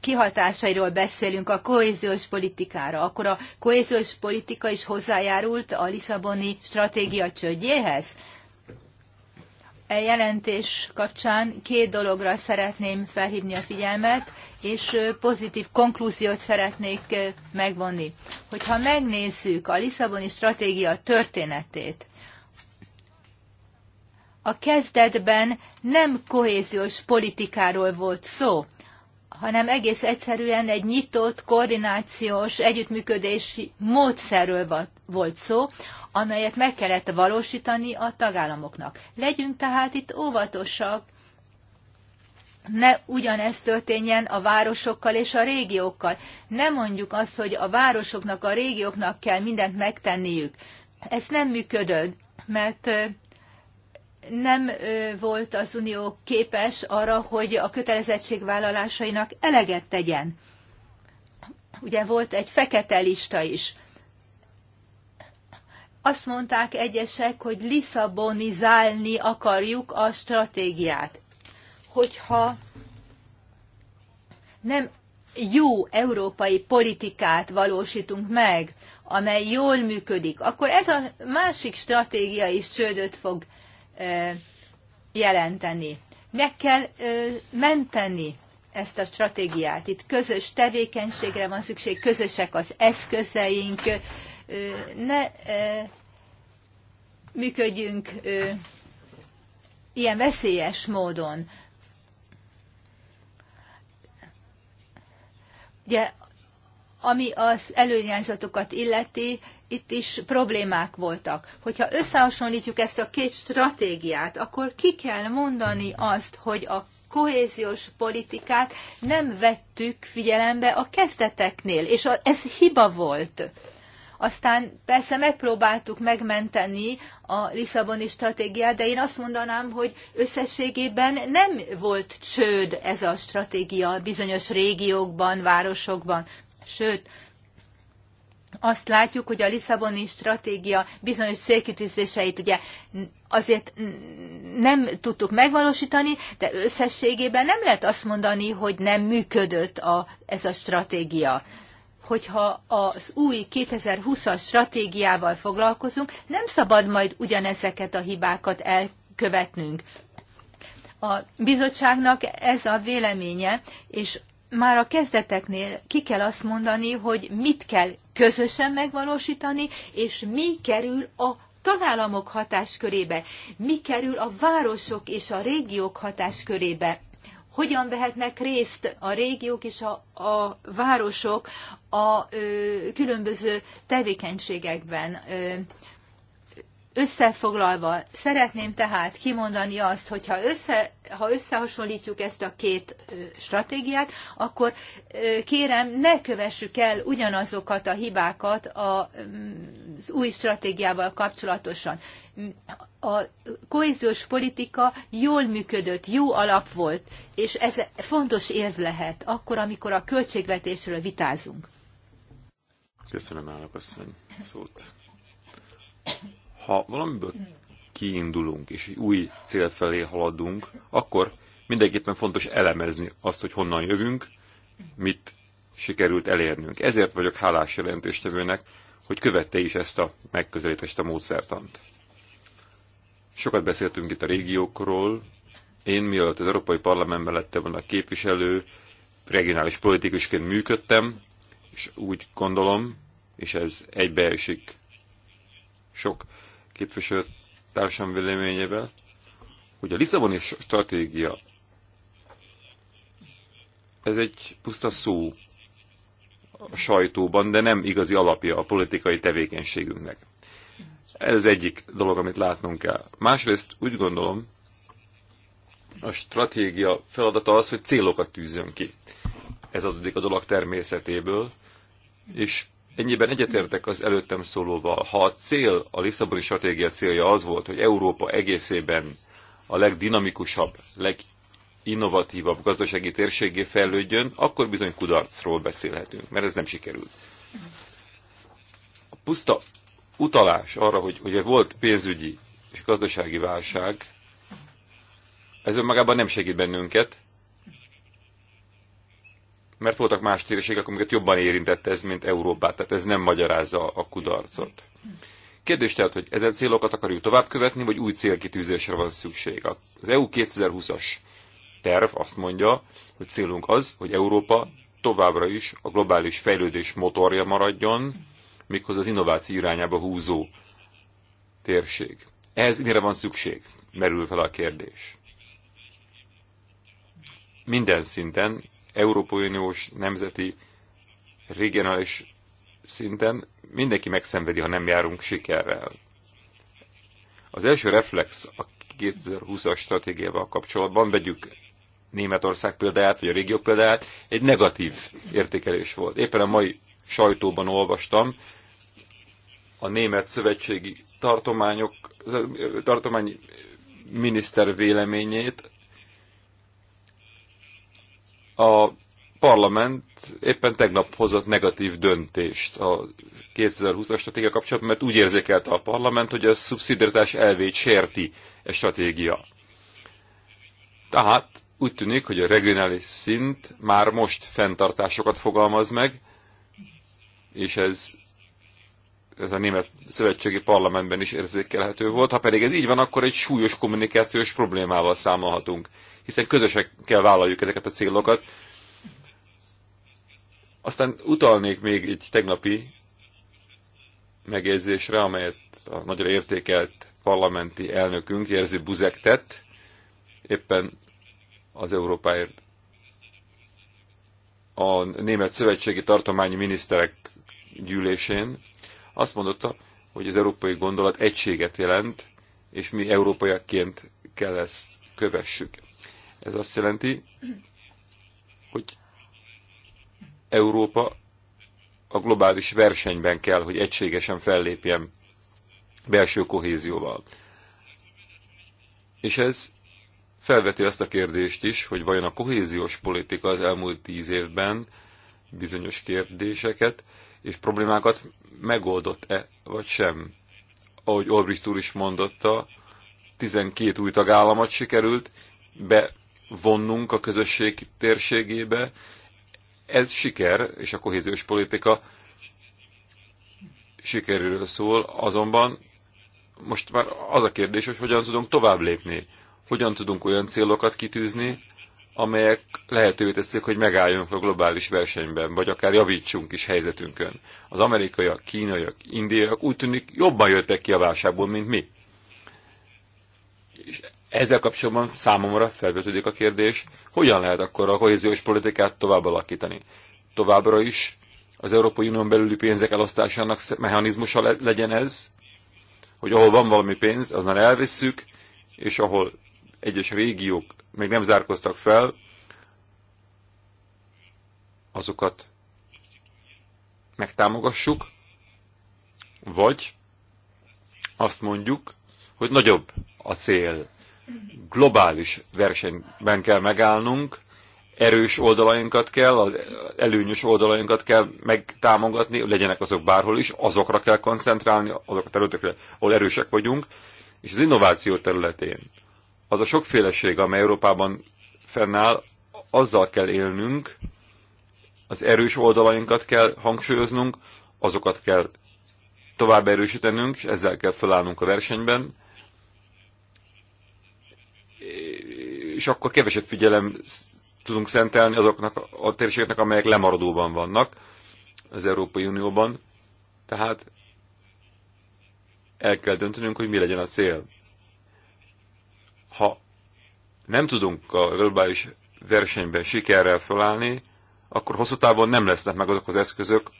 kihatásairól beszélünk a kohéziós politikára, akkor a kohéziós politika is hozzájárult a Lisszaboni stratégia csődjéhez? E jelentés kapcsán két dologra szeretném felhívni a figyelmet, és pozitív konklúziót szeretnék megvonni. Hogyha megnézzük a Lisszaboni stratégia történetét, a kezdetben nem kohéziós politikáról volt szó, hanem egész egyszerűen egy nyitott, koordinációs, együttműködési módszerről volt szó, amelyet meg kellett valósítani a tagállamoknak. Legyünk tehát itt óvatosak, ne ugyanezt történjen a városokkal és a régiókkal. Ne mondjuk azt, hogy a városoknak, a régióknak kell mindent megtenniük. Ez nem működött, mert nem volt az Unió képes arra, hogy a kötelezettségvállalásainak eleget tegyen. Ugye volt egy fekete lista is. Azt mondták egyesek, hogy liszabonizálni akarjuk a stratégiát. Hogyha nem jó európai politikát valósítunk meg, amely jól működik, akkor ez a másik stratégia is csődöt fog jelenteni. Meg kell menteni ezt a stratégiát. Itt közös tevékenységre van szükség, közösek az eszközeink. Ne működjünk ilyen veszélyes módon. Ugye, ami az előirányzatokat illeti, itt is problémák voltak. Hogyha összehasonlítjuk ezt a két stratégiát, akkor ki kell mondani azt, hogy a kohéziós politikát nem vettük figyelembe a kezdeteknél, és a, ez hiba volt. Aztán persze megpróbáltuk megmenteni a Lisszaboni stratégiát, de én azt mondanám, hogy összességében nem volt csőd ez a stratégia bizonyos régiókban, városokban. Sőt, azt látjuk, hogy a Lisszaboni stratégia bizonyos célkitűzéseit ugye azért nem tudtuk megvalósítani, de összességében nem lehet azt mondani, hogy nem működött a, ez a stratégia hogyha az új 2020-as stratégiával foglalkozunk, nem szabad majd ugyanezeket a hibákat elkövetnünk. A bizottságnak ez a véleménye, és már a kezdeteknél ki kell azt mondani, hogy mit kell közösen megvalósítani, és mi kerül a tagállamok hatáskörébe, mi kerül a városok és a régiók hatáskörébe hogyan vehetnek részt a régiók és a, a városok a ö, különböző tevékenységekben, ö, Összefoglalva, szeretném tehát kimondani azt, hogy ha, össze, ha összehasonlítjuk ezt a két stratégiát, akkor kérem, ne kövessük el ugyanazokat a hibákat mm, az új stratégiával kapcsolatosan. Mm, a kohéziós politika jól működött, jó alap volt, és ez fontos érv lehet akkor, amikor a költségvetésről vitázunk. Köszönöm, állapasszony, szót. Ha valamiből kiindulunk és egy új cél felé haladunk, akkor mindenképpen fontos elemezni azt, hogy honnan jövünk, mit sikerült elérnünk. Ezért vagyok hálás jelentéstevőnek, hogy követte is ezt a megközelítést a módszertant. Sokat beszéltünk itt a régiókról. Én, mielőtt az Európai Parlamentben lettem volna képviselő, regionális politikusként működtem, és úgy gondolom, és ez egybeesik sok képviselőtársam véleményével, hogy a Lisszaboni stratégia ez egy puszta szó a sajtóban, de nem igazi alapja a politikai tevékenységünknek. Ez az egyik dolog, amit látnunk kell. Másrészt úgy gondolom, a stratégia feladata az, hogy célokat tűzön ki. Ez adódik a dolog természetéből, és Ennyiben egyetértek az előttem szólóval. Ha a cél, a Lisszaboni stratégia célja az volt, hogy Európa egészében a legdinamikusabb, leginnovatívabb gazdasági térségé fejlődjön, akkor bizony kudarcról beszélhetünk, mert ez nem sikerült. A puszta utalás arra, hogy, hogy volt pénzügyi és gazdasági válság, ez önmagában nem segít bennünket, mert voltak más térségek, amiket jobban érintett ez, mint Európát, tehát ez nem magyarázza a kudarcot. Kérdés tehát, hogy ezen célokat akarjuk tovább követni, vagy új célkitűzésre van szükség. Az EU 2020-as terv azt mondja, hogy célunk az, hogy Európa továbbra is a globális fejlődés motorja maradjon, méghozzá az innováció irányába húzó térség. Ehhez mire van szükség? Merül fel a kérdés. Minden szinten, Európai Uniós nemzeti regionális szinten mindenki megszenvedi, ha nem járunk sikerrel. Az első reflex a 2020-as stratégiával kapcsolatban, vegyük Németország példáját, vagy a régiók példáját, egy negatív értékelés volt. Éppen a mai sajtóban olvastam, a német szövetségi tartományok, tartomány miniszter véleményét, a parlament éppen tegnap hozott negatív döntést a 2020-as stratégia kapcsolatban, mert úgy érzékelte a parlament, hogy a szubszidiaritás elvét sérti a e stratégia. Tehát úgy tűnik, hogy a regionális szint már most fenntartásokat fogalmaz meg, és ez, ez a német szövetségi parlamentben is érzékelhető volt. Ha pedig ez így van, akkor egy súlyos kommunikációs problémával számolhatunk hiszen közösek kell vállaljuk ezeket a célokat. Aztán utalnék még egy tegnapi megjegyzésre, amelyet a nagyra értékelt parlamenti elnökünk, Jerzy Buzek tett, éppen az Európáért a német szövetségi tartományi miniszterek gyűlésén. Azt mondotta, hogy az európai gondolat egységet jelent, és mi európaiakként kell ezt kövessük. Ez azt jelenti, hogy Európa a globális versenyben kell, hogy egységesen fellépjen belső kohézióval. És ez felveti azt a kérdést is, hogy vajon a kohéziós politika az elmúlt tíz évben bizonyos kérdéseket és problémákat megoldott-e, vagy sem. Ahogy Olbricht úr is mondotta, 12 új tagállamat sikerült be vonnunk a közösség térségébe. Ez siker, és a kohéziós politika sikerről szól, azonban most már az a kérdés, hogy hogyan tudunk tovább lépni, hogyan tudunk olyan célokat kitűzni, amelyek lehetővé teszik, hogy megálljunk a globális versenyben, vagy akár javítsunk is helyzetünkön. Az amerikaiak, kínaiak, indiaiak úgy tűnik jobban jöttek ki a válságból, mint mi. És ezzel kapcsolatban számomra felvetődik a kérdés, hogyan lehet akkor a kohéziós politikát tovább alakítani. Továbbra is az Európai Unión belüli pénzek elosztásának mechanizmusa le legyen ez, hogy ahol van valami pénz, aznál elvisszük, és ahol egyes régiók még nem zárkoztak fel, azokat megtámogassuk, vagy azt mondjuk, hogy nagyobb a cél, globális versenyben kell megállnunk, erős oldalainkat kell, az előnyös oldalainkat kell megtámogatni, legyenek azok bárhol is, azokra kell koncentrálni, azok a területekre, ahol erősek vagyunk, és az innováció területén az a sokféleség, amely Európában fennáll, azzal kell élnünk, az erős oldalainkat kell hangsúlyoznunk, azokat kell tovább erősítenünk, és ezzel kell felállnunk a versenyben, és akkor keveset figyelem tudunk szentelni azoknak a térségeknek, amelyek lemaradóban vannak az Európai Unióban. Tehát el kell döntenünk, hogy mi legyen a cél. Ha nem tudunk a globális versenyben sikerrel felállni, akkor hosszú távon nem lesznek meg azok az eszközök,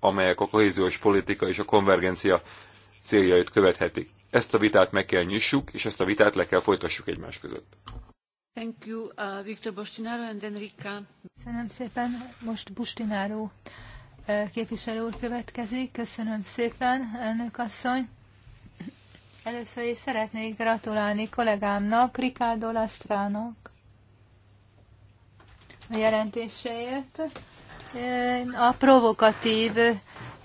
amelyek a kohéziós politika és a konvergencia céljait követhetik. Ezt a vitát meg kell nyissuk, és ezt a vitát le kell folytassuk egymás között. Uh, Köszönöm szépen. Most Bustináró uh, képviselő úr következik. Köszönöm szépen, elnök asszony. Először is szeretnék gratulálni kollégámnak, Ricardo Lastrának a jelentéséért, a provokatív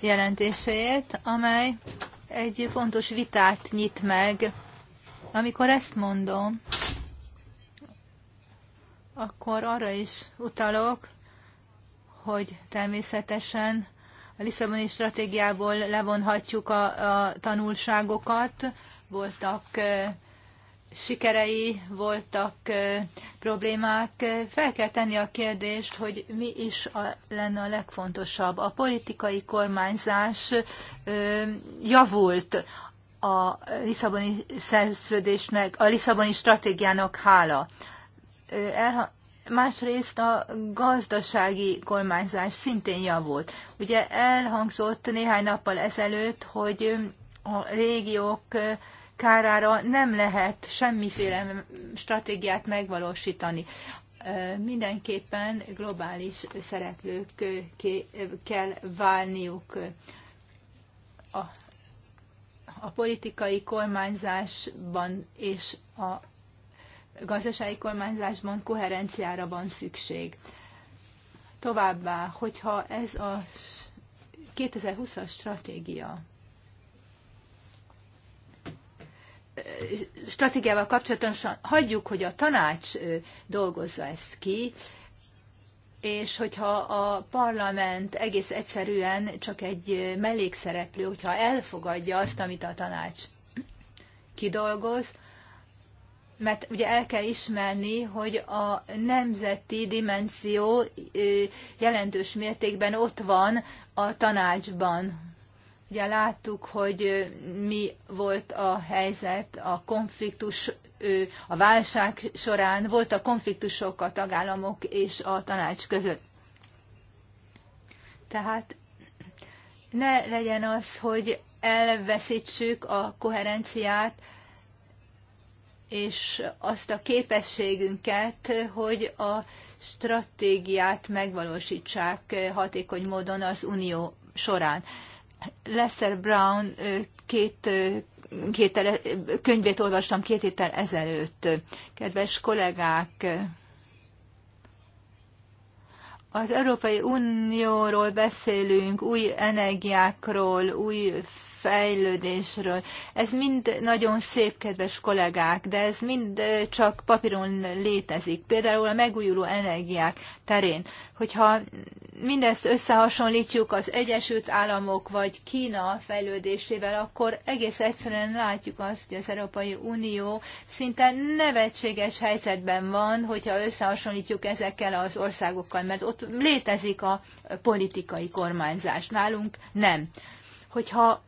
jelentéséért, amely egy fontos vitát nyit meg. Amikor ezt mondom, akkor arra is utalok, hogy természetesen a Lisszaboni stratégiából levonhatjuk a, a tanulságokat. Voltak sikerei, voltak problémák. Fel kell tenni a kérdést, hogy mi is a, lenne a legfontosabb. A politikai kormányzás javult a Lisszaboni szerződésnek, a Lisszaboni stratégiának hála elha- másrészt a gazdasági kormányzás szintén javult. Ugye elhangzott néhány nappal ezelőtt, hogy a régiók kárára nem lehet semmiféle stratégiát megvalósítani. Mindenképpen globális szereplők kell válniuk a, a politikai kormányzásban és a gazdasági kormányzásban koherenciára van szükség. Továbbá, hogyha ez a 2020-as stratégia stratégiával kapcsolatosan hagyjuk, hogy a tanács dolgozza ezt ki, és hogyha a parlament egész egyszerűen csak egy mellékszereplő, hogyha elfogadja azt, amit a tanács kidolgoz, mert ugye el kell ismerni, hogy a nemzeti dimenzió jelentős mértékben ott van a tanácsban. Ugye láttuk, hogy mi volt a helyzet a konfliktus, a válság során, volt a konfliktusok a tagállamok és a tanács között. Tehát ne legyen az, hogy elveszítsük a koherenciát, és azt a képességünket, hogy a stratégiát megvalósítsák hatékony módon az unió során. Lesser Brown két, két könyvét olvastam két héttel ezelőtt. Kedves kollégák, az Európai Unióról beszélünk, új energiákról, új fejlődésről. Ez mind nagyon szép, kedves kollégák, de ez mind csak papíron létezik. Például a megújuló energiák terén. Hogyha mindezt összehasonlítjuk az Egyesült Államok vagy Kína fejlődésével, akkor egész egyszerűen látjuk azt, hogy az Európai Unió szinte nevetséges helyzetben van, hogyha összehasonlítjuk ezekkel az országokkal, mert ott létezik a politikai kormányzás, nálunk nem. Hogyha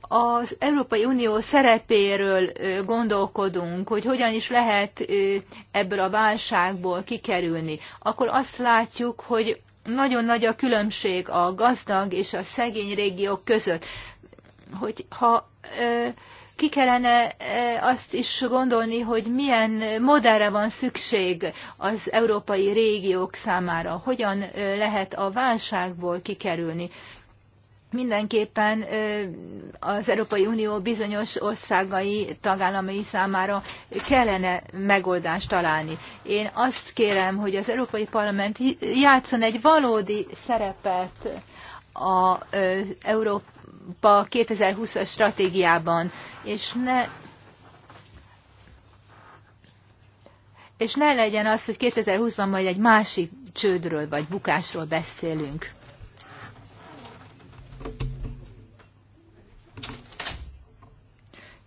az Európai Unió szerepéről gondolkodunk, hogy hogyan is lehet ebből a válságból kikerülni, akkor azt látjuk, hogy nagyon nagy a különbség a gazdag és a szegény régiók között. Hogy ha ki kellene azt is gondolni, hogy milyen modellre van szükség az európai régiók számára, hogyan lehet a válságból kikerülni mindenképpen az Európai Unió bizonyos országai, tagállamai számára kellene megoldást találni. Én azt kérem, hogy az Európai Parlament játszon egy valódi szerepet a Európa 2020-as stratégiában, és ne és ne legyen az, hogy 2020-ban majd egy másik csődről vagy bukásról beszélünk.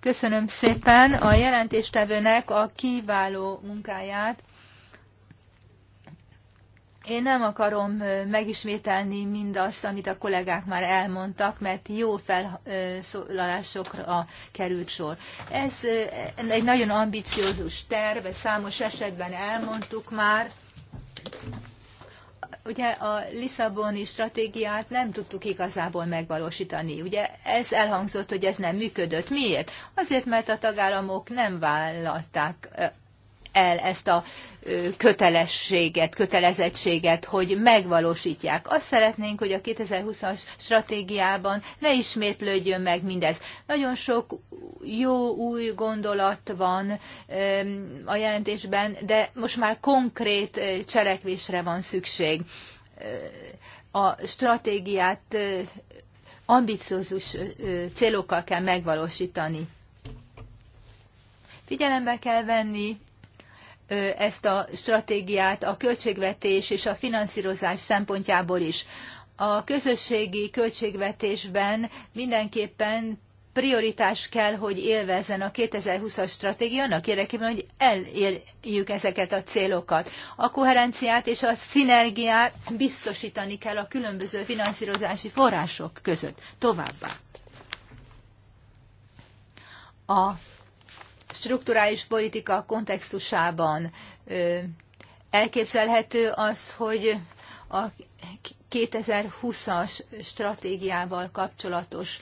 Köszönöm szépen a jelentéstevőnek a kiváló munkáját. Én nem akarom megismételni mindazt, amit a kollégák már elmondtak, mert jó felszólalásokra került sor. Ez egy nagyon ambiciózus terv, számos esetben elmondtuk már, ugye a Lisszaboni stratégiát nem tudtuk igazából megvalósítani. Ugye ez elhangzott, hogy ez nem működött. Miért? Azért, mert a tagállamok nem vállalták el ezt a kötelességet, kötelezettséget, hogy megvalósítják. Azt szeretnénk, hogy a 2020-as stratégiában ne ismétlődjön meg mindez. Nagyon sok jó új gondolat van a jelentésben, de most már konkrét cselekvésre van szükség. A stratégiát ambiciózus célokkal kell megvalósítani. Figyelembe kell venni ezt a stratégiát a költségvetés és a finanszírozás szempontjából is. A közösségi költségvetésben mindenképpen prioritás kell, hogy élvezzen a 2020-as stratégia, annak érdekében, hogy elérjük ezeket a célokat. A koherenciát és a szinergiát biztosítani kell a különböző finanszírozási források között. Továbbá. A strukturális politika kontextusában elképzelhető az, hogy a 2020-as stratégiával kapcsolatos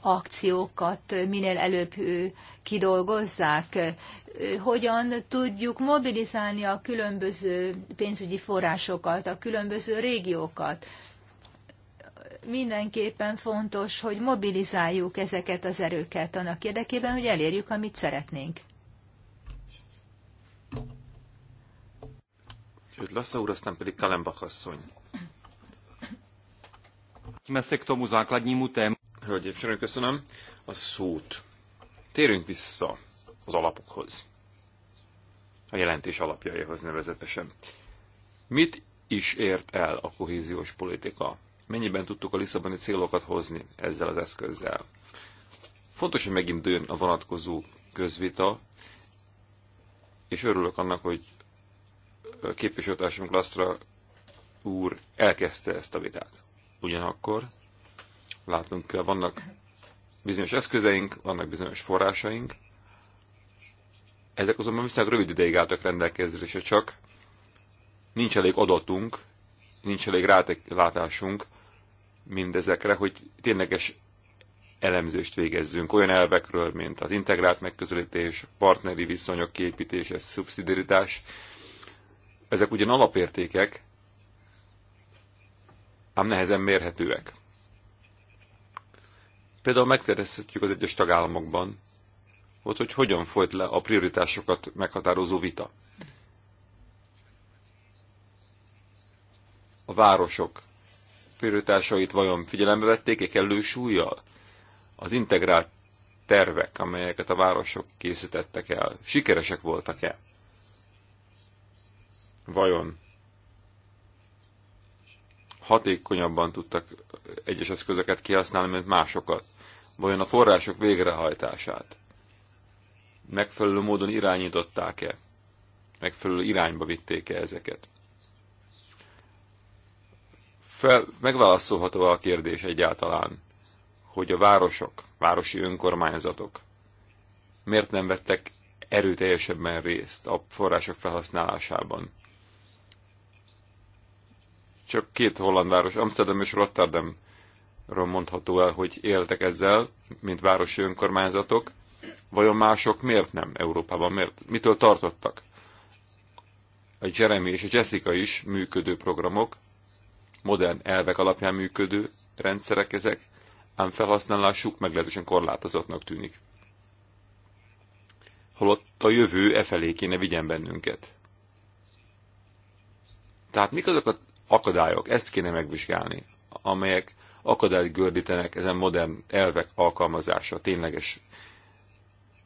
akciókat minél előbb kidolgozzák, hogyan tudjuk mobilizálni a különböző pénzügyi forrásokat, a különböző régiókat mindenképpen fontos, hogy mobilizáljuk ezeket az erőket annak érdekében, hogy elérjük, amit szeretnénk. Úgyhogy Lassa úr, aztán pedig Kalembach asszony. Hölgyeim, Sörön, köszönöm a szót. Térünk vissza az alapokhoz. A jelentés alapjaihoz nevezetesen. Mit is ért el a kohéziós politika mennyiben tudtuk a Lisszaboni célokat hozni ezzel az eszközzel. Fontos, hogy megint dőn a vonatkozó közvita, és örülök annak, hogy képviselőtársunk Lasztra úr elkezdte ezt a vitát. Ugyanakkor látnunk kell, vannak bizonyos eszközeink, vannak bizonyos forrásaink, ezek azonban viszonylag rövid ideig álltak rendelkezésre csak, nincs elég adatunk, nincs elég látásunk, mindezekre, hogy tényleges elemzést végezzünk olyan elvekről, mint az integrált megközelítés, partneri viszonyok képítése, szubszidiaritás. Ezek ugyan alapértékek, ám nehezen mérhetőek. Például megkérdezhetjük az egyes tagállamokban, volt, hogy hogyan folyt le a prioritásokat meghatározó vita. A városok prioritásait vajon figyelembe vették-e kellő súlyjal? Az integrált tervek, amelyeket a városok készítettek el, sikeresek voltak-e? Vajon hatékonyabban tudtak egyes eszközöket kihasználni, mint másokat? Vajon a források végrehajtását megfelelő módon irányították-e? Megfelelő irányba vitték-e ezeket? fel, megválaszolható a kérdés egyáltalán, hogy a városok, városi önkormányzatok miért nem vettek erőteljesebben részt a források felhasználásában? Csak két holland város, Amsterdam és Rotterdam mondható el, hogy éltek ezzel, mint városi önkormányzatok. Vajon mások miért nem Európában? Miért? Mitől tartottak? A Jeremy és a Jessica is működő programok, modern elvek alapján működő rendszerek ezek, ám felhasználásuk meglehetősen korlátozottnak tűnik. Holott a jövő e felé kéne vigyen bennünket. Tehát mik azok az akadályok, ezt kéne megvizsgálni, amelyek akadályt gördítenek ezen modern elvek alkalmazása, tényleges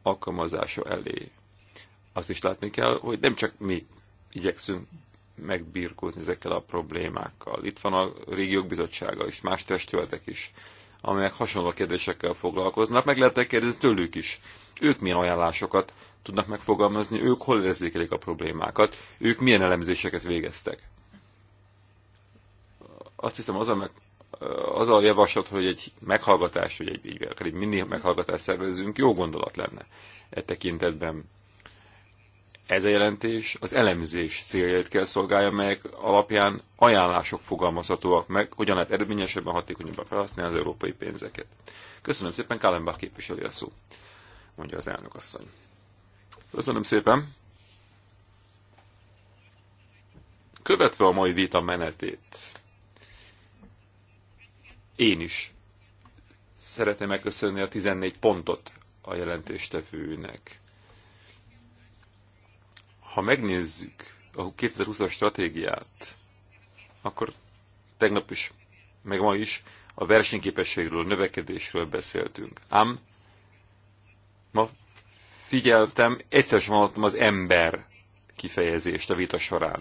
alkalmazása elé. Azt is látni kell, hogy nem csak mi igyekszünk megbírkózni ezekkel a problémákkal. Itt van a régiók bizottsága is, más testületek is, amelyek hasonló kérdésekkel foglalkoznak. Meg lehet kérdezni tőlük is. Ők milyen ajánlásokat tudnak megfogalmazni, ők hol érzékelik a problémákat, ők milyen elemzéseket végeztek. Azt hiszem, az a, meg, az a javaslat, hogy egy meghallgatás, vagy egy, egy, egy mini meghallgatást szervezzünk, jó gondolat lenne e tekintetben ez a jelentés az elemzés céljait kell szolgálja, melyek alapján ajánlások fogalmazhatóak meg, hogyan lehet eredményesebben, hatékonyabban felhasználni az európai pénzeket. Köszönöm szépen, Kálenbach képviseli a szó, mondja az elnök asszony. Köszönöm szépen. Követve a mai vita menetét, én is szeretném megköszönni a 14 pontot a jelentéstevőnek ha megnézzük a 2020-as stratégiát, akkor tegnap is, meg ma is a versenyképességről, a növekedésről beszéltünk. Ám ma figyeltem, egyszer sem hallottam az ember kifejezést a vita során.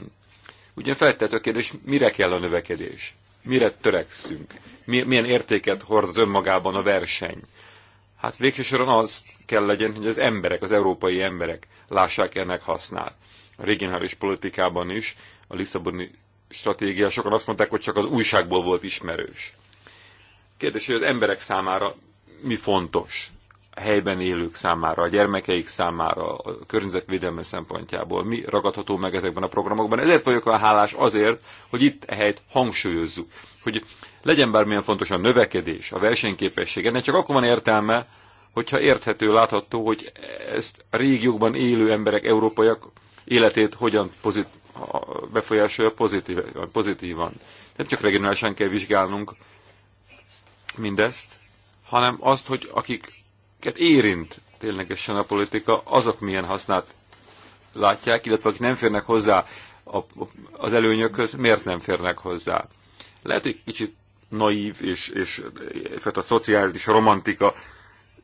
Ugyan feltett a kérdés, mire kell a növekedés? Mire törekszünk? Milyen értéket hordoz önmagában a verseny? Hát végső soron az kell legyen, hogy az emberek, az európai emberek lássák ennek hasznát. A regionális politikában is a Lisszaboni stratégia, sokan azt mondták, hogy csak az újságból volt ismerős. Kérdés, hogy az emberek számára mi fontos helyben élők számára, a gyermekeik számára, a környezetvédelme szempontjából mi ragadható meg ezekben a programokban. Ezért vagyok a hálás azért, hogy itt ehelyt hangsúlyozzuk, hogy legyen bármilyen fontos a növekedés, a versenyképesség. Ennek csak akkor van értelme, hogyha érthető, látható, hogy ezt a régiókban élő emberek, európaiak életét hogyan pozit, befolyásolja pozitívan, pozitívan. Nem csak regionálisan kell vizsgálnunk mindezt, hanem azt, hogy akik érint ténylegesen a politika, azok milyen hasznát látják, illetve akik nem férnek hozzá a, az előnyökhöz, miért nem férnek hozzá. Lehet, hogy kicsit naív és, és, és a szociális romantika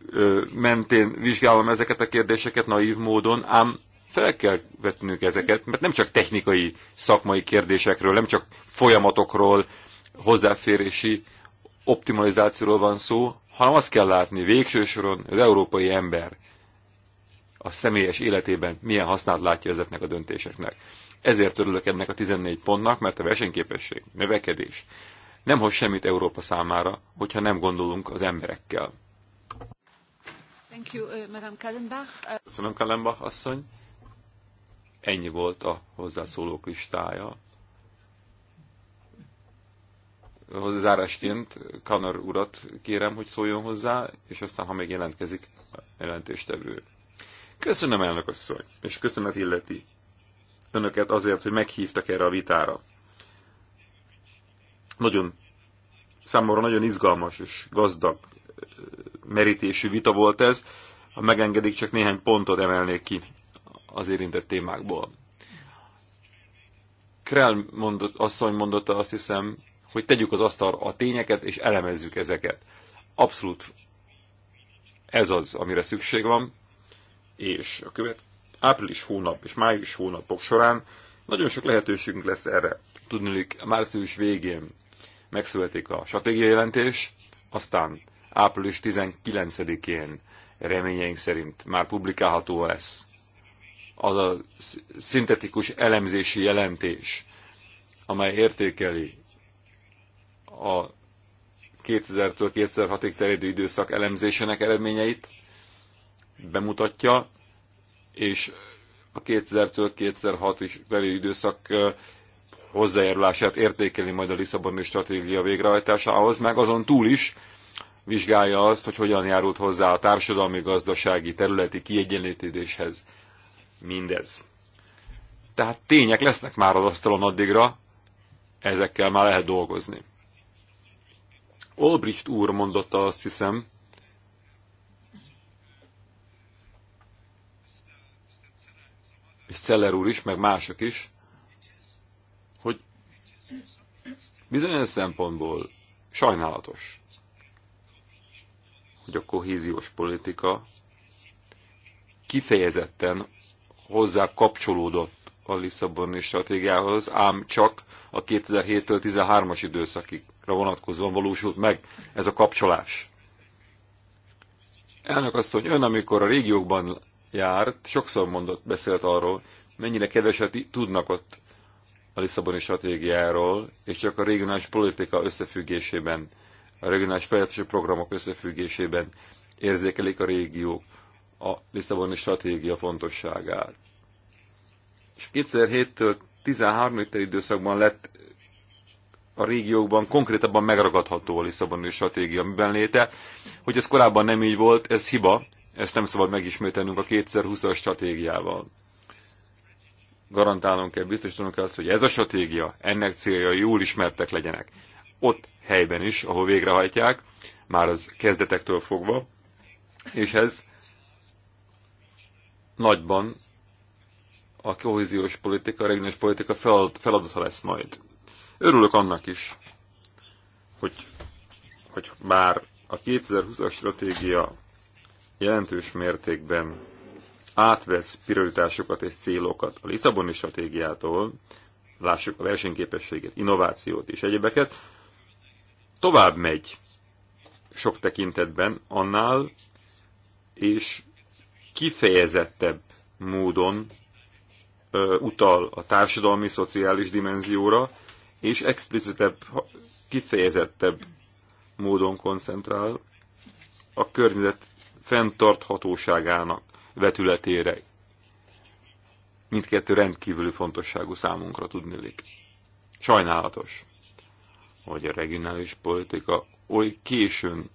ö, mentén vizsgálom ezeket a kérdéseket naív módon, ám fel kell vetnünk ezeket, mert nem csak technikai, szakmai kérdésekről, nem csak folyamatokról, hozzáférési optimalizációról van szó, hanem azt kell látni végső soron az európai ember a személyes életében milyen hasznát látja ezeknek a döntéseknek. Ezért örülök ennek a 14 pontnak, mert a versenyképesség, növekedés nem hoz semmit Európa számára, hogyha nem gondolunk az emberekkel. Thank you, uh, Madame Kallenbach. Uh, Köszönöm, Kallenbach asszony. Ennyi volt a hozzászólók listája hozzárásként Kanar urat kérem, hogy szóljon hozzá, és aztán, ha még jelentkezik, jelentéstevő. Köszönöm, elnök asszony, és köszönet illeti önöket azért, hogy meghívtak erre a vitára. Nagyon, számomra nagyon izgalmas és gazdag merítésű vita volt ez. Ha megengedik, csak néhány pontot emelnék ki az érintett témákból. Krell mondott, asszony mondotta azt hiszem, hogy tegyük az asztal a tényeket, és elemezzük ezeket. Abszolút ez az, amire szükség van, és a követ április hónap és május hónapok során nagyon sok lehetőségünk lesz erre. hogy március végén megszületik a stratégiai jelentés, aztán április 19-én reményeink szerint már publikálható lesz az a szintetikus elemzési jelentés, amely értékeli a 2000-től 2006-ig terjedő időszak elemzésének eredményeit bemutatja, és a 2000-től 2006-ig terjedő időszak hozzájárulását értékeli majd a Lisszaboni stratégia végrehajtásához, meg azon túl is vizsgálja azt, hogy hogyan járult hozzá a társadalmi, gazdasági, területi kiegyenlítéshez mindez. Tehát tények lesznek már az asztalon addigra, ezekkel már lehet dolgozni. Olbricht úr mondotta azt hiszem, és Szeller úr is, meg mások is, hogy bizonyos szempontból sajnálatos, hogy a kohéziós politika kifejezetten hozzá kapcsolódott a Lisszaboni stratégiához, ám csak a 2007-től 13-as időszakig vonatkozóan valósult meg ez a kapcsolás. Elnök asszony, ön amikor a régiókban járt, sokszor mondott, beszélt arról, mennyire keveset tudnak ott a Lisszaboni stratégiáról, és csak a regionális politika összefüggésében, a regionális fejlesztési programok összefüggésében érzékelik a régiók a Lisszaboni stratégia fontosságát. És 2007-től 13 időszakban lett a régiókban konkrétabban megragadható a Lisszaboni stratégia miben léte. Hogy ez korábban nem így volt, ez hiba, ezt nem szabad megismételnünk a 2020-as stratégiával. Garantálnunk kell, biztosítanunk kell azt, hogy ez a stratégia, ennek célja jól ismertek legyenek. Ott helyben is, ahol végrehajtják, már az kezdetektől fogva, és ez nagyban a kohéziós politika, a regionális politika feladata lesz majd Örülök annak is, hogy, hogy már a 2020-as stratégia jelentős mértékben átvesz prioritásokat és célokat a Lisszaboni stratégiától, lássuk a versenyképességet, innovációt és egyebeket, tovább megy sok tekintetben annál, és kifejezettebb módon ö, utal a társadalmi, szociális dimenzióra, és explicitebb, kifejezettebb módon koncentrál a környezet fenntarthatóságának vetületére. Mindkettő rendkívül fontosságú számunkra tudnilik. Sajnálatos, hogy a regionális politika oly későn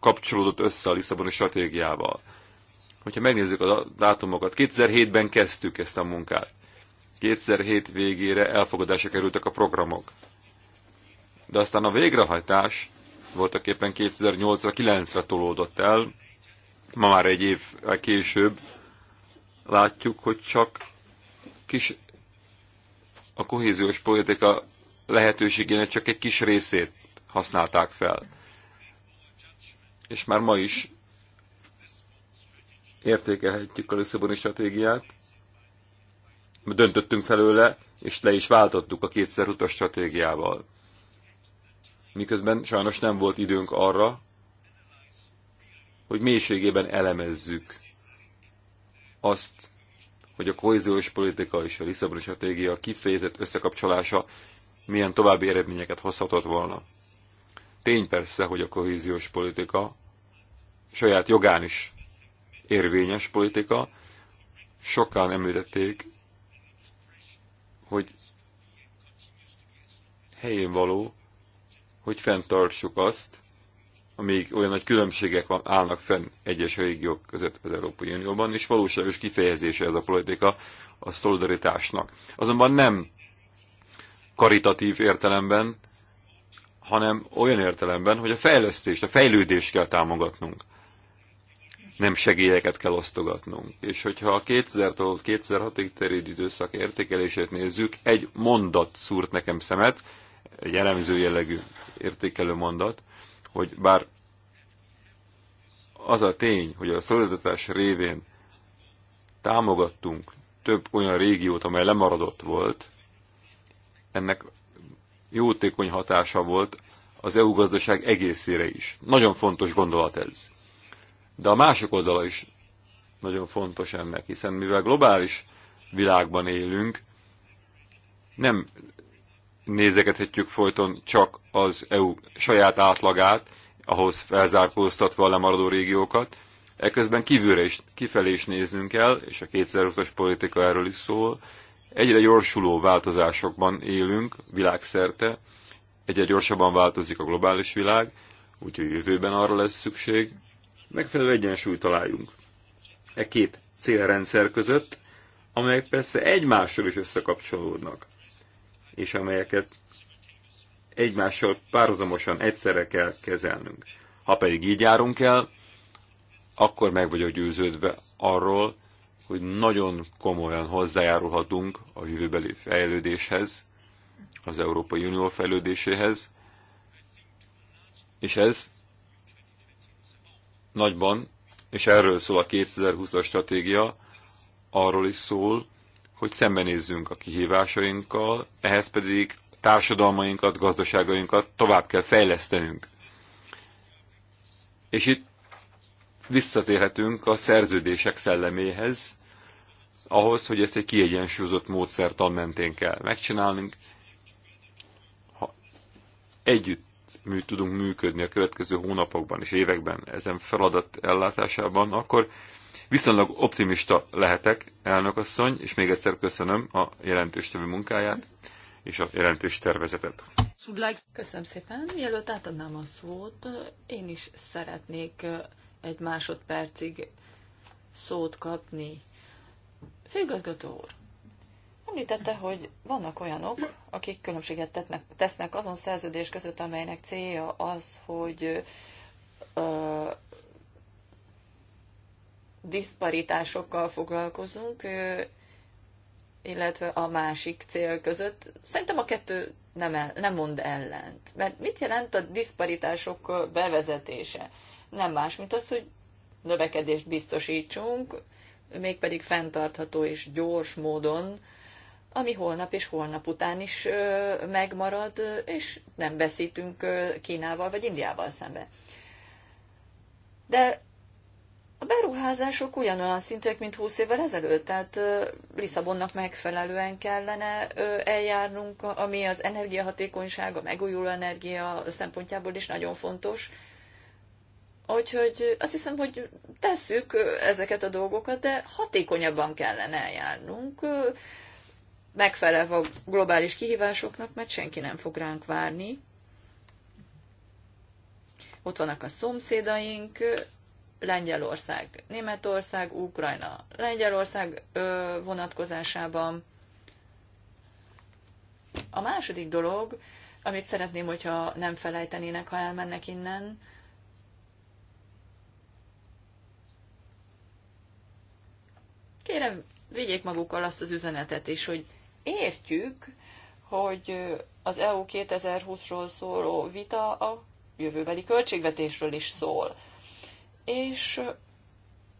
kapcsolódott össze a Lisszaboni stratégiával. Hogyha megnézzük a dátumokat, 2007-ben kezdtük ezt a munkát. 2007 végére elfogadásra kerültek a programok. De aztán a végrehajtás voltak éppen 2008-ra, 9-re tolódott el. Ma már egy év később látjuk, hogy csak kis a kohéziós politika lehetőségének csak egy kis részét használták fel. És már ma is értékelhetjük a Lisszaboni stratégiát, döntöttünk felőle, és le is váltottuk a kétszer utas stratégiával. Miközben sajnos nem volt időnk arra, hogy mélységében elemezzük azt, hogy a kohéziós politika és a Lisszaboni stratégia kifejezett összekapcsolása milyen további eredményeket hozhatott volna. Tény persze, hogy a kohéziós politika saját jogán is érvényes politika. Sokan említették, hogy helyén való, hogy fenntartsuk azt, amíg olyan nagy különbségek van, állnak fenn egyes régiók között az Európai Unióban, és valóságos kifejezése ez a politika a szolidaritásnak. Azonban nem karitatív értelemben, hanem olyan értelemben, hogy a fejlesztést, a fejlődést kell támogatnunk nem segélyeket kell osztogatnunk. És hogyha a 2000-től 2006-ig terjedő időszak értékelését nézzük, egy mondat szúrt nekem szemet, egy elemző jellegű értékelő mondat, hogy bár az a tény, hogy a szolidatás révén támogattunk több olyan régiót, amely lemaradott volt, ennek jótékony hatása volt az EU gazdaság egészére is. Nagyon fontos gondolat ez. De a másik oldala is nagyon fontos ennek, hiszen mivel globális világban élünk, nem nézegethetjük folyton csak az EU saját átlagát, ahhoz felzárkóztatva a lemaradó régiókat, Eközben kívülre is, kifelé is néznünk kell, és a 2020-as politika erről is szól. Egyre gyorsuló változásokban élünk világszerte, egyre gyorsabban változik a globális világ, úgyhogy jövőben arra lesz szükség, megfelelő egyensúlyt találjunk e két célrendszer között, amelyek persze egymással is összekapcsolódnak, és amelyeket egymással párhuzamosan egyszerre kell kezelnünk. Ha pedig így járunk el, akkor meg vagyok győződve arról, hogy nagyon komolyan hozzájárulhatunk a jövőbeli fejlődéshez, az Európai Unió fejlődéséhez, és ez nagyban, és erről szól a 2020-as stratégia, arról is szól, hogy szembenézzünk a kihívásainkkal, ehhez pedig társadalmainkat, gazdaságainkat tovább kell fejlesztenünk. És itt visszatérhetünk a szerződések szelleméhez, ahhoz, hogy ezt egy kiegyensúlyozott módszertan mentén kell megcsinálnunk. Ha együtt mű tudunk működni a következő hónapokban és években ezen feladat ellátásában, akkor viszonylag optimista lehetek, elnökasszony, és még egyszer köszönöm a jelentéstevő munkáját és a jelentés tervezetet. Köszönöm szépen. Mielőtt átadnám a szót, én is szeretnék egy másodpercig szót kapni. Főgazgató úr, Említette, hogy vannak olyanok, akik különbséget tettnek tesznek azon szerződés között, amelynek célja az, hogy ö, diszparitásokkal foglalkozunk, ö, illetve a másik cél között. Szerintem a kettő nem, el, nem mond ellent. Mert mit jelent a diszparitások bevezetése? Nem más, mint az, hogy növekedést biztosítsunk, mégpedig fenntartható és gyors módon, ami holnap és holnap után is megmarad, és nem veszítünk Kínával vagy Indiával szembe. De a beruházások ugyanolyan szintűek, mint 20 évvel ezelőtt, tehát Lisszabonnak megfelelően kellene eljárnunk, ami az energiahatékonyság, a megújuló energia szempontjából is nagyon fontos. Úgyhogy azt hiszem, hogy tesszük ezeket a dolgokat, de hatékonyabban kellene eljárnunk, megfelelve a globális kihívásoknak, mert senki nem fog ránk várni. Ott vannak a szomszédaink, Lengyelország, Németország, Ukrajna, Lengyelország vonatkozásában. A második dolog, amit szeretném, hogyha nem felejtenének, ha elmennek innen, kérem, vigyék magukkal azt az üzenetet is, hogy értjük, hogy az EU 2020-ról szóló vita a jövőbeli költségvetésről is szól. És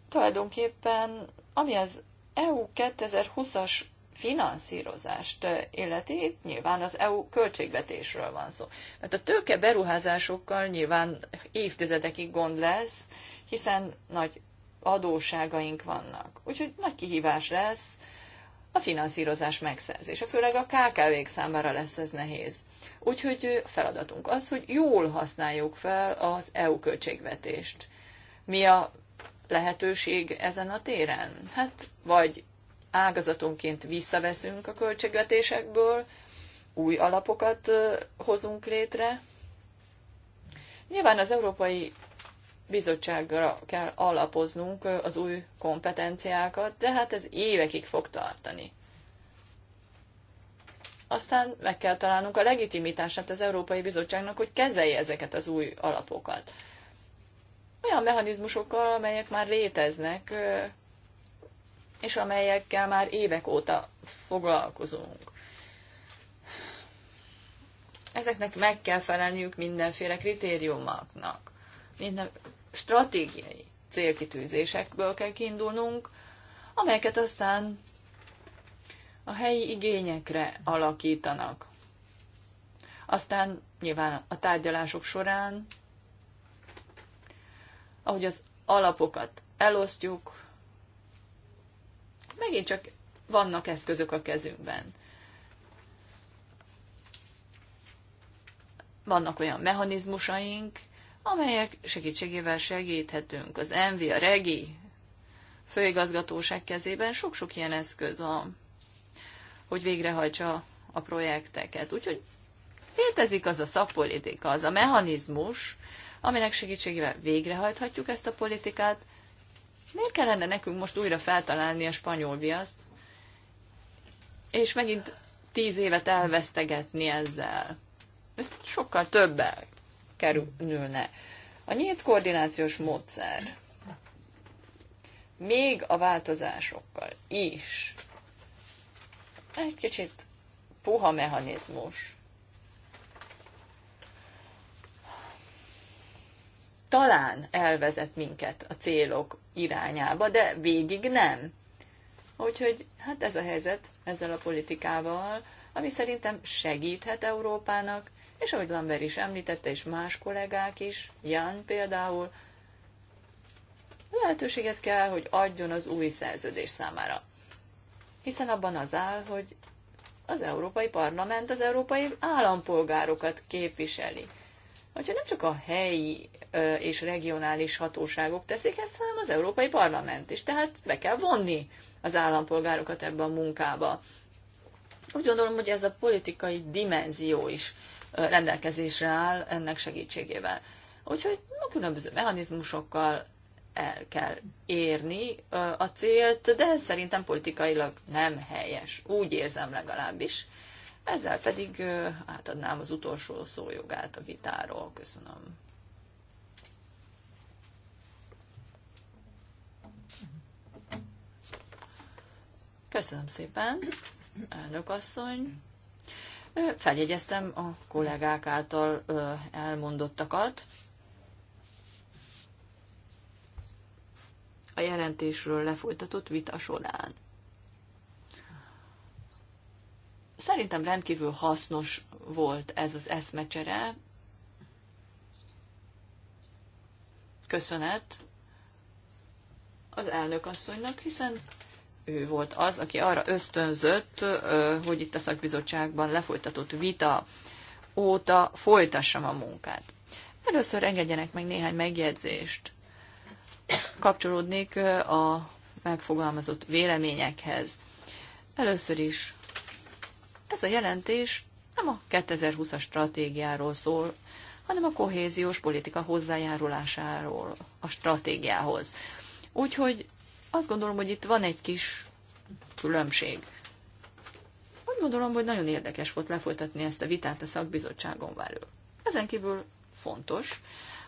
tulajdonképpen, ami az EU 2020-as finanszírozást illeti, nyilván az EU költségvetésről van szó. Mert a tőke beruházásokkal nyilván évtizedekig gond lesz, hiszen nagy adóságaink vannak. Úgyhogy nagy kihívás lesz a finanszírozás megszerzése, főleg a KKV-k számára lesz ez nehéz. Úgyhogy a feladatunk az, hogy jól használjuk fel az EU költségvetést. Mi a lehetőség ezen a téren? Hát vagy ágazatonként visszaveszünk a költségvetésekből, új alapokat hozunk létre. Nyilván az Európai bizottságra kell alapoznunk az új kompetenciákat, de hát ez évekig fog tartani. Aztán meg kell találnunk a legitimitását az Európai Bizottságnak, hogy kezelje ezeket az új alapokat. Olyan mechanizmusokkal, amelyek már léteznek, és amelyekkel már évek óta foglalkozunk. Ezeknek meg kell felelniük mindenféle kritériumoknak. Minden, stratégiai célkitűzésekből kell kiindulnunk, amelyeket aztán a helyi igényekre alakítanak. Aztán nyilván a tárgyalások során, ahogy az alapokat elosztjuk, megint csak vannak eszközök a kezünkben. Vannak olyan mechanizmusaink, amelyek segítségével segíthetünk. Az ENVI, a REGI főigazgatóság kezében sok-sok ilyen eszköz van, hogy végrehajtsa a projekteket. Úgyhogy létezik az a szakpolitika, az a mechanizmus, aminek segítségével végrehajthatjuk ezt a politikát. Miért kellene nekünk most újra feltalálni a spanyol viaszt, és megint tíz évet elvesztegetni ezzel? Ez sokkal többel kerülne. A nyílt koordinációs módszer még a változásokkal is egy kicsit puha mechanizmus. Talán elvezet minket a célok irányába, de végig nem. Úgyhogy hát ez a helyzet ezzel a politikával, ami szerintem segíthet Európának, és ahogy Lambert is említette, és más kollégák is, Jan például, lehetőséget kell, hogy adjon az új szerződés számára. Hiszen abban az áll, hogy az Európai Parlament az európai állampolgárokat képviseli. Hogyha nem csak a helyi és regionális hatóságok teszik ezt, hanem az Európai Parlament is. Tehát be kell vonni az állampolgárokat ebbe a munkába. Úgy gondolom, hogy ez a politikai dimenzió is rendelkezésre áll ennek segítségével. Úgyhogy a különböző mechanizmusokkal el kell érni a célt, de ez szerintem politikailag nem helyes. Úgy érzem legalábbis. Ezzel pedig átadnám az utolsó szójogát a vitáról. Köszönöm. Köszönöm szépen, elnök asszony. Feljegyeztem a kollégák által elmondottakat. A jelentésről lefolytatott vita során. Szerintem rendkívül hasznos volt ez az eszmecsere. Köszönet az elnök asszonynak, hiszen ő volt az, aki arra ösztönzött, hogy itt a szakbizottságban lefolytatott vita óta folytassam a munkát. Először engedjenek meg néhány megjegyzést. Kapcsolódnék a megfogalmazott véleményekhez. Először is ez a jelentés nem a 2020-as stratégiáról szól, hanem a kohéziós politika hozzájárulásáról a stratégiához. Úgyhogy azt gondolom, hogy itt van egy kis különbség. Úgy gondolom, hogy nagyon érdekes volt lefolytatni ezt a vitát a szakbizottságon belül. Ezen kívül fontos,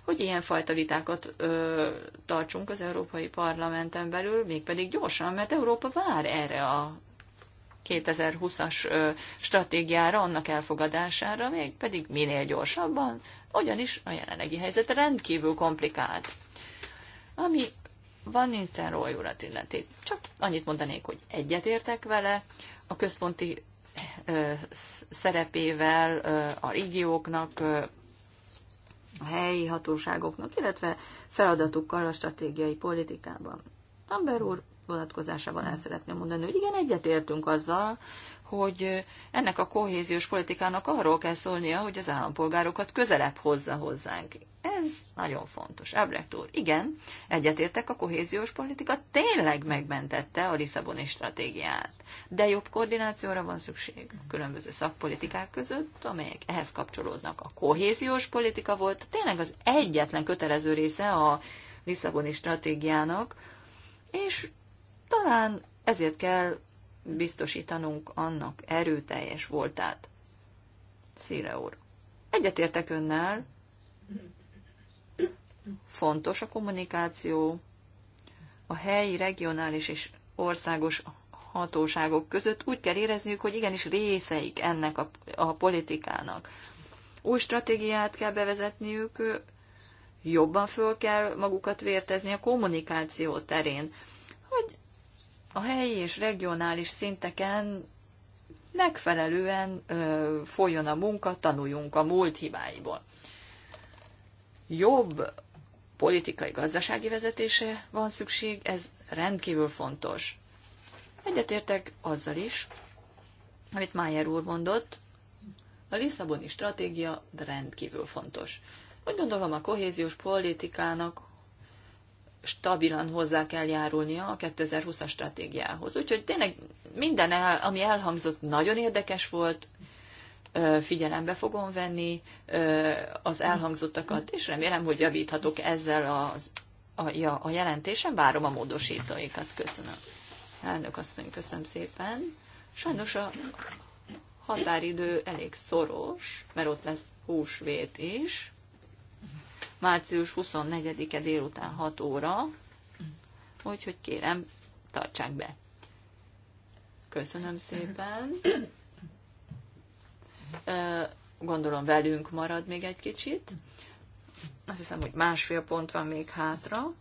hogy ilyenfajta vitákat ö, tartsunk az Európai Parlamenten belül, mégpedig gyorsan, mert Európa vár erre a 2020-as stratégiára, annak elfogadására, még pedig minél gyorsabban, ugyanis a jelenlegi helyzet rendkívül komplikált. Ami van Ninszenroy urat illeti. Csak annyit mondanék, hogy egyetértek vele, a központi eh, szerepével eh, a régióknak, eh, a helyi hatóságoknak, illetve feladatukkal a stratégiai politikában. Amber úr vonatkozásában el szeretném mondani, hogy igen, egyetértünk azzal, hogy ennek a kohéziós politikának arról kell szólnia, hogy az állampolgárokat közelebb hozza hozzánk. Ez nagyon fontos. Ebrecht úr, igen, egyetértek, a kohéziós politika tényleg megmentette a Lisszaboni stratégiát. De jobb koordinációra van szükség a különböző szakpolitikák között, amelyek ehhez kapcsolódnak. A kohéziós politika volt tényleg az egyetlen kötelező része a Lisszaboni stratégiának, és talán ezért kell biztosítanunk annak erőteljes voltát. Szíre úr. Egyetértek önnel. Fontos a kommunikáció a helyi, regionális és országos hatóságok között. Úgy kell érezniük, hogy igenis részeik ennek a, a politikának. Új stratégiát kell bevezetniük, jobban föl kell magukat vértezni a kommunikáció terén, hogy a helyi és regionális szinteken megfelelően ö, folyjon a munka, tanuljunk a múlt hibáiból. Jobb politikai-gazdasági vezetése van szükség, ez rendkívül fontos. Egyetértek azzal is, amit Májer úr mondott, a Lisszaboni stratégia rendkívül fontos. Úgy gondolom a kohéziós politikának stabilan hozzá kell járulnia a 2020-as stratégiához. Úgyhogy tényleg minden, el, ami elhangzott, nagyon érdekes volt, figyelembe fogom venni az elhangzottakat, és remélem, hogy javíthatok ezzel a, a, a jelentésen, várom a módosítóikat. Köszönöm. Elnök asszony, köszönöm szépen. Sajnos a határidő elég szoros, mert ott lesz húsvét is március 24-e délután 6 óra, úgyhogy kérem, tartsák be. Köszönöm szépen. Gondolom velünk marad még egy kicsit. Azt hiszem, hogy másfél pont van még hátra.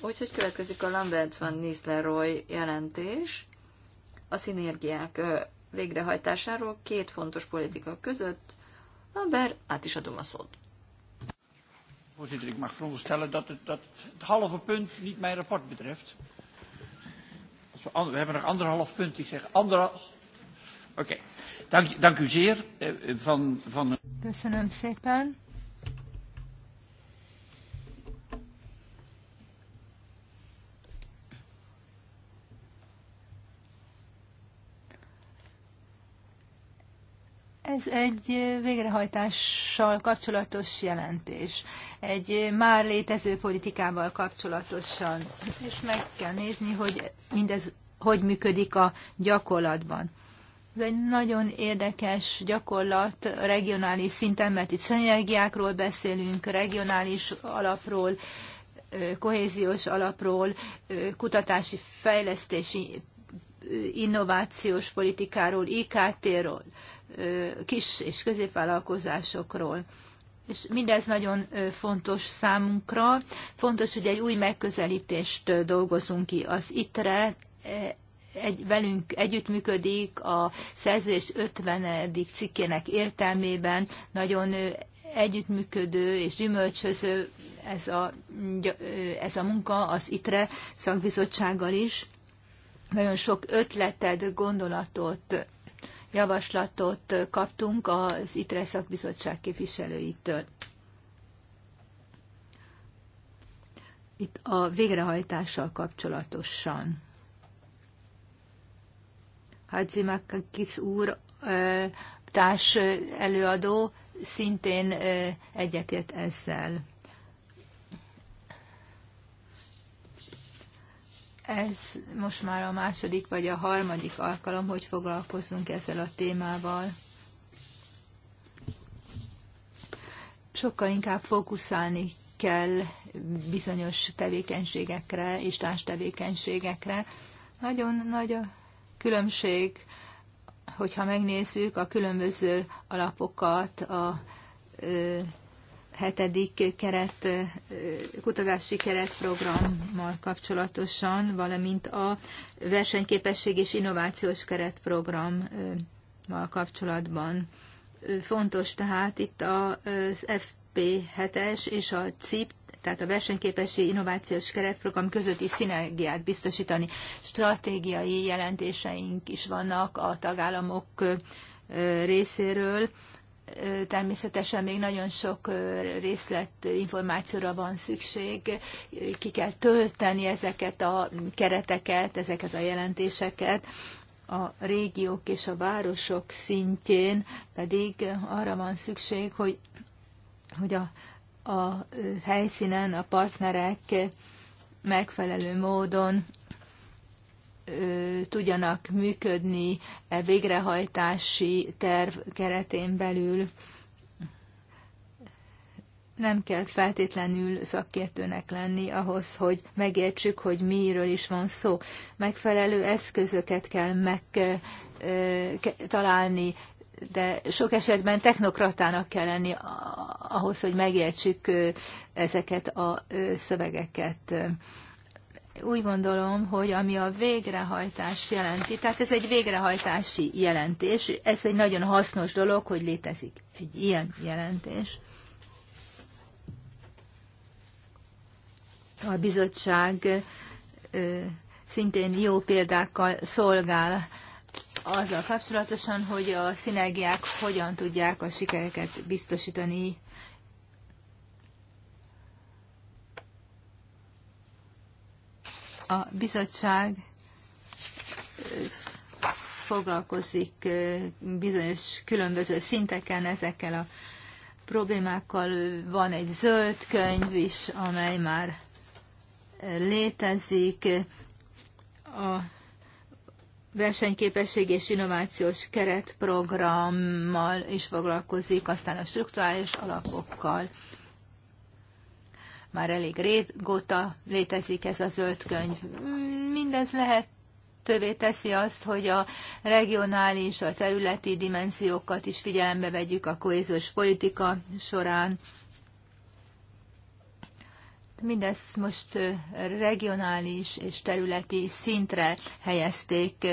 Úgyhogy következik a Lambert van Nisleroy jelentés a szinergiák végrehajtásáról két fontos politika között. Lambert, át is adom a szót. Voorzitter, ik mag veronderstellen dat het, dat het halve punt niet mijn rapport betreft. Als we, we hebben nog anderhalf punt. Ik zeg anderhalf. Oké. Okay. Dank, dank u zeer. Eh, van, van... Köszönöm szépen. Ez egy végrehajtással kapcsolatos jelentés, egy már létező politikával kapcsolatosan, és meg kell nézni, hogy mindez hogy működik a gyakorlatban. Ez egy nagyon érdekes gyakorlat regionális szinten, mert itt szenergiákról beszélünk, regionális alapról, kohéziós alapról, kutatási fejlesztési innovációs politikáról, IKT-ról, kis és középvállalkozásokról. És mindez nagyon fontos számunkra. Fontos, hogy egy új megközelítést dolgozunk ki. Az ITRE egy, velünk együttműködik a szerződés 50. cikkének értelmében. Nagyon együttműködő és gyümölcsöző ez a, ez a munka az ITRE szakbizottsággal is nagyon sok ötleted, gondolatot, javaslatot kaptunk az ITRE szakbizottság képviselőitől. Itt a végrehajtással kapcsolatosan. Hadzi Makakis úr, társ előadó szintén egyetért ezzel. Ez most már a második vagy a harmadik alkalom, hogy foglalkozunk ezzel a témával. Sokkal inkább fókuszálni kell bizonyos tevékenységekre és társ tevékenységekre. Nagyon nagy a különbség, hogyha megnézzük a különböző alapokat, a hetedik keret, kutatási keretprogrammal kapcsolatosan, valamint a versenyképesség és innovációs keretprogrammal kapcsolatban. Fontos tehát itt az FP7-es és a CIP tehát a versenyképesi innovációs keretprogram közötti szinergiát biztosítani. Stratégiai jelentéseink is vannak a tagállamok részéről természetesen még nagyon sok részlet információra van szükség, ki kell tölteni ezeket a kereteket, ezeket a jelentéseket, a régiók és a városok szintjén pedig arra van szükség, hogy, hogy a, a helyszínen a partnerek megfelelő módon tudjanak működni a e végrehajtási terv keretén belül. Nem kell feltétlenül szakértőnek lenni ahhoz, hogy megértsük, hogy miről is van szó. Megfelelő eszközöket kell megtalálni, de sok esetben technokratának kell lenni ahhoz, hogy megértsük ezeket a szövegeket úgy gondolom, hogy ami a végrehajtás jelenti, tehát ez egy végrehajtási jelentés, ez egy nagyon hasznos dolog, hogy létezik egy ilyen jelentés. A bizottság szintén jó példákkal szolgál azzal kapcsolatosan, hogy a szinergiák hogyan tudják a sikereket biztosítani A bizottság foglalkozik bizonyos különböző szinteken ezekkel a problémákkal. Van egy zöld könyv is, amely már létezik. A versenyképesség és innovációs keretprogrammal is foglalkozik, aztán a struktúrális alapokkal már elég régóta létezik ez a zöld könyv. Mindez lehet tövé teszi azt, hogy a regionális, a területi dimenziókat is figyelembe vegyük a kohéziós politika során. Mindez most regionális és területi szintre helyezték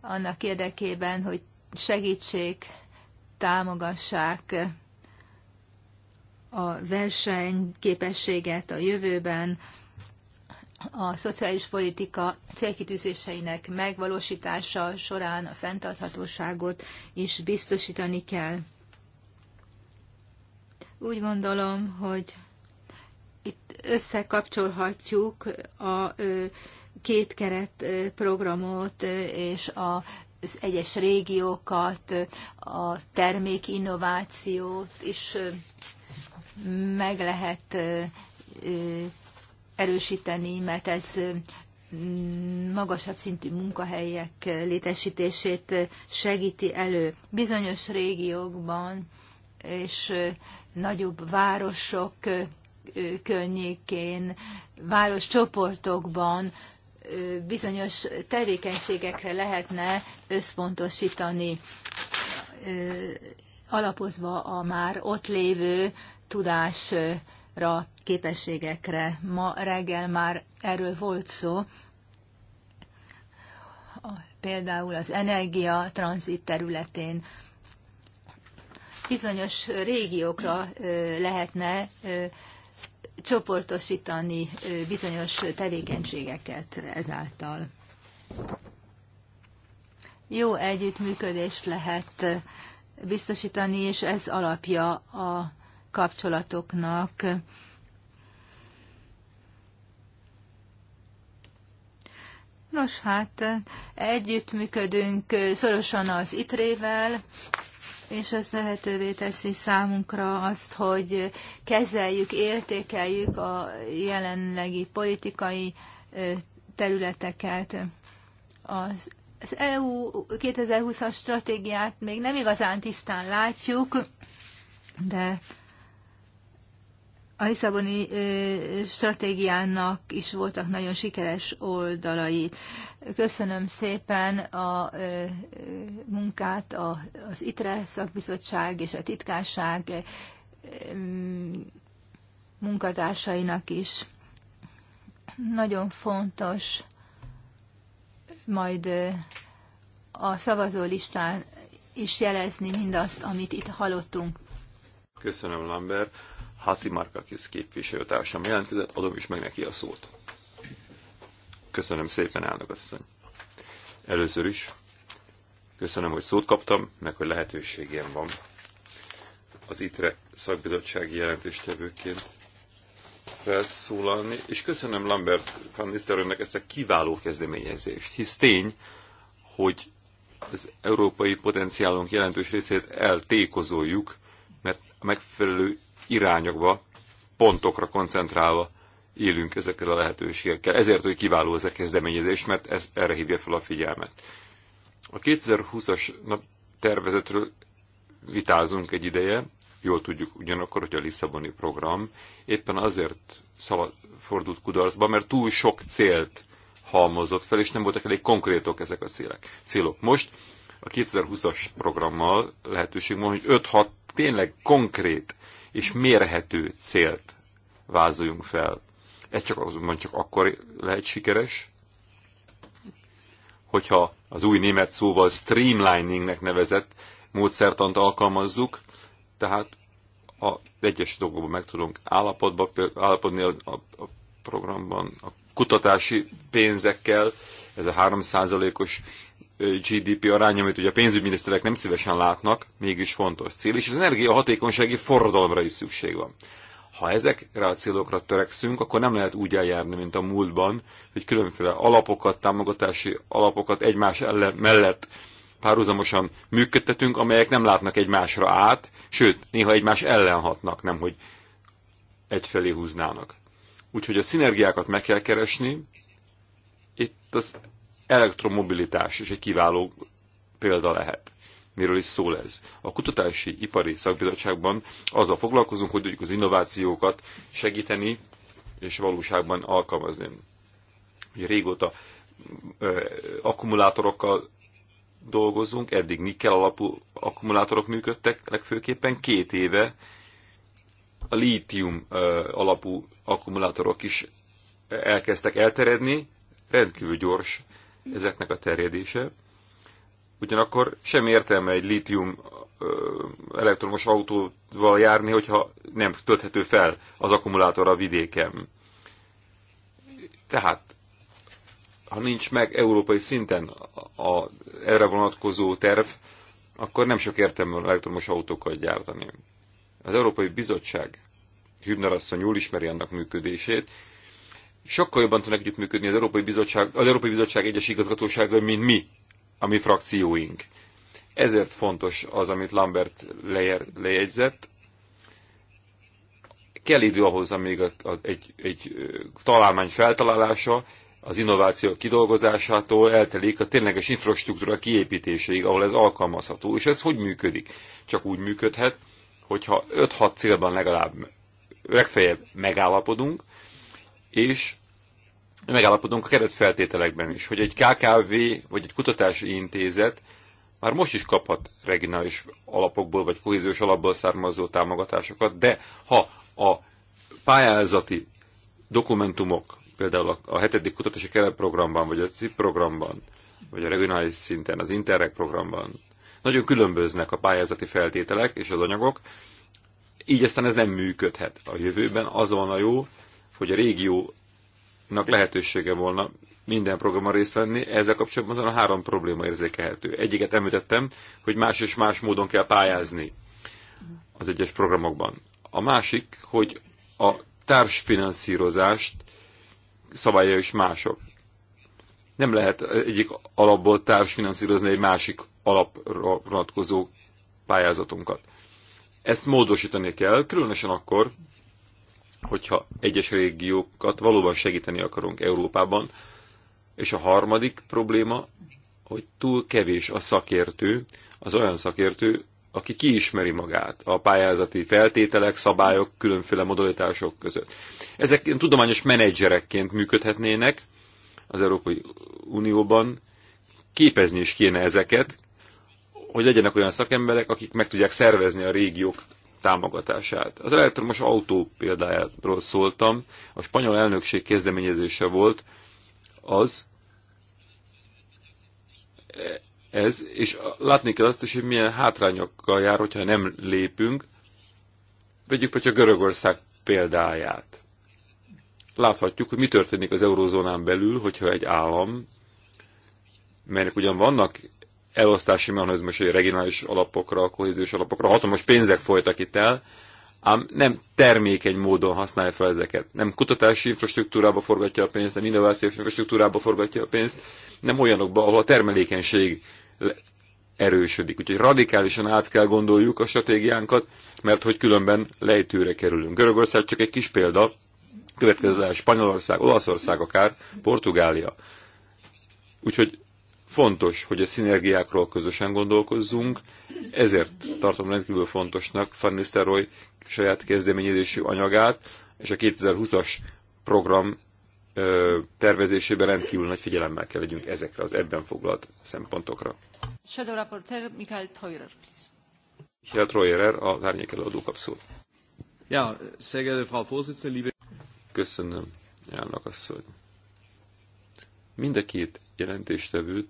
annak érdekében, hogy segítsék, támogassák a versenyképességet a jövőben, a szociális politika célkitűzéseinek megvalósítása során a fenntarthatóságot is biztosítani kell. Úgy gondolom, hogy itt összekapcsolhatjuk a két keret programot és az egyes régiókat, a termékinnovációt is meg lehet erősíteni, mert ez magasabb szintű munkahelyek létesítését segíti elő. Bizonyos régiókban és nagyobb városok környékén, városcsoportokban bizonyos tevékenységekre lehetne összpontosítani, alapozva a már ott lévő tudásra, képességekre. Ma reggel már erről volt szó, például az energia tranzit területén bizonyos régiókra lehetne csoportosítani bizonyos tevékenységeket ezáltal. Jó együttműködést lehet biztosítani, és ez alapja a kapcsolatoknak. Nos, hát együttműködünk szorosan az ITRÉ-vel, és ez lehetővé teszi számunkra azt, hogy kezeljük, értékeljük a jelenlegi politikai területeket. Az, az EU 2020-as stratégiát még nem igazán tisztán látjuk, de a Lisszaboni stratégiának is voltak nagyon sikeres oldalai. Köszönöm szépen a munkát az ITRE szakbizottság és a titkárság munkatársainak is. Nagyon fontos majd a listán is jelezni mindazt, amit itt hallottunk. Köszönöm, Lambert. Házi Markakis képviselőtársam jelentkezett, adom is meg neki a szót. Köszönöm szépen, elnök asszony. Először is köszönöm, hogy szót kaptam, meg hogy lehetőségem van az ITRE szakbizottsági jelentéstevőként felszólalni, és köszönöm Lambert van ezt a kiváló kezdeményezést, hisz tény, hogy az európai potenciálunk jelentős részét eltékozoljuk, mert a megfelelő irányokba, pontokra koncentrálva élünk ezekkel a lehetőségekkel. Ezért, hogy kiváló ez a kezdeményezés, mert ez erre hívja fel a figyelmet. A 2020-as tervezetről vitázunk egy ideje, jól tudjuk ugyanakkor, hogy a Lisszaboni program éppen azért szalad, fordult kudarcba, mert túl sok célt halmozott fel, és nem voltak elég konkrétok ezek a célek. célok. Most a 2020-as programmal lehetőség van, hogy 5-6 tényleg konkrét és mérhető célt vázoljunk fel. Ez csak azonban csak akkor lehet sikeres, hogyha az új német szóval streamliningnek nevezett módszertant alkalmazzuk, tehát a egyes dolgokban meg tudunk állapodba, állapodni a, a, a programban a kutatási pénzekkel, ez a 3%-os GDP arány, amit ugye a pénzügyminiszterek nem szívesen látnak, mégis fontos cél, és az energiahatékonysági forradalomra is szükség van. Ha ezekre a célokra törekszünk, akkor nem lehet úgy eljárni, mint a múltban, hogy különféle alapokat, támogatási alapokat egymás ellen, mellett párhuzamosan működtetünk, amelyek nem látnak egymásra át, sőt, néha egymás ellen hatnak, nem hogy egyfelé húznának. Úgyhogy a szinergiákat meg kell keresni, itt az elektromobilitás is egy kiváló példa lehet. Miről is szól ez? A Kutatási Ipari Szakbizottságban azzal foglalkozunk, hogy tudjuk az innovációkat segíteni és valóságban alkalmazni. Ugye régóta ö, akkumulátorokkal dolgozunk, eddig nikkel alapú akkumulátorok működtek legfőképpen, két éve a lítium alapú akkumulátorok is elkezdtek elteredni, rendkívül gyors ezeknek a terjedése. Ugyanakkor sem értelme egy litium elektromos autóval járni, hogyha nem tölthető fel az akkumulátor a vidéken. Tehát, ha nincs meg európai szinten a, a, erre vonatkozó terv, akkor nem sok értelme van elektromos autókat gyártani. Az Európai Bizottság Hübner asszony jól ismeri annak működését, sokkal jobban tudnak együttműködni az Európai Bizottság, az Európai Bizottság egyes igazgatósága, mint mi, a mi frakcióink. Ezért fontos az, amit Lambert lejer, lejegyzett. Kell idő ahhoz, amíg a, a, egy, egy találmány feltalálása, az innováció kidolgozásától eltelik a tényleges infrastruktúra kiépítéséig, ahol ez alkalmazható. És ez hogy működik? Csak úgy működhet, hogyha 5-6 célban legalább legfeljebb megállapodunk, és megállapodunk a keretfeltételekben is, hogy egy KKV vagy egy kutatási intézet már most is kaphat regionális alapokból vagy kohéziós alapból származó támogatásokat, de ha a pályázati dokumentumok, például a hetedik kutatási keretprogramban, vagy a CIP programban, vagy a regionális szinten, az Interreg programban, nagyon különböznek a pályázati feltételek és az anyagok, így aztán ez nem működhet a jövőben. Az van a jó, hogy a régiónak lehetősége volna minden programon részt venni, ezzel kapcsolatban azon a három probléma érzékelhető. Egyiket említettem, hogy más és más módon kell pályázni az egyes programokban. A másik, hogy a társfinanszírozást szabálya is mások. Nem lehet egyik alapból társfinanszírozni egy másik alapra vonatkozó pályázatunkat. Ezt módosítani kell, különösen akkor, hogyha egyes régiókat valóban segíteni akarunk Európában. És a harmadik probléma, hogy túl kevés a szakértő, az olyan szakértő, aki kiismeri magát a pályázati feltételek, szabályok, különféle modalitások között. Ezek tudományos menedzserekként működhetnének az Európai Unióban, képezni is kéne ezeket, hogy legyenek olyan szakemberek, akik meg tudják szervezni a régiók támogatását. Az elektromos autó példájáról szóltam, a spanyol elnökség kezdeményezése volt az, ez, és látni kell azt is, hogy milyen hátrányokkal jár, hogyha nem lépünk. Vegyük például Görögország példáját. Láthatjuk, hogy mi történik az eurózónán belül, hogyha egy állam, melynek ugyan vannak elosztási mechanizmus, hogy regionális alapokra, kohéziós alapokra hatalmas pénzek folytak itt el, ám nem termékeny módon használja fel ezeket. Nem kutatási infrastruktúrába forgatja a pénzt, nem innovációs infrastruktúrába forgatja a pénzt, nem olyanokba, ahol a termelékenység erősödik. Úgyhogy radikálisan át kell gondoljuk a stratégiánkat, mert hogy különben lejtőre kerülünk. Görögország csak egy kis példa, következő Spanyolország, Olaszország akár, Portugália. Úgyhogy Fontos, hogy a szinergiákról közösen gondolkozzunk, ezért tartom rendkívül fontosnak Van Nistelrooy saját kezdeményezésű anyagát, és a 2020-as program ö, tervezésében rendkívül nagy figyelemmel kell legyünk ezekre az ebben foglalt szempontokra. Shadow Rapporteur Michael Teurer, please. Michael Teurer, az árnyék előadó kap szót. Ja, sehr geehrte Frau Vorsitzende, liebe... Köszönöm, elnök asszony. Mind a két jelentéstevőt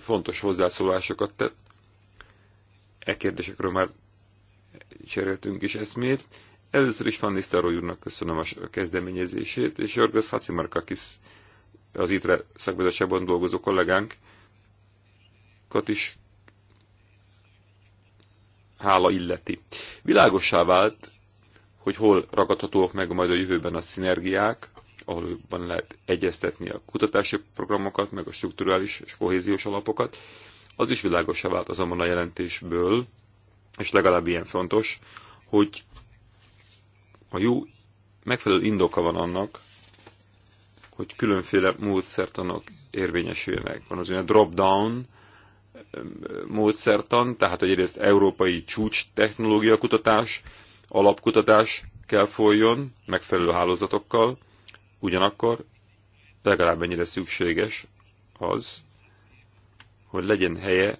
fontos hozzászólásokat tett. E kérdésekről már cseréltünk is eszmét. Először is Fanny Staroly úrnak köszönöm a kezdeményezését, és Jorgos Hacimarkakis, az ITRE szakbizottságban dolgozó kollégánkat is hála illeti. Világossá vált, hogy hol ragadhatóak meg majd a jövőben a szinergiák, ahol lehet egyeztetni a kutatási programokat, meg a strukturális és kohéziós alapokat. Az is világosá vált azonban a jelentésből, és legalább ilyen fontos, hogy a jó megfelelő indoka van annak, hogy különféle módszertanok érvényesülnek. Van az olyan drop-down módszertan, tehát hogy egyrészt európai csúcs technológia kutatás, alapkutatás kell folyjon megfelelő hálózatokkal, Ugyanakkor legalább ennyire szükséges az, hogy legyen helye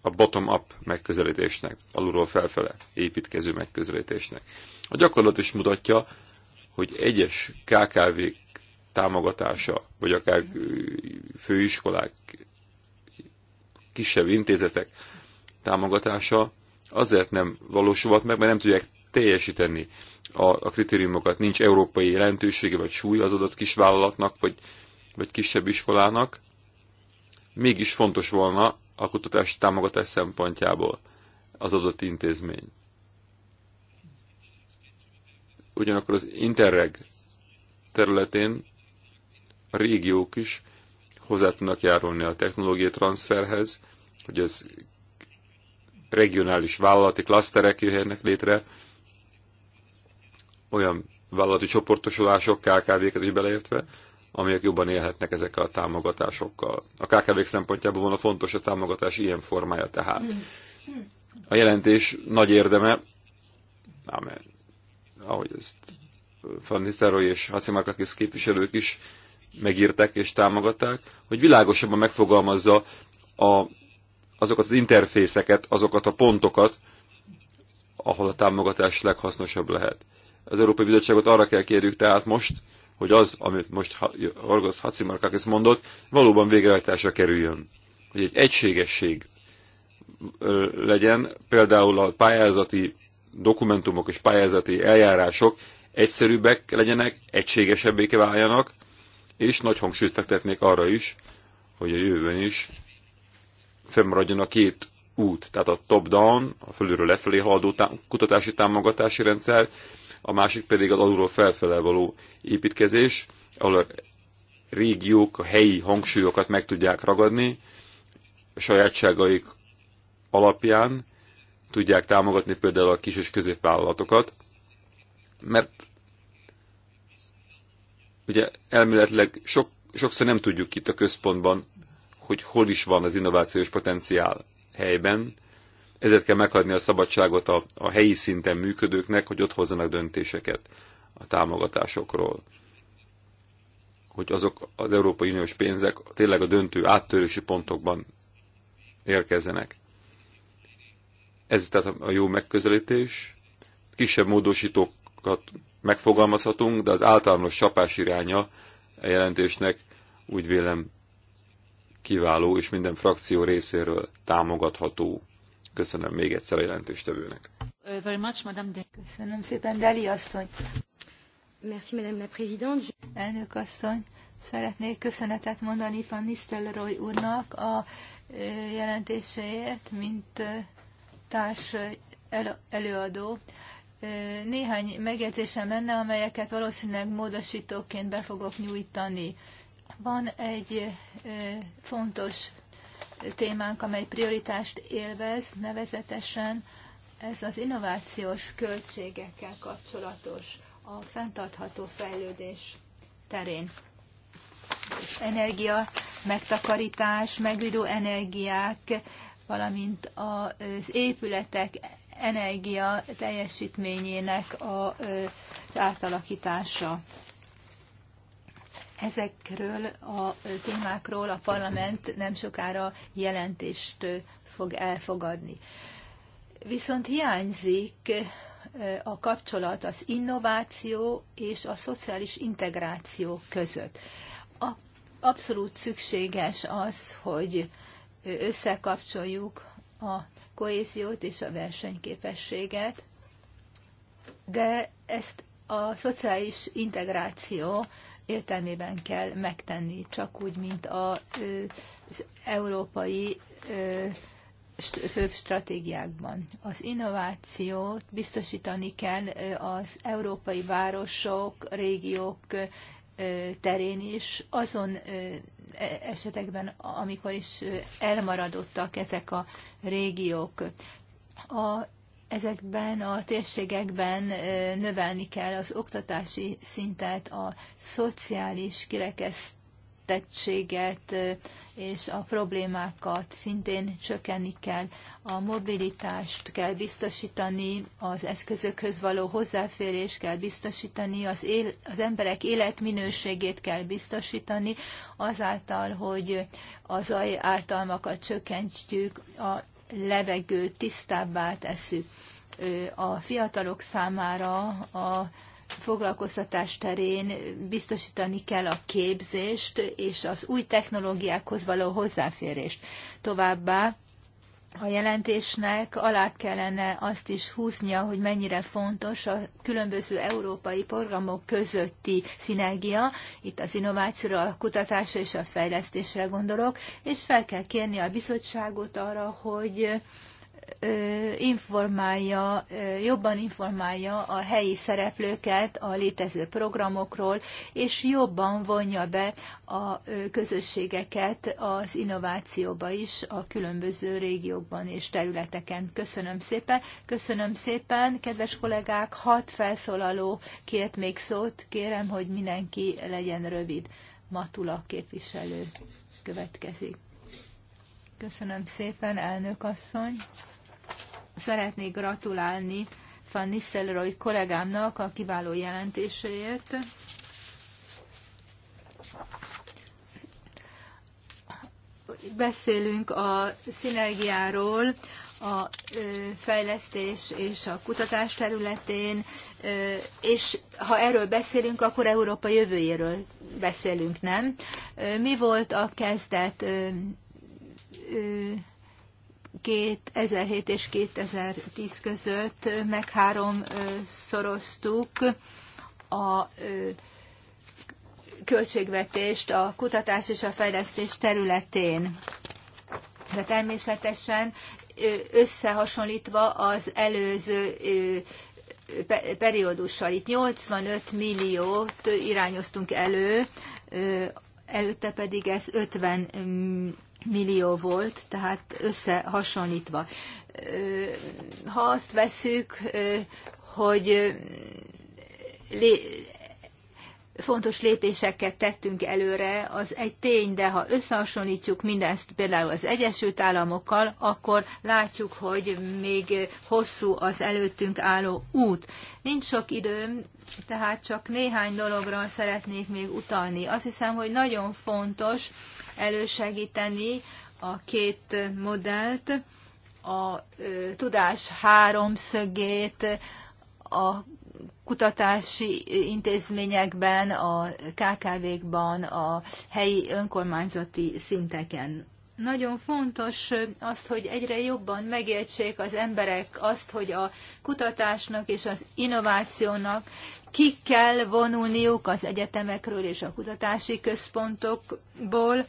a bottom-up megközelítésnek, alulról felfele építkező megközelítésnek. A gyakorlat is mutatja, hogy egyes kkv támogatása, vagy akár főiskolák, kisebb intézetek támogatása azért nem valósulhat meg, mert nem tudják teljesíteni a, a kritériumokat. Nincs európai jelentősége vagy súly az adott kisvállalatnak vagy, vagy kisebb iskolának. Mégis fontos volna a kutatási támogatás szempontjából az adott intézmény. Ugyanakkor az Interreg területén a régiók is hozzá tudnak járulni a technológiai transferhez, hogy ez regionális vállalati klaszterek jöhetnek létre, olyan vállalati csoportosulások, KKV-ket is beleértve, amelyek jobban élhetnek ezekkel a támogatásokkal. A KKV-k szempontjából van a fontos a támogatás ilyen formája tehát. Hmm. A jelentés nagy érdeme, amen, eh, ahogy ezt Van Nisztároly és Hacimakakis képviselők is megírták és támogatták, hogy világosabban megfogalmazza a, azokat az interfészeket, azokat a pontokat, ahol a támogatás leghasznosabb lehet az Európai Bizottságot arra kell kérjük tehát most, hogy az, amit most Orgos Hacimarkakis mondott, valóban végrehajtásra kerüljön. Hogy egy egységesség legyen, például a pályázati dokumentumok és pályázati eljárások egyszerűbbek legyenek, egységesebbé váljanak, és nagy hangsúlyt fektetnék arra is, hogy a jövőben is fennmaradjon a két út, tehát a top-down, a fölülről lefelé haladó tá- kutatási támogatási rendszer, a másik pedig az alulról felfele való építkezés, ahol a régiók, a helyi hangsúlyokat meg tudják ragadni, a sajátságaik alapján tudják támogatni például a kis és középvállalatokat, mert ugye elméletileg sok, sokszor nem tudjuk itt a központban, hogy hol is van az innovációs potenciál helyben, ezért kell meghagyni a szabadságot a, a helyi szinten működőknek, hogy ott hozzanak döntéseket a támogatásokról. Hogy azok az Európai Uniós pénzek tényleg a döntő áttörési pontokban érkezzenek. Ez tehát a jó megközelítés. Kisebb módosítókat megfogalmazhatunk, de az általános csapás iránya a jelentésnek úgy vélem kiváló és minden frakció részéről támogatható. Köszönöm még egyszer a jelentéstevőnek. Uh, Köszönöm szépen, Deli asszony. Merci, Madame la Présidente. Elnök asszony, szeretnék köszönetet mondani Van Nistelrooy úrnak a uh, jelentéséért, mint uh, társ előadó. Néhány megjegyzésem lenne, amelyeket valószínűleg módosítóként be fogok nyújtani. Van egy fontos témánk, amely prioritást élvez, nevezetesen ez az innovációs költségekkel kapcsolatos a fenntartható fejlődés terén. És energia, megtakarítás, megvidó energiák, valamint az épületek energia teljesítményének a átalakítása. Ezekről a témákról a parlament nem sokára jelentést fog elfogadni. Viszont hiányzik a kapcsolat az innováció és a szociális integráció között. Abszolút szükséges az, hogy összekapcsoljuk a kohéziót és a versenyképességet, de ezt a szociális integráció értelmében kell megtenni, csak úgy, mint az európai főbb stratégiákban. Az innovációt biztosítani kell az európai városok, régiók terén is, azon e, esetekben, amikor is elmaradottak ezek a régiók. A ezekben a térségekben növelni kell az oktatási szintet, a szociális kirekesztettséget és a problémákat szintén csökkenni kell. A mobilitást kell biztosítani, az eszközökhöz való hozzáférés kell biztosítani, az, él, az emberek életminőségét kell biztosítani, azáltal, hogy az ártalmakat csökkentjük, a levegőt tisztábbá tesszük. A fiatalok számára a foglalkoztatás terén biztosítani kell a képzést és az új technológiákhoz való hozzáférést. Továbbá a jelentésnek alá kellene azt is húznia, hogy mennyire fontos a különböző európai programok közötti szinergia, itt az innovációra, a kutatásra és a fejlesztésre gondolok, és fel kell kérni a bizottságot arra, hogy informálja, jobban informálja a helyi szereplőket a létező programokról, és jobban vonja be a közösségeket az innovációba is a különböző régiókban és területeken. Köszönöm szépen. Köszönöm szépen, kedves kollégák, hat felszólaló kért még szót. Kérem, hogy mindenki legyen rövid. Matula képviselő következik. Köszönöm szépen, elnök asszony szeretnék gratulálni Van Nisselroy kollégámnak a kiváló jelentéséért. Beszélünk a szinergiáról, a fejlesztés és a kutatás területén, és ha erről beszélünk, akkor Európa jövőjéről beszélünk, nem? Mi volt a kezdet? 2007 és 2010 között meg három szoroztuk a költségvetést a kutatás és a fejlesztés területén. De természetesen összehasonlítva az előző periódussal. Itt 85 milliót irányoztunk elő, előtte pedig ez 50 millió volt, tehát összehasonlítva. Ha azt veszük, hogy fontos lépéseket tettünk előre, az egy tény, de ha összehasonlítjuk mindezt például az Egyesült Államokkal, akkor látjuk, hogy még hosszú az előttünk álló út. Nincs sok időm, tehát csak néhány dologra szeretnék még utalni. Azt hiszem, hogy nagyon fontos elősegíteni a két modellt, a tudás háromszögét, a kutatási intézményekben, a KKV-kban, a helyi önkormányzati szinteken. Nagyon fontos az, hogy egyre jobban megértsék az emberek azt, hogy a kutatásnak és az innovációnak ki kell vonulniuk az egyetemekről és a kutatási központokból,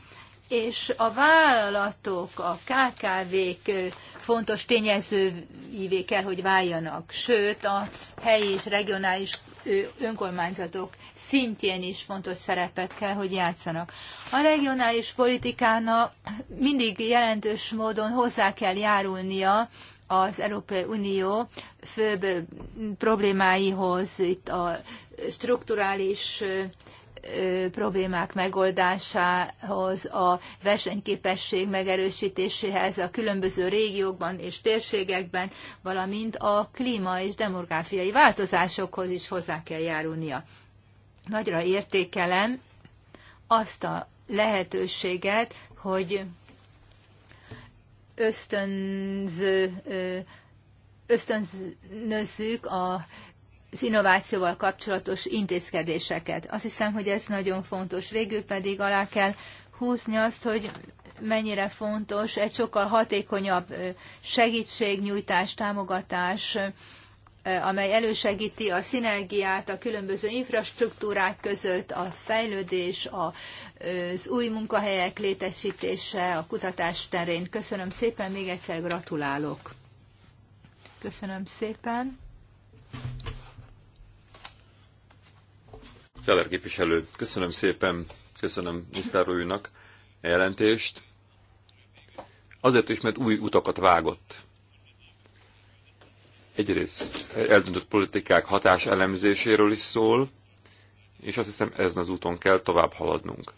és a vállalatok, a KKV-k fontos tényezőivé kell, hogy váljanak, sőt a helyi és regionális önkormányzatok szintjén is fontos szerepet kell, hogy játszanak. A regionális politikának mindig jelentős módon hozzá kell járulnia az Európai Unió főbb problémáihoz, itt a strukturális problémák megoldásához, a versenyképesség megerősítéséhez a különböző régiókban és térségekben, valamint a klíma és demográfiai változásokhoz is hozzá kell járulnia. Nagyra értékelem azt a lehetőséget, hogy ösztönző ösztönözzük a az innovációval kapcsolatos intézkedéseket. Azt hiszem, hogy ez nagyon fontos. Végül pedig alá kell húzni azt, hogy mennyire fontos egy sokkal hatékonyabb segítségnyújtás, támogatás, amely elősegíti a szinergiát a különböző infrastruktúrák között, a fejlődés, az új munkahelyek létesítése, a kutatás terén. Köszönöm szépen, még egyszer gratulálok. Köszönöm szépen. Szeller képviselő, köszönöm szépen, köszönöm Nisztárolyúnak a jelentést. Azért is, mert új utakat vágott. Egyrészt eldöntött politikák hatás elemzéséről is szól, és azt hiszem ezen az úton kell tovább haladnunk.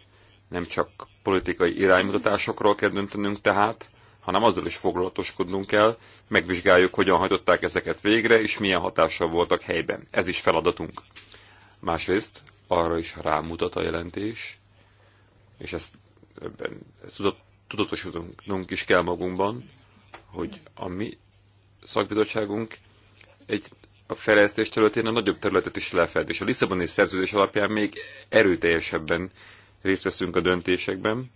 Nem csak politikai iránymutatásokról kell döntenünk tehát, hanem azzal is foglalatoskodnunk kell, megvizsgáljuk, hogyan hajtották ezeket végre, és milyen hatással voltak helyben. Ez is feladatunk. Másrészt arra is rámutat a jelentés, és ezt, ebben, ezt tudat, tudatosítunk is kell magunkban, hogy a mi szakbizottságunk egy a fejlesztés területén a nagyobb területet is lefed, és a Lisszaboni szerződés alapján még erőteljesebben részt veszünk a döntésekben,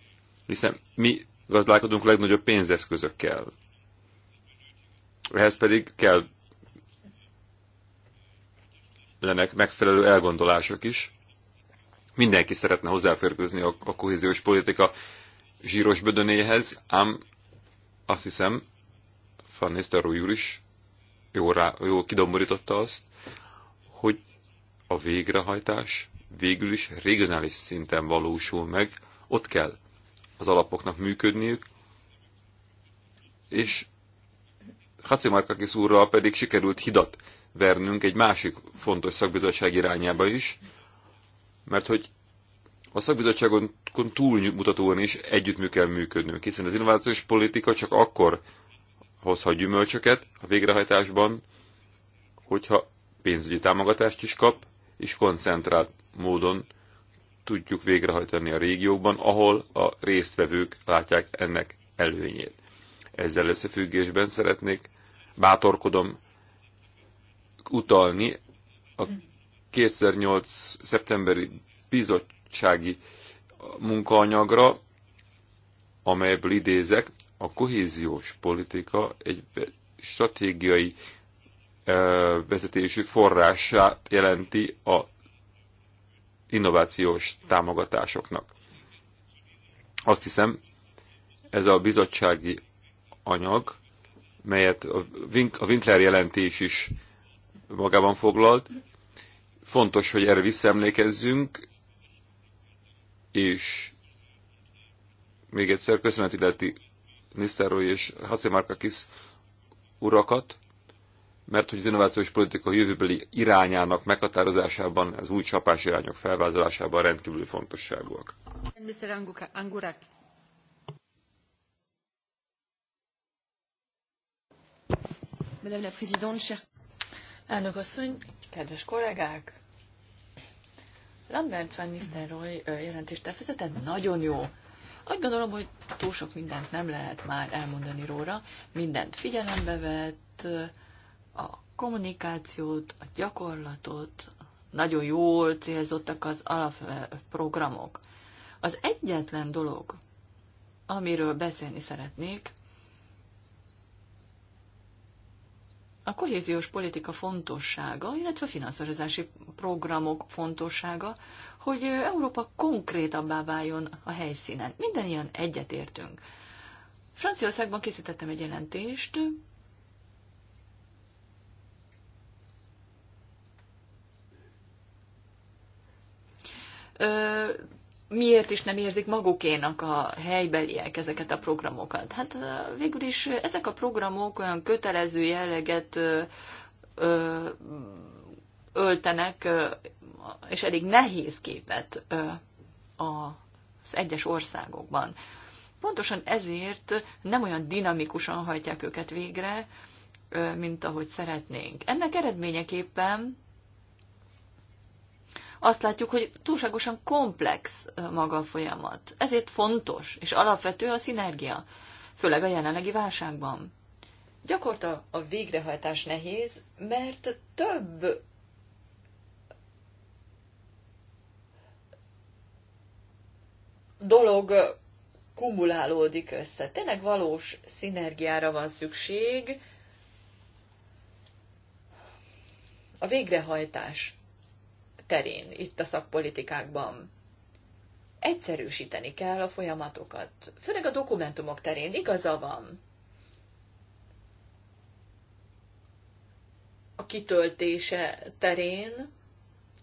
hiszen mi gazdálkodunk a legnagyobb pénzeszközökkel. Ehhez pedig kell lenek megfelelő elgondolások is, Mindenki szeretne hozzáférkőzni a, a kohéziós politika zsíros bödönéhez, ám azt hiszem, Van Nistelrooy úr is jól, rá, jól kidomborította azt, hogy a végrehajtás végül is regionális szinten valósul meg, ott kell az alapoknak működniük, és Markakis úrral pedig sikerült hidat vernünk egy másik fontos szakbizottság irányába is, mert hogy a szakbizottságon túlmutatóan is együtt kell működnünk, hiszen az innovációs politika csak akkor hozhat gyümölcsöket a végrehajtásban, hogyha pénzügyi támogatást is kap, és koncentrált módon tudjuk végrehajtani a régiókban, ahol a résztvevők látják ennek előnyét. Ezzel összefüggésben szeretnék, bátorkodom utalni a 2008. szeptemberi bizottsági munkaanyagra, amelyből idézek, a kohéziós politika egy stratégiai vezetési forrását jelenti a innovációs támogatásoknak. Azt hiszem, ez a bizottsági anyag, melyet a Winkler jelentés is magában foglalt, Fontos, hogy erre visszaemlékezzünk, és még egyszer köszönet illeti Nisztároly és Markakis urakat, mert hogy az innovációs politika jövőbeli irányának meghatározásában, az új csapás irányok felvázolásában rendkívül fontosságúak. Madame la Présidente, chers Elnök asszony, kedves kollégák! Lambert van Nistelrooy jelentés tervezete nagyon jó. Azt gondolom, hogy túl sok mindent nem lehet már elmondani róla. Mindent figyelembe vett, a kommunikációt, a gyakorlatot, nagyon jól célzottak az alapprogramok. Az egyetlen dolog, amiről beszélni szeretnék, a kohéziós politika fontossága, illetve a finanszírozási programok fontossága, hogy Európa konkrétabbá váljon a helyszínen. Minden ilyen egyetértünk. Franciaországban készítettem egy jelentést, miért is nem érzik magukénak a helybeliek ezeket a programokat. Hát végül is ezek a programok olyan kötelező jelleget öltenek, és elég nehéz képet az egyes országokban. Pontosan ezért nem olyan dinamikusan hajtják őket végre, mint ahogy szeretnénk. Ennek eredményeképpen azt látjuk, hogy túlságosan komplex maga a folyamat. Ezért fontos és alapvető a szinergia, főleg a jelenlegi válságban. Gyakorta a végrehajtás nehéz, mert több dolog kumulálódik össze. Tényleg valós szinergiára van szükség. A végrehajtás terén, itt a szakpolitikákban. Egyszerűsíteni kell a folyamatokat, főleg a dokumentumok terén, igaza van. A kitöltése terén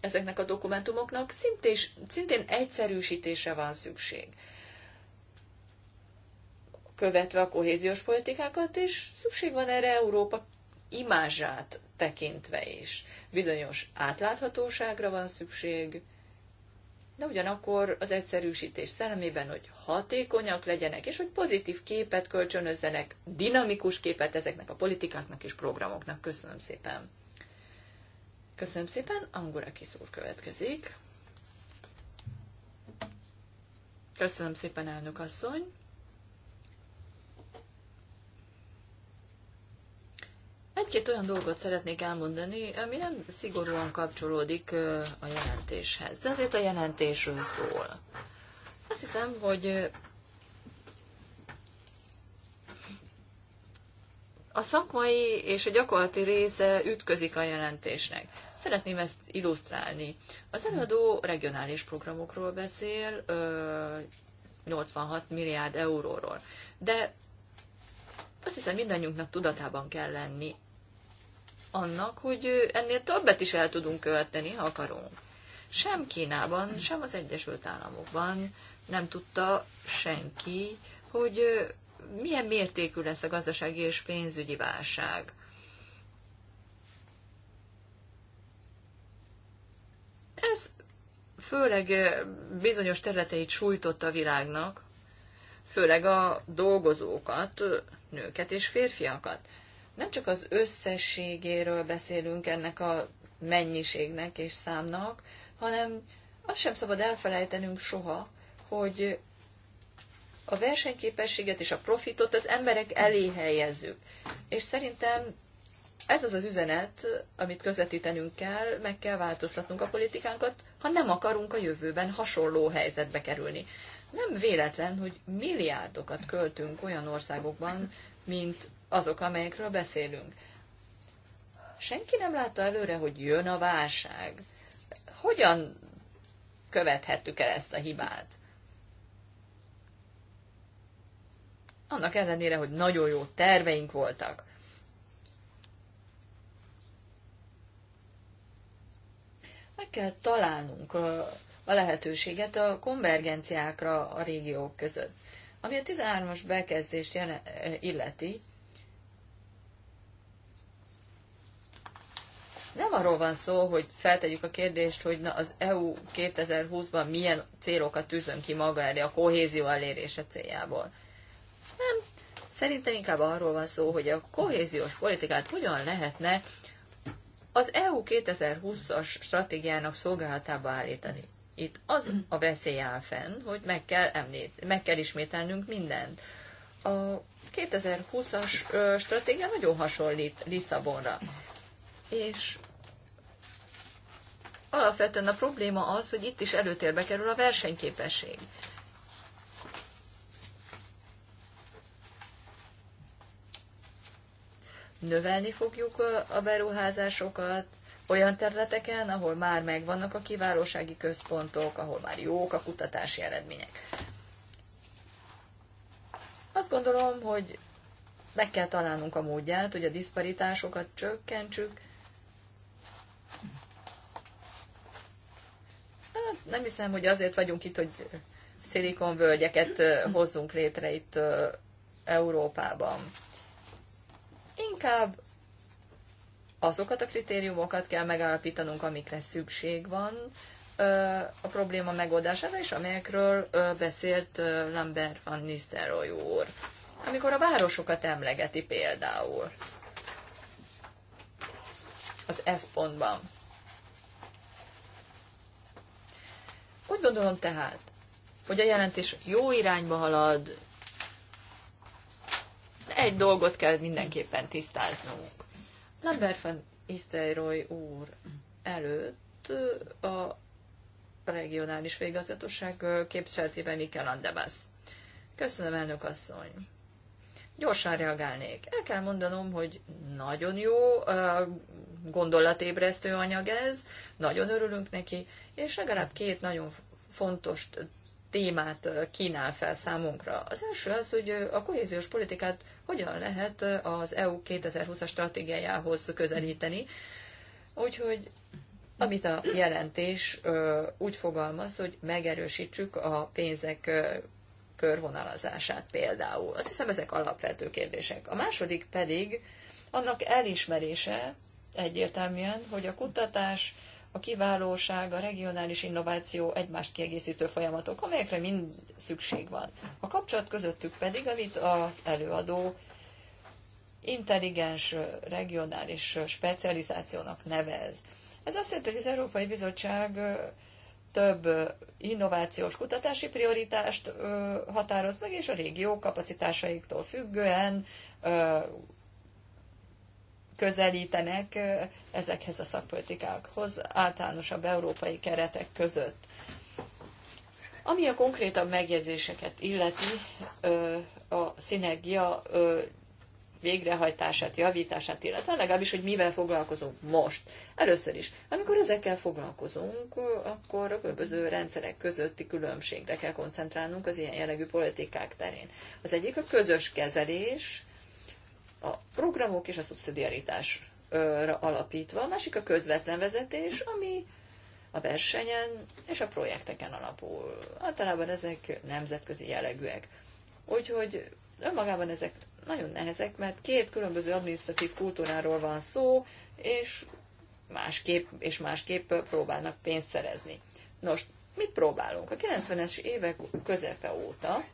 ezeknek a dokumentumoknak szintén, szintén egyszerűsítésre van szükség követve a kohéziós politikákat, és szükség van erre Európa imázsát tekintve is. Bizonyos átláthatóságra van szükség, de ugyanakkor az egyszerűsítés szellemében, hogy hatékonyak legyenek, és hogy pozitív képet kölcsönözzenek, dinamikus képet ezeknek a politikáknak és programoknak. Köszönöm szépen! Köszönöm szépen, Angora kiszúr következik. Köszönöm szépen, elnök asszony! Egy-két olyan dolgot szeretnék elmondani, ami nem szigorúan kapcsolódik a jelentéshez, de azért a jelentésről szól. Azt hiszem, hogy a szakmai és a gyakorlati része ütközik a jelentésnek. Szeretném ezt illusztrálni. Az előadó regionális programokról beszél, 86 milliárd euróról. De azt hiszem mindannyiunknak tudatában kell lenni annak, hogy ennél többet is el tudunk költeni, ha akarunk. Sem Kínában, sem az Egyesült Államokban nem tudta senki, hogy milyen mértékű lesz a gazdasági és pénzügyi válság. Ez főleg bizonyos területeit sújtotta a világnak, főleg a dolgozókat, nőket és férfiakat nem csak az összességéről beszélünk ennek a mennyiségnek és számnak, hanem azt sem szabad elfelejtenünk soha, hogy a versenyképességet és a profitot az emberek elé helyezzük. És szerintem ez az az üzenet, amit közvetítenünk kell, meg kell változtatnunk a politikánkat, ha nem akarunk a jövőben hasonló helyzetbe kerülni. Nem véletlen, hogy milliárdokat költünk olyan országokban, mint azok, amelyekről beszélünk. Senki nem látta előre, hogy jön a válság. Hogyan követhettük el ezt a hibát? Annak ellenére, hogy nagyon jó terveink voltak. Meg kell találnunk a lehetőséget a konvergenciákra a régiók között. Ami a 13-as bekezdést illeti, Nem arról van szó, hogy feltegyük a kérdést, hogy na, az EU 2020-ban milyen célokat tűzön ki maga elé a kohézió elérése céljából. Nem. Szerintem inkább arról van szó, hogy a kohéziós politikát hogyan lehetne az EU 2020-as stratégiának szolgálatába állítani. Itt az a veszély áll fenn, hogy meg kell, említ, meg kell ismételnünk mindent. A 2020-as stratégia nagyon hasonlít Lisszabonra és alapvetően a probléma az, hogy itt is előtérbe kerül a versenyképesség. Növelni fogjuk a beruházásokat olyan területeken, ahol már megvannak a kiválósági központok, ahol már jók a kutatási eredmények. Azt gondolom, hogy meg kell találnunk a módját, hogy a diszparitásokat csökkentsük, Hát nem hiszem, hogy azért vagyunk itt, hogy szilikonvölgyeket hozzunk létre itt Európában. Inkább azokat a kritériumokat kell megállapítanunk, amikre szükség van a probléma megoldására, és amelyekről beszélt Lambert van Nistelrooy úr. Amikor a városokat emlegeti például az F pontban. Úgy gondolom tehát, hogy a jelentés jó irányba halad, egy dolgot kell mindenképpen tisztáznunk. Lambert van Isztelroy úr előtt a regionális végazgatóság képviseletében Mikel Andebasz. Köszönöm, elnök asszony. Gyorsan reagálnék. El kell mondanom, hogy nagyon jó gondolatébresztő anyag ez, nagyon örülünk neki, és legalább két nagyon fontos témát kínál fel számunkra. Az első az, hogy a kohéziós politikát hogyan lehet az EU 2020-as stratégiájához közelíteni, úgyhogy amit a jelentés úgy fogalmaz, hogy megerősítsük a pénzek körvonalazását például. Azt hiszem, ezek alapvető kérdések. A második pedig annak elismerése, egyértelműen, hogy a kutatás, a kiválóság, a regionális innováció egymást kiegészítő folyamatok, amelyekre mind szükség van. A kapcsolat közöttük pedig, amit az előadó intelligens regionális specializációnak nevez. Ez azt jelenti, hogy az Európai Bizottság több innovációs kutatási prioritást határoz meg, és a régió kapacitásaiktól függően közelítenek ezekhez a szakpolitikákhoz általánosabb európai keretek között. Ami a konkrétabb megjegyzéseket illeti, a szinergia végrehajtását, javítását, illetve legalábbis, hogy mivel foglalkozunk most. Először is, amikor ezekkel foglalkozunk, akkor a különböző rendszerek közötti különbségre kell koncentrálnunk az ilyen jellegű politikák terén. Az egyik a közös kezelés, a programok és a szubszidiaritásra alapítva, a másik a közvetlen vezetés, ami a versenyen és a projekteken alapul. Általában ezek nemzetközi jellegűek. Úgyhogy önmagában ezek nagyon nehezek, mert két különböző administratív kultúráról van szó, és másképp, és másképp próbálnak pénzt szerezni. Nos, mit próbálunk? A 90-es évek közepe óta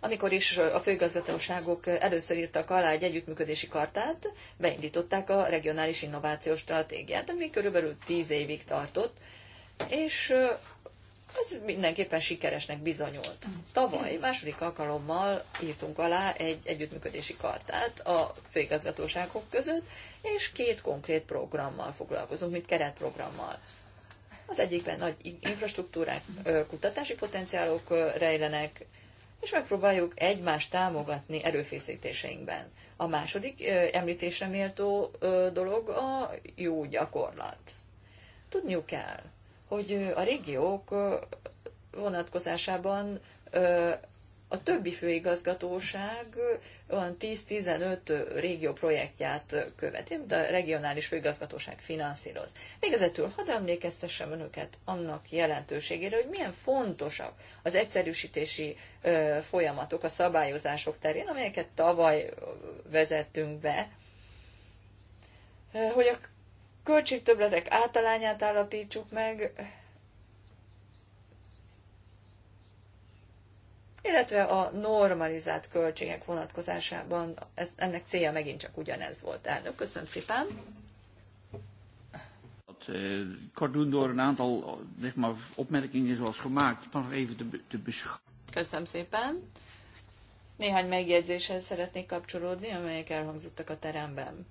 amikor is a főigazgatóságok először írtak alá egy együttműködési kartát, beindították a regionális innovációs stratégiát, ami körülbelül tíz évig tartott, és ez mindenképpen sikeresnek bizonyult. Tavaly második alkalommal írtunk alá egy együttműködési kartát a főigazgatóságok között, és két konkrét programmal foglalkozunk, mint keretprogrammal. Az egyikben nagy infrastruktúrák, kutatási potenciálok rejlenek, és megpróbáljuk egymást támogatni erőfészítéseinkben. A második említésre méltó dolog a jó gyakorlat. Tudniuk kell, hogy a régiók vonatkozásában a többi főigazgatóság olyan 10-15 régió projektját követi, de a regionális főigazgatóság finanszíroz. Végezetül hadd emlékeztessem önöket annak jelentőségére, hogy milyen fontosak az egyszerűsítési folyamatok a szabályozások terén, amelyeket tavaly vezettünk be, hogy a költségtöbletek általányát állapítsuk meg, illetve a normalizált költségek vonatkozásában ez, ennek célja megint csak ugyanez volt. Elnök, köszönöm szépen! Eh, kort door een aantal zeg maar, opmerkingen zoals gemaakt, nog even te, te beschouwen. Köszönöm szépen! Néhány megjegyzéshez szeretnék kapcsolódni, amelyek elhangzottak a teremben.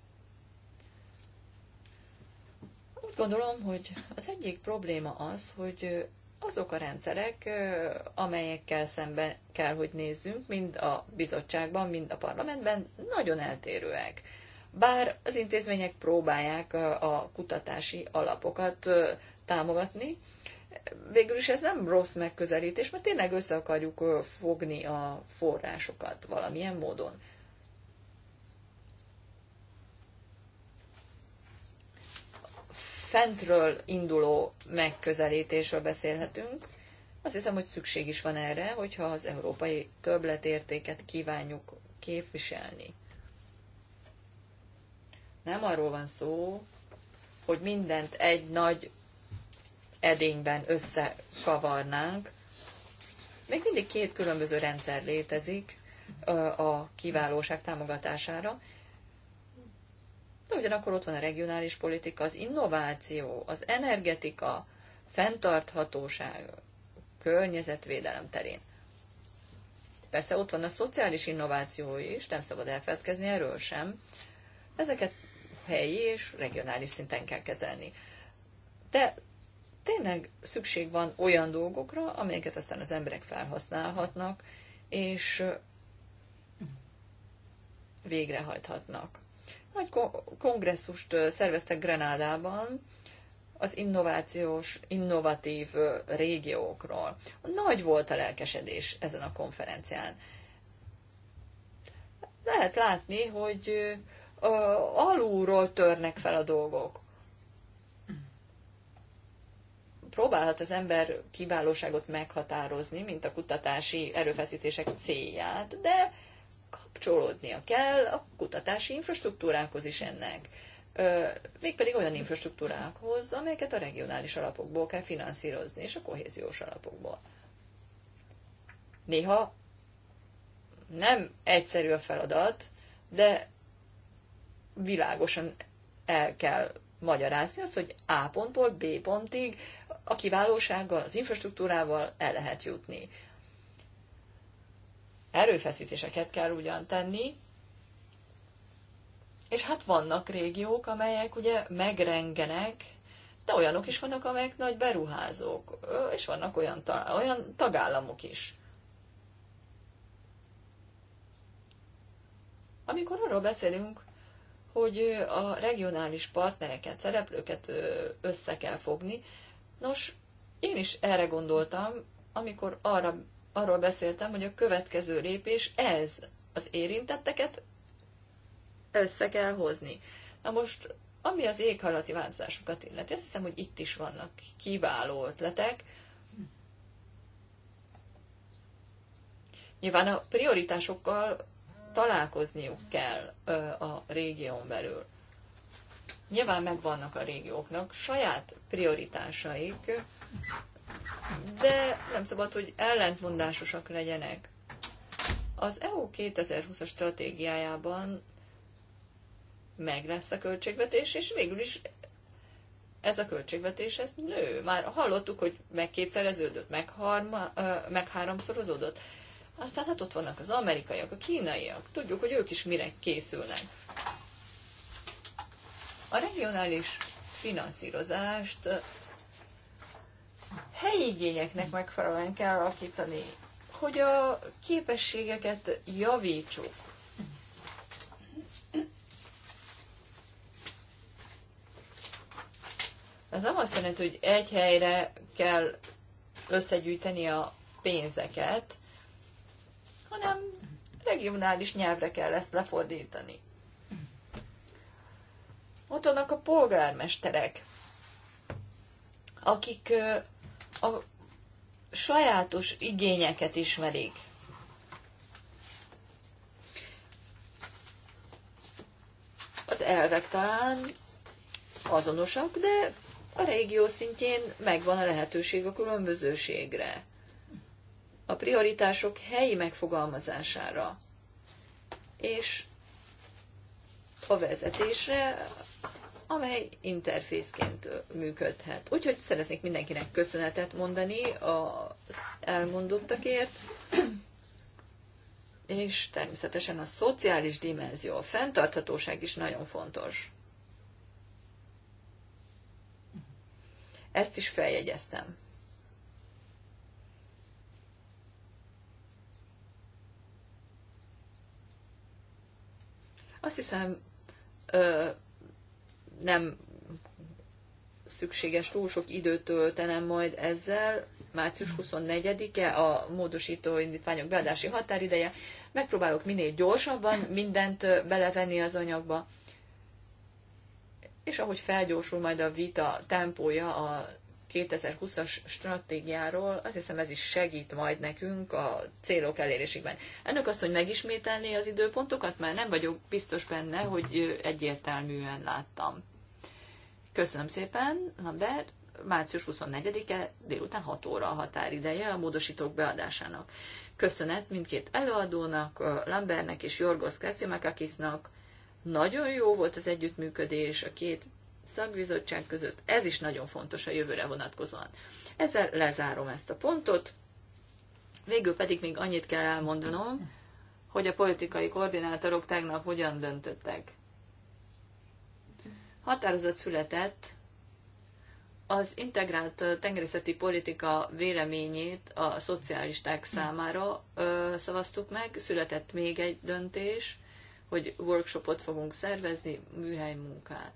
Úgy gondolom, hogy az egyik probléma az, hogy azok a rendszerek, amelyekkel szemben kell, hogy nézzünk, mind a bizottságban, mind a parlamentben, nagyon eltérőek. Bár az intézmények próbálják a kutatási alapokat támogatni, végül is ez nem rossz megközelítés, mert tényleg össze akarjuk fogni a forrásokat valamilyen módon. fentről induló megközelítésről beszélhetünk. Azt hiszem, hogy szükség is van erre, hogyha az európai többletértéket kívánjuk képviselni. Nem arról van szó, hogy mindent egy nagy edényben összekavarnánk. Még mindig két különböző rendszer létezik a kiválóság támogatására, de ugyanakkor ott van a regionális politika, az innováció, az energetika, fenntarthatóság, környezetvédelem terén. Persze ott van a szociális innováció is, nem szabad elfeledkezni erről sem. Ezeket helyi és regionális szinten kell kezelni. De tényleg szükség van olyan dolgokra, amelyeket aztán az emberek felhasználhatnak, és hm. végrehajthatnak nagy kongresszust szerveztek Grenádában az innovációs, innovatív régiókról. Nagy volt a lelkesedés ezen a konferencián. Lehet látni, hogy alulról törnek fel a dolgok. Próbálhat az ember kiválóságot meghatározni, mint a kutatási erőfeszítések célját, de kapcsolódnia kell a kutatási infrastruktúrákhoz is ennek. Mégpedig olyan infrastruktúrákhoz, amelyeket a regionális alapokból kell finanszírozni, és a kohéziós alapokból. Néha nem egyszerű a feladat, de világosan el kell magyarázni azt, hogy A pontból B pontig a kiválósággal, az infrastruktúrával el lehet jutni. Erőfeszítéseket kell ugyan tenni, és hát vannak régiók, amelyek ugye megrengenek, de olyanok is vannak, amelyek nagy beruházók, és vannak olyan, ta, olyan tagállamok is. Amikor arról beszélünk, hogy a regionális partnereket, szereplőket össze kell fogni, nos, én is erre gondoltam, amikor arra arról beszéltem, hogy a következő lépés ez, az érintetteket össze kell hozni. Na most, ami az éghajlati változásokat illeti, azt hiszem, hogy itt is vannak kiváló ötletek. Nyilván a prioritásokkal találkozniuk kell a régión belül. Nyilván megvannak a régióknak saját prioritásaik de nem szabad, hogy ellentmondásosak legyenek. Az EU 2020-as stratégiájában meg lesz a költségvetés, és végül is ez a költségvetés, ez nő. Már hallottuk, hogy kétszereződött, meg, harma, meg háromszorozódott. Aztán hát ott vannak az amerikaiak, a kínaiak. Tudjuk, hogy ők is mire készülnek. A regionális finanszírozást helyi igényeknek megfelelően kell alakítani, hogy a képességeket javítsuk. Ez nem azt jelenti, hogy egy helyre kell összegyűjteni a pénzeket, hanem regionális nyelvre kell ezt lefordítani. Ott vannak a polgármesterek, akik a sajátos igényeket ismerik. Az elvek talán azonosak, de a régió szintjén megvan a lehetőség a különbözőségre, a prioritások helyi megfogalmazására, és a vezetésre, amely interfészként működhet. Úgyhogy szeretnék mindenkinek köszönetet mondani az elmondottakért, és természetesen a szociális dimenzió, a fenntarthatóság is nagyon fontos. Ezt is feljegyeztem. Azt hiszem, nem szükséges túl sok időt töltenem majd ezzel. Március 24-e a módosító indítványok beadási határideje. Megpróbálok minél gyorsabban mindent belevenni az anyagba, és ahogy felgyorsul majd a vita tempója a 2020-as stratégiáról, azt hiszem ez is segít majd nekünk a célok elérésében. Ennek azt, hogy megismételné az időpontokat, mert nem vagyok biztos benne, hogy egyértelműen láttam. Köszönöm szépen, Lambert. Március 24-e délután 6 óra a határideje a módosítók beadásának. Köszönet mindkét előadónak, Lambernek és Jorgos Kacimakakisnak. Nagyon jó volt az együttműködés a két szakbizottság között. Ez is nagyon fontos a jövőre vonatkozóan. Ezzel lezárom ezt a pontot. Végül pedig még annyit kell elmondanom, hogy a politikai koordinátorok tegnap hogyan döntöttek. Határozat született az integrált tengerészeti politika véleményét a szocialisták számára ö, szavaztuk meg, született még egy döntés, hogy workshopot fogunk szervezni, műhelymunkát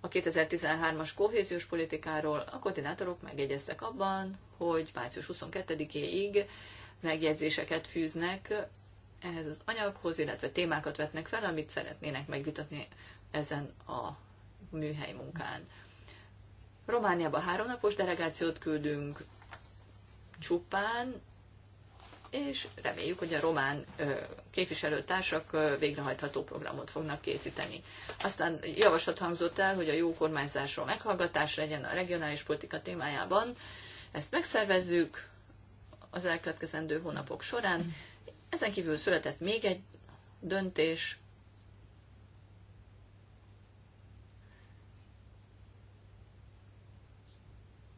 a 2013-as kohéziós politikáról a koordinátorok megegyeztek abban, hogy március 22-éig megjegyzéseket fűznek ehhez az anyaghoz, illetve témákat vetnek fel, amit szeretnének megvitatni ezen a műhely munkán. Romániába háromnapos delegációt küldünk, csupán és reméljük, hogy a román képviselőtársak végrehajtható programot fognak készíteni. Aztán javaslat hangzott el, hogy a jó kormányzásról meghallgatás legyen a regionális politika témájában. Ezt megszervezzük az elkövetkezendő hónapok során. Ezen kívül született még egy döntés,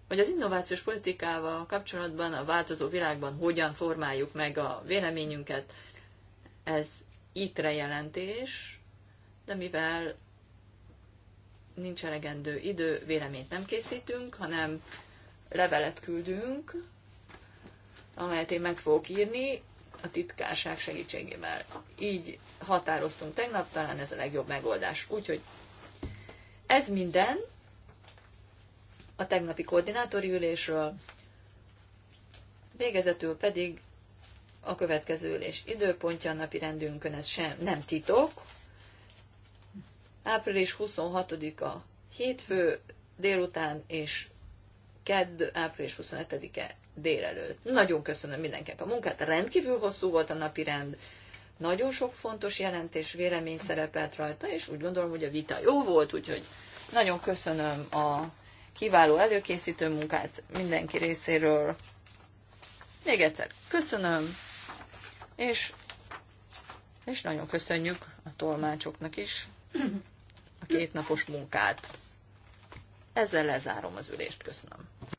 hogy az innovációs politikával kapcsolatban a változó világban hogyan formáljuk meg a véleményünket, ez ittre jelentés, de mivel nincs elegendő idő, véleményt nem készítünk, hanem levelet küldünk, amelyet én meg fogok írni a titkárság segítségével. Így határoztunk tegnap, talán ez a legjobb megoldás. Úgyhogy ez minden, a tegnapi koordinátori ülésről, végezetül pedig a következő ülés időpontja a napi rendünkön, ez sem, nem titok. Április 26-a hétfő délután és kedd április 27-e délelőtt. Nagyon köszönöm mindenkinek a munkát, rendkívül hosszú volt a napi rend, nagyon sok fontos jelentés, vélemény szerepelt rajta, és úgy gondolom, hogy a vita jó volt, úgyhogy nagyon köszönöm a kiváló előkészítő munkát mindenki részéről. Még egyszer köszönöm, és, és nagyon köszönjük a tolmácsoknak is a kétnapos munkát. Ezzel lezárom az ülést, köszönöm.